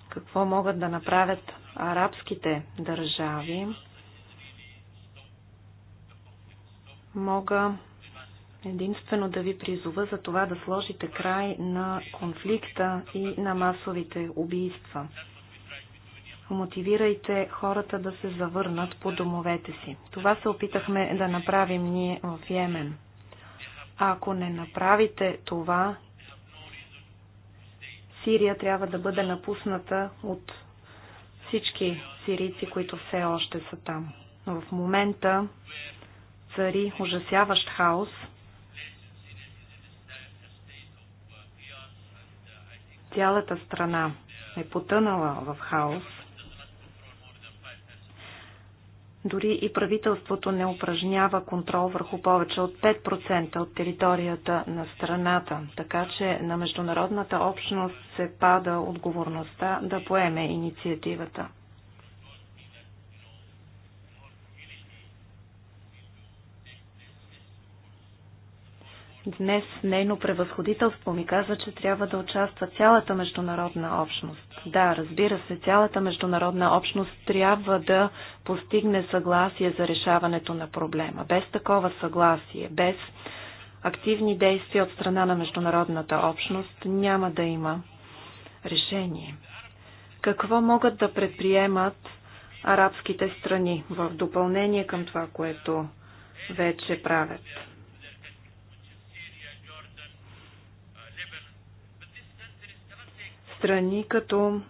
Какво могат да направят арабските държави? Мога единствено да ви призова за това да сложите край на конфликта и на масовите убийства. Мотивирайте хората да се завърнат по домовете си. Това се опитахме да направим ние в Йемен. А ако не направите това, Сирия трябва да бъде напусната от всички сирийци, които все още са там. Но в момента цари ужасяващ хаос – Цялата страна е потънала в хаос. Дори и правителството не упражнява контрол върху повече от 5% от територията на страната, така че на международната общност се пада отговорността да поеме инициативата. Днес нейно превъзходителство ми каза, че трябва да участва цялата международна общност. Да, разбира се, цялата международна общност трябва да постигне съгласие за решаването на проблема. Без такова съгласие, без активни действия от страна на международната общност няма да има решение. Какво могат да предприемат арабските страни в допълнение към това, което вече правят? страни като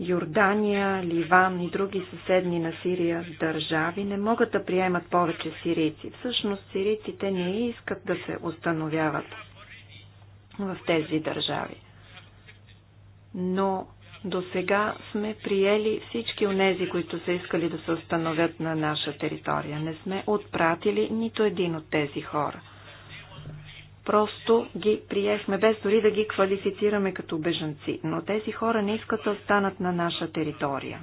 Йордания, Ливан и други съседни на Сирия държави не могат да приемат повече сирийци. Всъщност сирийците не искат да се установяват в тези държави. Но до сега сме приели всички онези, които са искали да се установят на наша територия. Не сме отпратили нито един от тези хора. Просто ги приехме, без дори да ги квалифицираме като бежанци. Но тези хора не искат да останат на наша територия.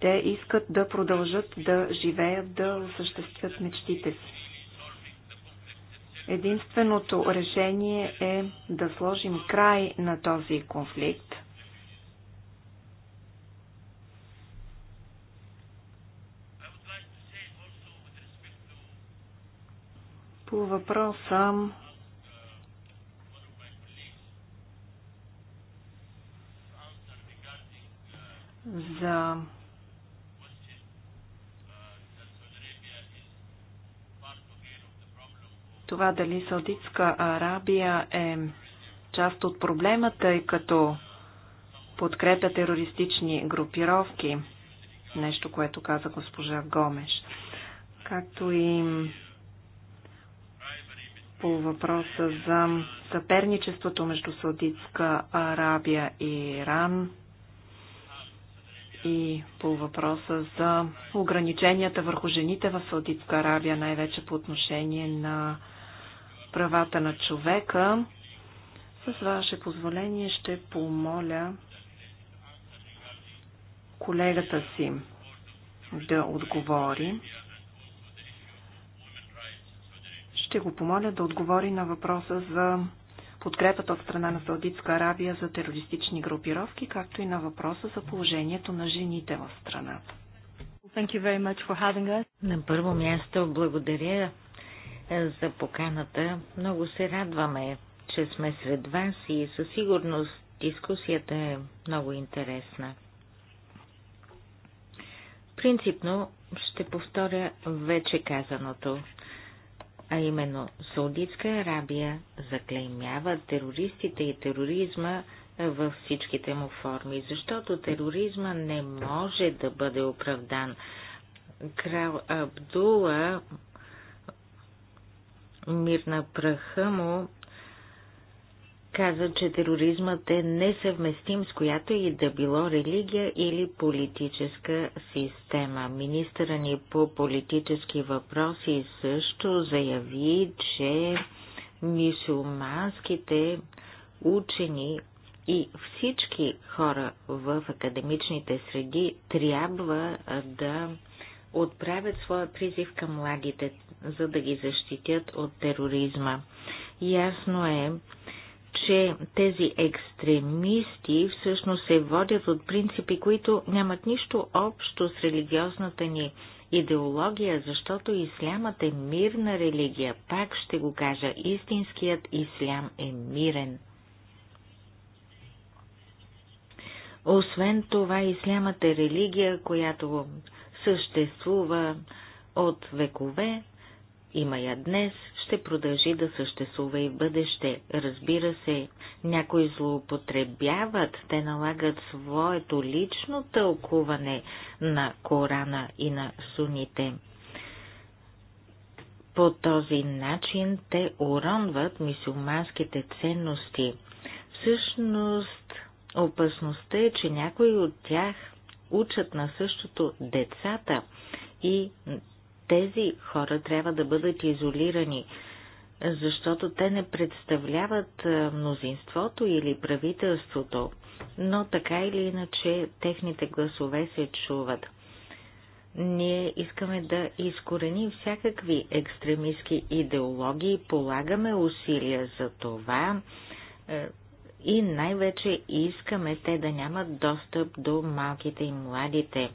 Те искат да продължат да живеят, да осъществят мечтите си. Единственото решение е да сложим край на този конфликт, По въпроса за това дали Саудитска Арабия е част от проблема, тъй като подкрепя терористични групировки, нещо, което каза госпожа Гомеш, както и по въпроса за съперничеството между Саудитска Арабия и Иран и по въпроса за ограниченията върху жените в Саудитска Арабия, най-вече по отношение на правата на човека. С ваше позволение ще помоля колегата си да отговори. Ще го помоля да отговори на въпроса за подкрепата от страна на Саудитска Арабия за терористични групировки, както и на въпроса за положението на жените в страната. На първо място благодаря за поканата. Много се радваме, че сме сред вас и със сигурност дискусията е много интересна. Принципно ще повторя вече казаното а именно Саудитска Арабия заклеймява терористите и тероризма във всичките му форми, защото тероризма не може да бъде оправдан. Крал Абдула мир на праха му каза, че тероризмът е несъвместим с която и да било религия или политическа система. Министъра ни по политически въпроси също заяви, че мисулманските учени и всички хора в академичните среди трябва да отправят своя призив към младите, за да ги защитят от тероризма. Ясно е, че тези екстремисти всъщност се водят от принципи, които нямат нищо общо с религиозната ни идеология, защото ислямът е мирна религия. Пак ще го кажа, истинският ислям е мирен. Освен това, ислямът е религия, която съществува от векове, има я днес ще продължи да съществува и в бъдеще. Разбира се, някои злоупотребяват, те налагат своето лично тълкуване на Корана и на суните. По този начин те уронват мисюлманските ценности. Всъщност, опасността е, че някои от тях учат на същото децата и тези хора трябва да бъдат изолирани, защото те не представляват мнозинството или правителството, но така или иначе техните гласове се чуват. Ние искаме да изкореним всякакви екстремистски идеологии, полагаме усилия за това и най-вече искаме те да нямат достъп до малките и младите.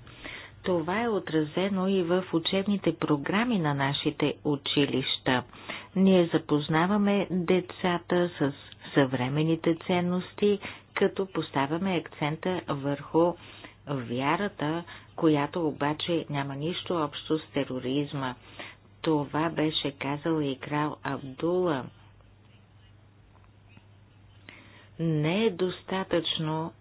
Това е отразено и в учебните програми на нашите училища. Ние запознаваме децата с съвременните ценности, като поставяме акцента върху вярата, която обаче няма нищо общо с тероризма. Това беше казал и крал Абдула. Не е достатъчно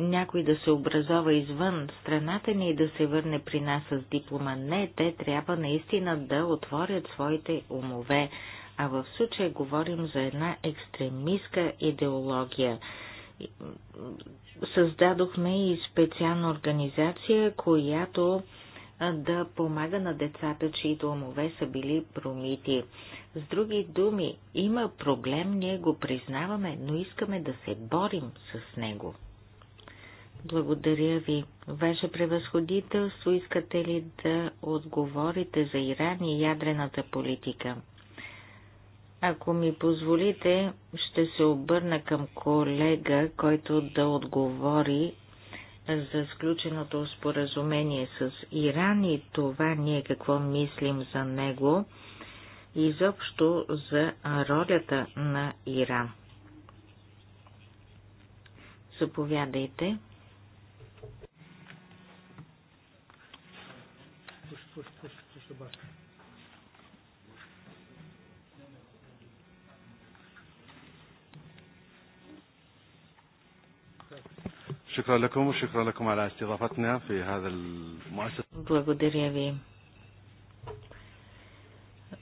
някой да се образова извън страната ни и да се върне при нас с диплома. Не, те трябва наистина да отворят своите умове, а в случая говорим за една екстремистка идеология. Създадохме и специална организация, която да помага на децата, чието умове са били промити. С други думи, има проблем, ние го признаваме, но искаме да се борим с него. Благодаря ви. Ваше превъзходителство, искате ли да отговорите за Иран и ядрената политика? Ако ми позволите, ще се обърна към колега, който да отговори за сключеното споразумение с Иран и това ние какво мислим за него и изобщо за ролята на Иран. Заповядайте. push, push, push the button. شكرا لكم وشكرا لكم على استضافتنا في هذا المؤسسة. Благодаря ви.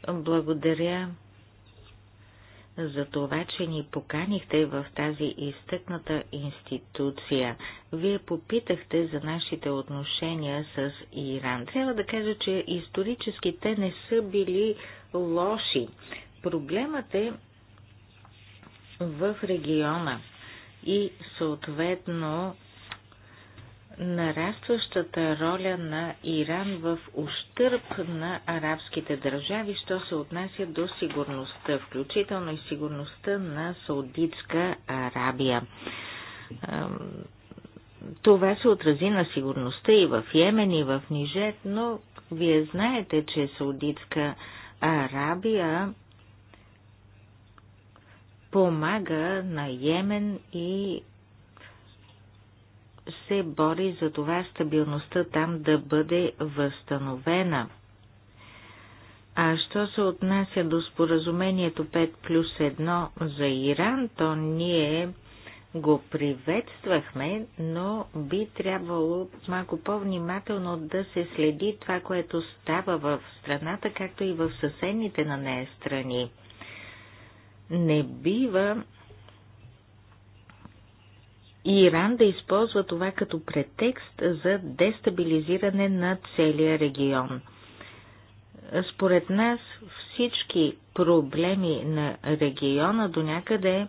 Благодаря за това, че ни поканихте в тази изтъкната институция. Вие попитахте за нашите отношения с Иран. Трябва да кажа, че исторически те не са били лоши. Проблемът е в региона и съответно нарастващата роля на Иран в ущърп на арабските държави, що се отнася до сигурността, включително и сигурността на Саудитска Арабия. Това се отрази на сигурността и в Йемен, и в Нижет, но вие знаете, че Саудитска Арабия помага на Йемен и се бори за това стабилността там да бъде възстановена. А що се отнася до споразумението 5 плюс 1 за Иран, то ние го приветствахме, но би трябвало малко по-внимателно да се следи това, което става в страната, както и в съседните на нея страни. Не бива и Иран да използва това като претекст за дестабилизиране на целия регион. Според нас всички проблеми на региона до някъде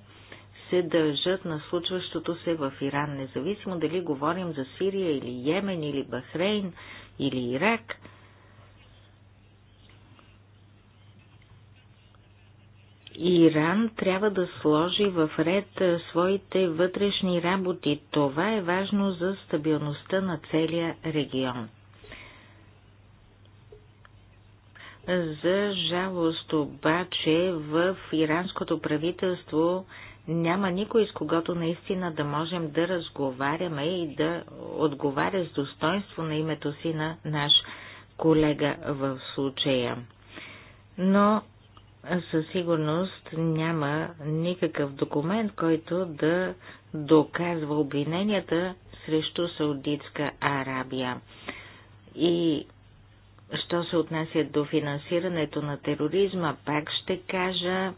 се държат на случващото се в Иран, независимо дали говорим за Сирия или Йемен или Бахрейн или Ирак – Иран трябва да сложи в ред своите вътрешни работи. Това е важно за стабилността на целия регион. За жалост обаче в иранското правителство няма никой, с когото наистина да можем да разговаряме и да отговаря с достоинство на името си на наш колега в случая. Но със сигурност няма никакъв документ, който да доказва обвиненията срещу Саудитска Арабия. И що се отнася до финансирането на тероризма, пак ще кажа,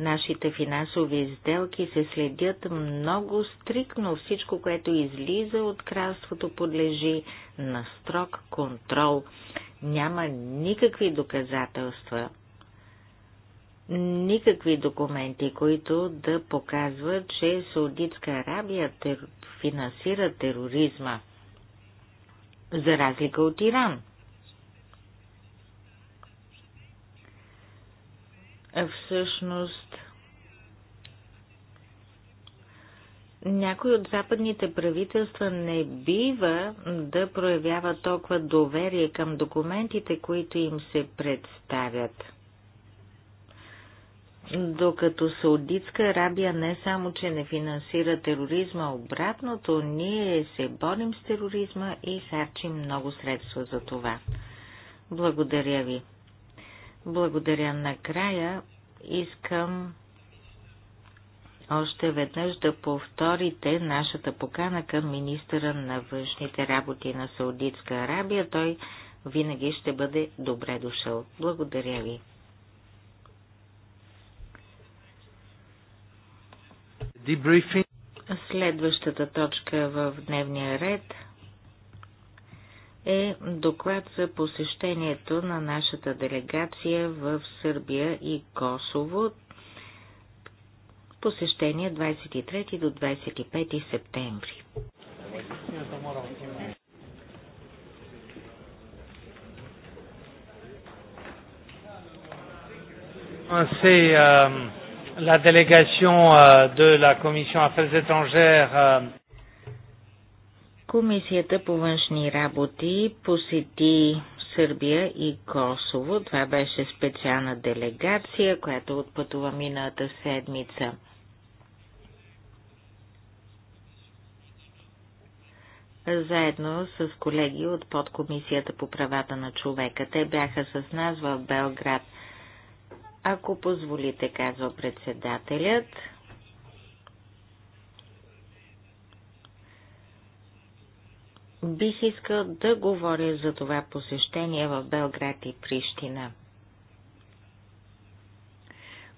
нашите финансови сделки се следят много стриктно. Всичко, което излиза от кралството, подлежи на строг контрол. Няма никакви доказателства никакви документи, които да показват, че Саудитска Арабия тер... финансира тероризма, за разлика от Иран. Всъщност, някои от западните правителства не бива да проявяват толкова доверие към документите, които им се представят – докато Саудитска Арабия не само, че не финансира тероризма, обратното, ние се борим с тероризма и харчим много средства за това. Благодаря ви. Благодаря. Накрая искам още веднъж да повторите нашата покана към министъра на външните работи на Саудитска Арабия. Той винаги ще бъде добре дошъл. Благодаря ви. Следващата точка в дневния ред е доклад за посещението на нашата делегация в Сърбия и Косово. Посещение 23 до 25 септември. I say um, la délégation euh, de la Commission Affaires étrangères. Euh, Комисията по външни работи посети Сърбия и Косово. Това беше специална делегация, която отпътува миналата седмица. заедно с колеги от подкомисията по правата на човека. Те бяха с нас в Белград – ако позволите, казва председателят, бих искал да говоря за това посещение в Белград и Прищина.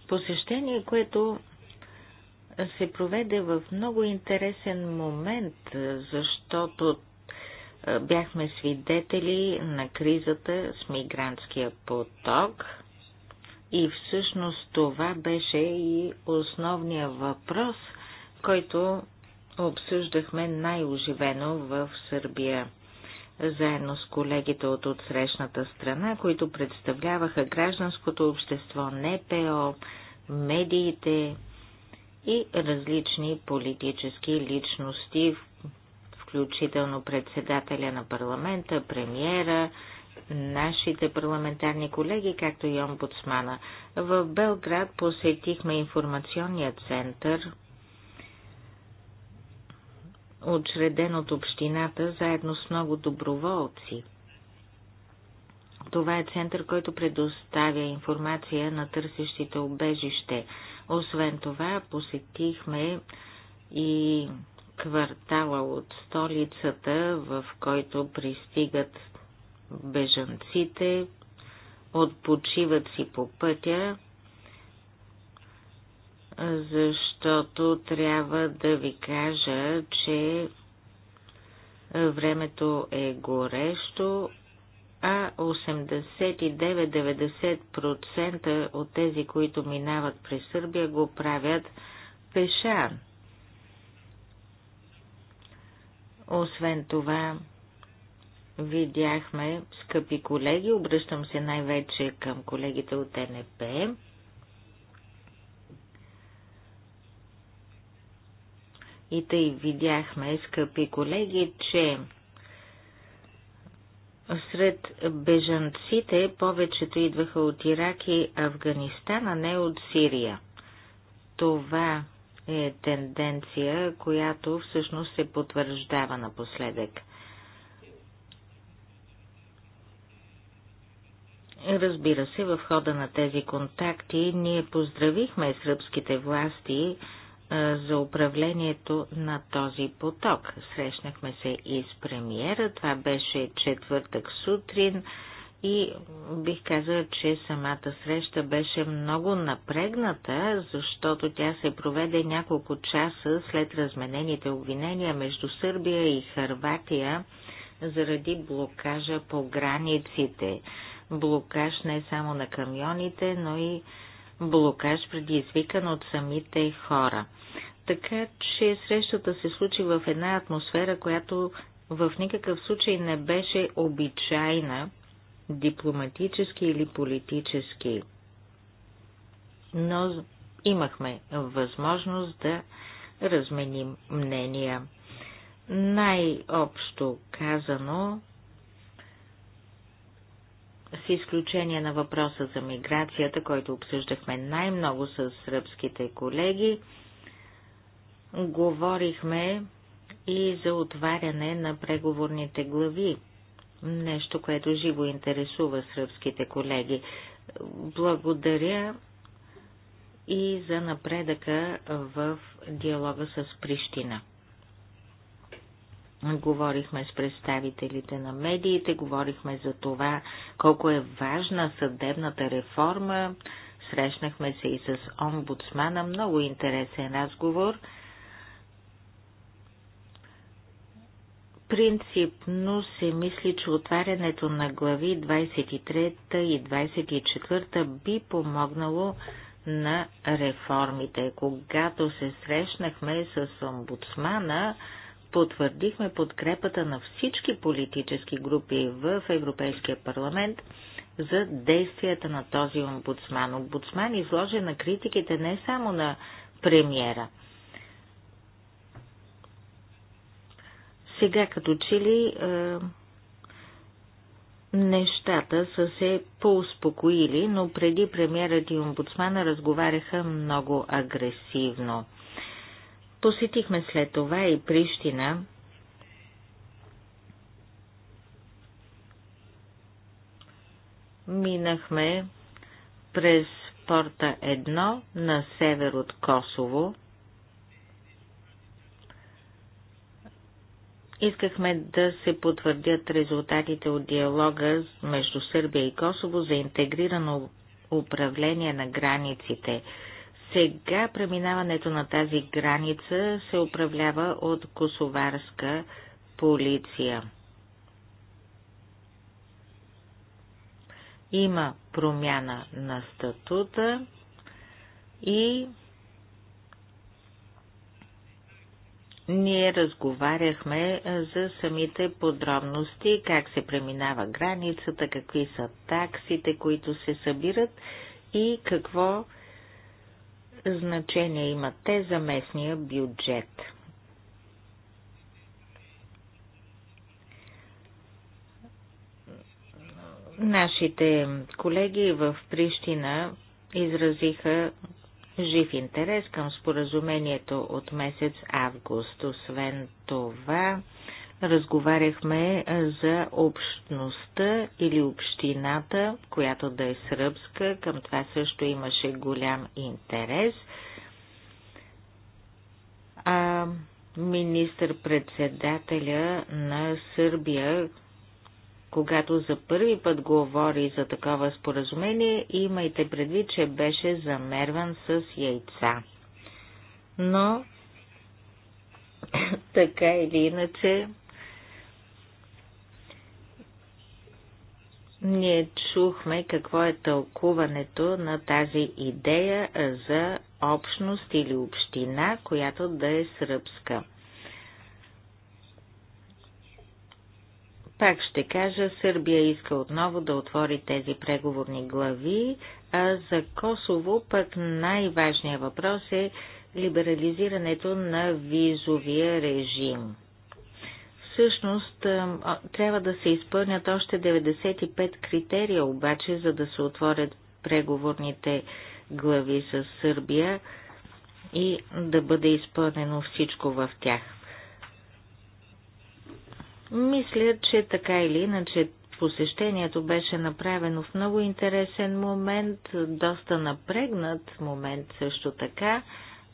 Посещение, което се проведе в много интересен момент, защото бяхме свидетели на кризата с мигрантския поток – и всъщност това беше и основният въпрос, който обсъждахме най-оживено в Сърбия, заедно с колегите от отсрещната страна, които представляваха гражданското общество, НПО, медиите и различни политически личности, включително председателя на парламента, премиера, нашите парламентарни колеги, както и омбудсмана. В Белград посетихме информационния център, учреден от общината, заедно с много доброволци. Това е център, който предоставя информация на търсещите обежище. Освен това, посетихме и квартала от столицата, в който пристигат бежанците, отпочиват си по пътя, защото трябва да ви кажа, че времето е горещо, а 89-90% от тези, които минават през Сърбия, го правят пеша. Освен това, видяхме, скъпи колеги, обръщам се най-вече към колегите от НП, и тъй видяхме, скъпи колеги, че сред бежанците повечето идваха от Ирак и Афганистан, а не от Сирия. Това е тенденция, която всъщност се потвърждава напоследък – Разбира се, в хода на тези контакти ние поздравихме сръбските власти за управлението на този поток. Срещнахме се и с премиера, това беше четвъртък сутрин и бих казала, че самата среща беше много напрегната, защото тя се проведе няколко часа след разменените обвинения между Сърбия и Харватия заради блокажа по границите блокаж не само на камионите, но и блокаж предизвикан от самите хора. Така че срещата се случи в една атмосфера, която в никакъв случай не беше обичайна, дипломатически или политически. Но имахме възможност да разменим мнения. Най-общо казано, с изключение на въпроса за миграцията, който обсъждахме най-много с сръбските колеги, говорихме и за отваряне на преговорните глави. Нещо, което живо интересува сръбските колеги. Благодаря и за напредъка в диалога с Прищина. Говорихме с представителите на медиите, говорихме за това колко е важна съдебната реформа, срещнахме се и с омбудсмана, много интересен разговор. Принципно се мисли, че отварянето на глави 23 и 24 би помогнало на реформите. Когато се срещнахме с омбудсмана, потвърдихме подкрепата на всички политически групи в Европейския парламент за действията на този омбудсман. Омбудсман изложи на критиките не само на премиера. Сега като че ли е, нещата са се поуспокоили, но преди премиерът и омбудсмана разговаряха много агресивно – Посетихме след това и Прищина. Минахме през порта 1 на север от Косово. Искахме да се потвърдят резултатите от диалога между Сърбия и Косово за интегрирано управление на границите – сега преминаването на тази граница се управлява от косоварска полиция. Има промяна на статута и ние разговаряхме за самите подробности, как се преминава границата, какви са таксите, които се събират и какво е значение имат те за местния бюджет? Нашите колеги в Прищина изразиха жив интерес към споразумението от месец август. Освен това, разговаряхме за общността или общината, която да е сръбска. Към това също имаше голям интерес. А министър-председателя на Сърбия, когато за първи път говори за такова споразумение, имайте предвид, че беше замерван с яйца. Но <coughs> така или иначе, Ние чухме какво е тълкуването на тази идея за общност или община, която да е сръбска. Пак ще кажа, Сърбия иска отново да отвори тези преговорни глави, а за Косово пък най-важният въпрос е либерализирането на визовия режим. Всъщност трябва да се изпълнят още 95 критерия, обаче, за да се отворят преговорните глави с Сърбия и да бъде изпълнено всичко в тях. Мисля, че така или иначе посещението беше направено в много интересен момент, доста напрегнат момент също така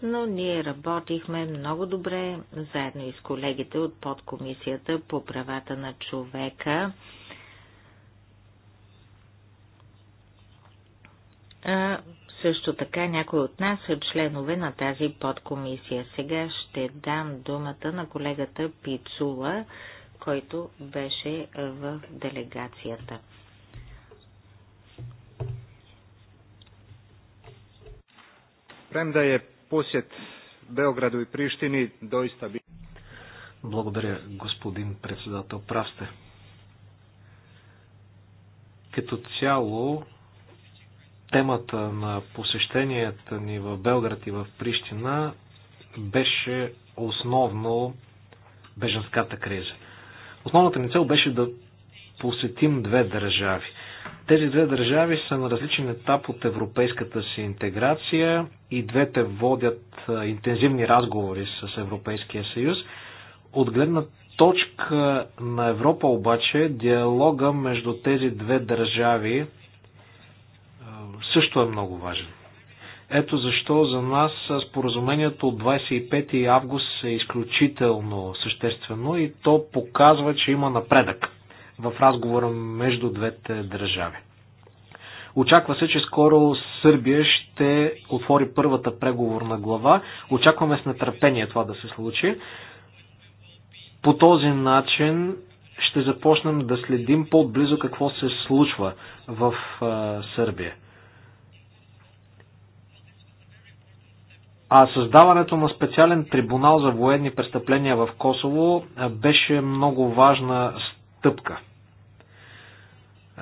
но ние работихме много добре заедно и с колегите от подкомисията по правата на човека. А, също така някои от нас са членове на тази подкомисия. Сега ще дам думата на колегата Пицула, който беше в делегацията. Премда е посет Белграду и Прищини доиста би. Благодаря, господин председател. Прав сте. Като цяло, темата на посещенията ни в Белград и в Прищина беше основно беженската криза. Основната ни цел беше да посетим две държави. Тези две държави са на различен етап от европейската си интеграция и двете водят интензивни разговори с Европейския съюз. От гледна точка на Европа обаче диалога между тези две държави също е много важен. Ето защо за нас споразумението от 25 август е изключително съществено и то показва, че има напредък в разговора между двете държави. Очаква се, че скоро Сърбия ще отвори първата преговорна глава. Очакваме с нетърпение това да се случи. По този начин ще започнем да следим по-близо какво се случва в е, Сърбия. А създаването на специален трибунал за военни престъпления в Косово е, беше много важна стъпка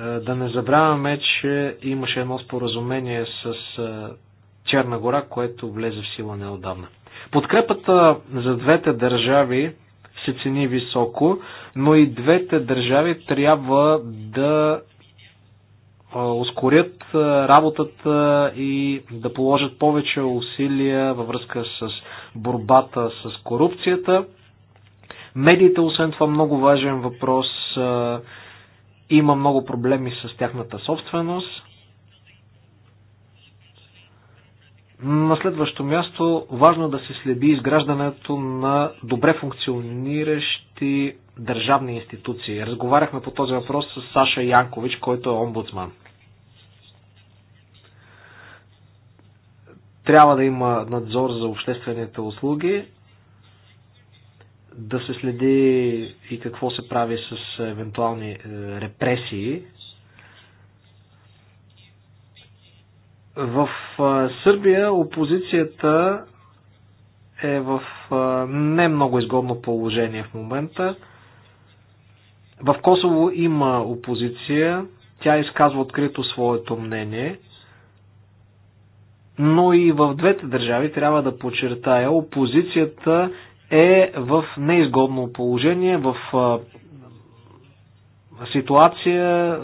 е, да не забравяме, че имаше едно споразумение с е, Черна гора, което влезе в сила неодавна. Подкрепата за двете държави се цени високо, но и двете държави трябва да е, ускорят работата и да положат повече усилия във връзка с борбата с корупцията. Медиите, освен това, много важен въпрос. Има много проблеми с тяхната собственост. На следващо място, важно да се следи изграждането на добре функциониращи държавни институции. Разговаряхме по този въпрос с Саша Янкович, който е омбудсман. Трябва да има надзор за обществените услуги да се следи и какво се прави с е, евентуални е, репресии. В е, Сърбия опозицията е в не много изгодно положение в момента. В Косово има опозиция, тя изказва открито своето мнение, но и в двете държави трябва да подчертая, опозицията е в неизгодно положение, в ситуация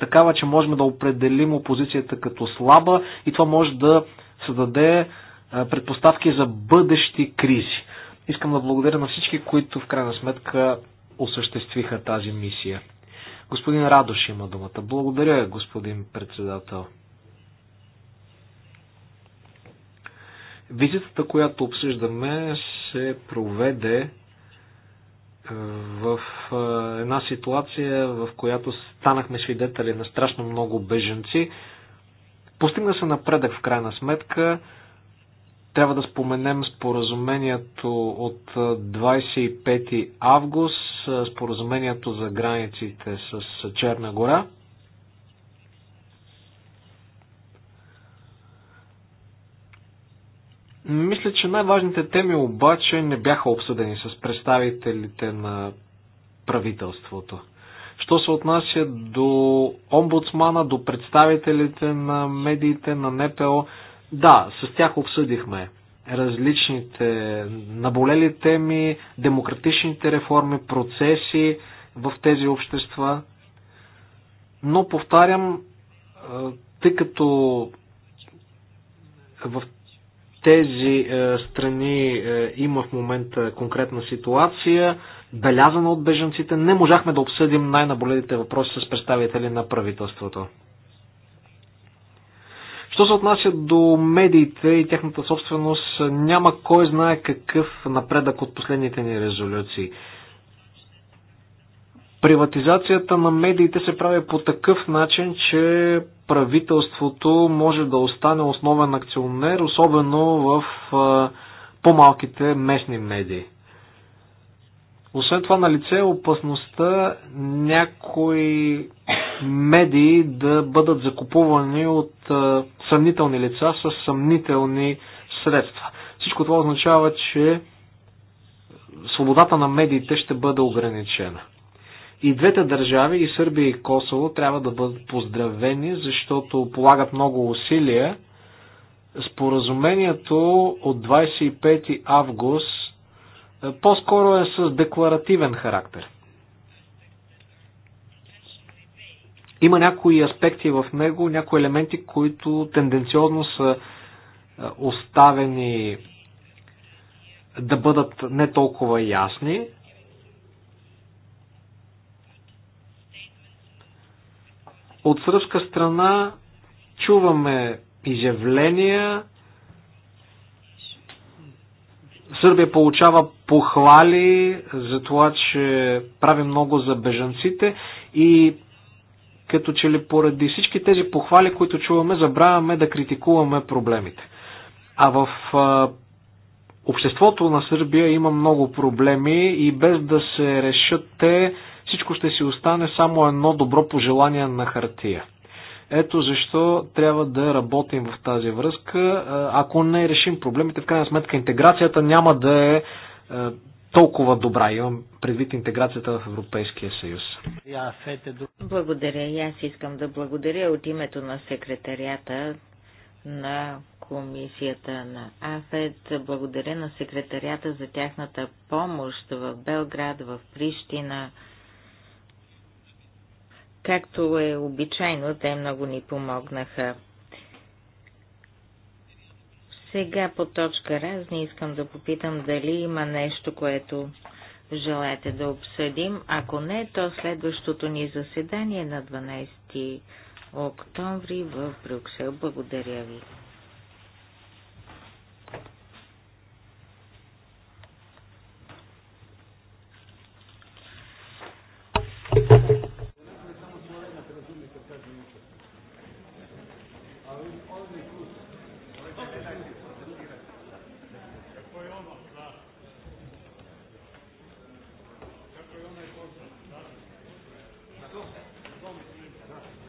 такава, че можем да определим опозицията като слаба и това може да създаде предпоставки за бъдещи кризи. Искам да благодаря на всички, които в крайна сметка осъществиха тази мисия. Господин Радош има думата. Благодаря, господин председател. Визитата, която обсъждаме, се проведе е, в е, една ситуация, в която станахме свидетели на страшно много беженци. Постигна се напредък в крайна сметка. Трябва да споменем споразумението от 25 е, август, споразумението за границите с Черна гора. Мисля, че най-важните теми обаче не бяха обсъдени с представителите на правителството. Що се отнася до омбудсмана, до представителите на медиите, на НПО, да, с тях обсъдихме различните наболели теми, демократичните реформи, процеси в тези общества. Но повтарям, тъй като в тези е, страни е, има в момента конкретна ситуация, белязана от бежанците. Не можахме да обсъдим най наболедите въпроси с представители на правителството. Що се отнася до медиите и тяхната собственост, няма кой знае какъв напредък от последните ни резолюции. Приватизацията на медиите се прави по такъв начин, че правителството може да остане основен акционер, особено в по-малките местни медии. Освен това на лице е опасността някои медии да бъдат закупувани от съмнителни лица с съмнителни средства. Всичко това означава, че свободата на медиите ще бъде ограничена. И двете държави, и Сърбия и Косово, трябва да бъдат поздравени, защото полагат много усилия. Споразумението от 25 август е, по-скоро е с декларативен характер. Има някои аспекти в него, някои елементи, които тенденциозно са е, оставени да бъдат не толкова ясни. От сръбска страна чуваме изявления. Сърбия получава похвали за това, че прави много за бежанците и като че ли поради всички тези похвали, които чуваме, забравяме да критикуваме проблемите. А в обществото на Сърбия има много проблеми и без да се решат те, всичко ще си остане само едно добро пожелание на хартия. Ето защо трябва да работим в тази връзка. Ако не решим проблемите, в крайна сметка интеграцията няма да е, е толкова добра. Имам предвид интеграцията в Европейския съюз. Благодаря. И аз искам да благодаря от името на секретарията на комисията на АФЕД. Благодаря на секретарията за тяхната помощ в Белград, в Прищина. Както е обичайно, те много ни помогнаха. Сега по точка разни искам да попитам дали има нещо, което желаете да обсъдим. Ако не, то следващото ни заседание на 12 октомври в Брюксел. Благодаря ви.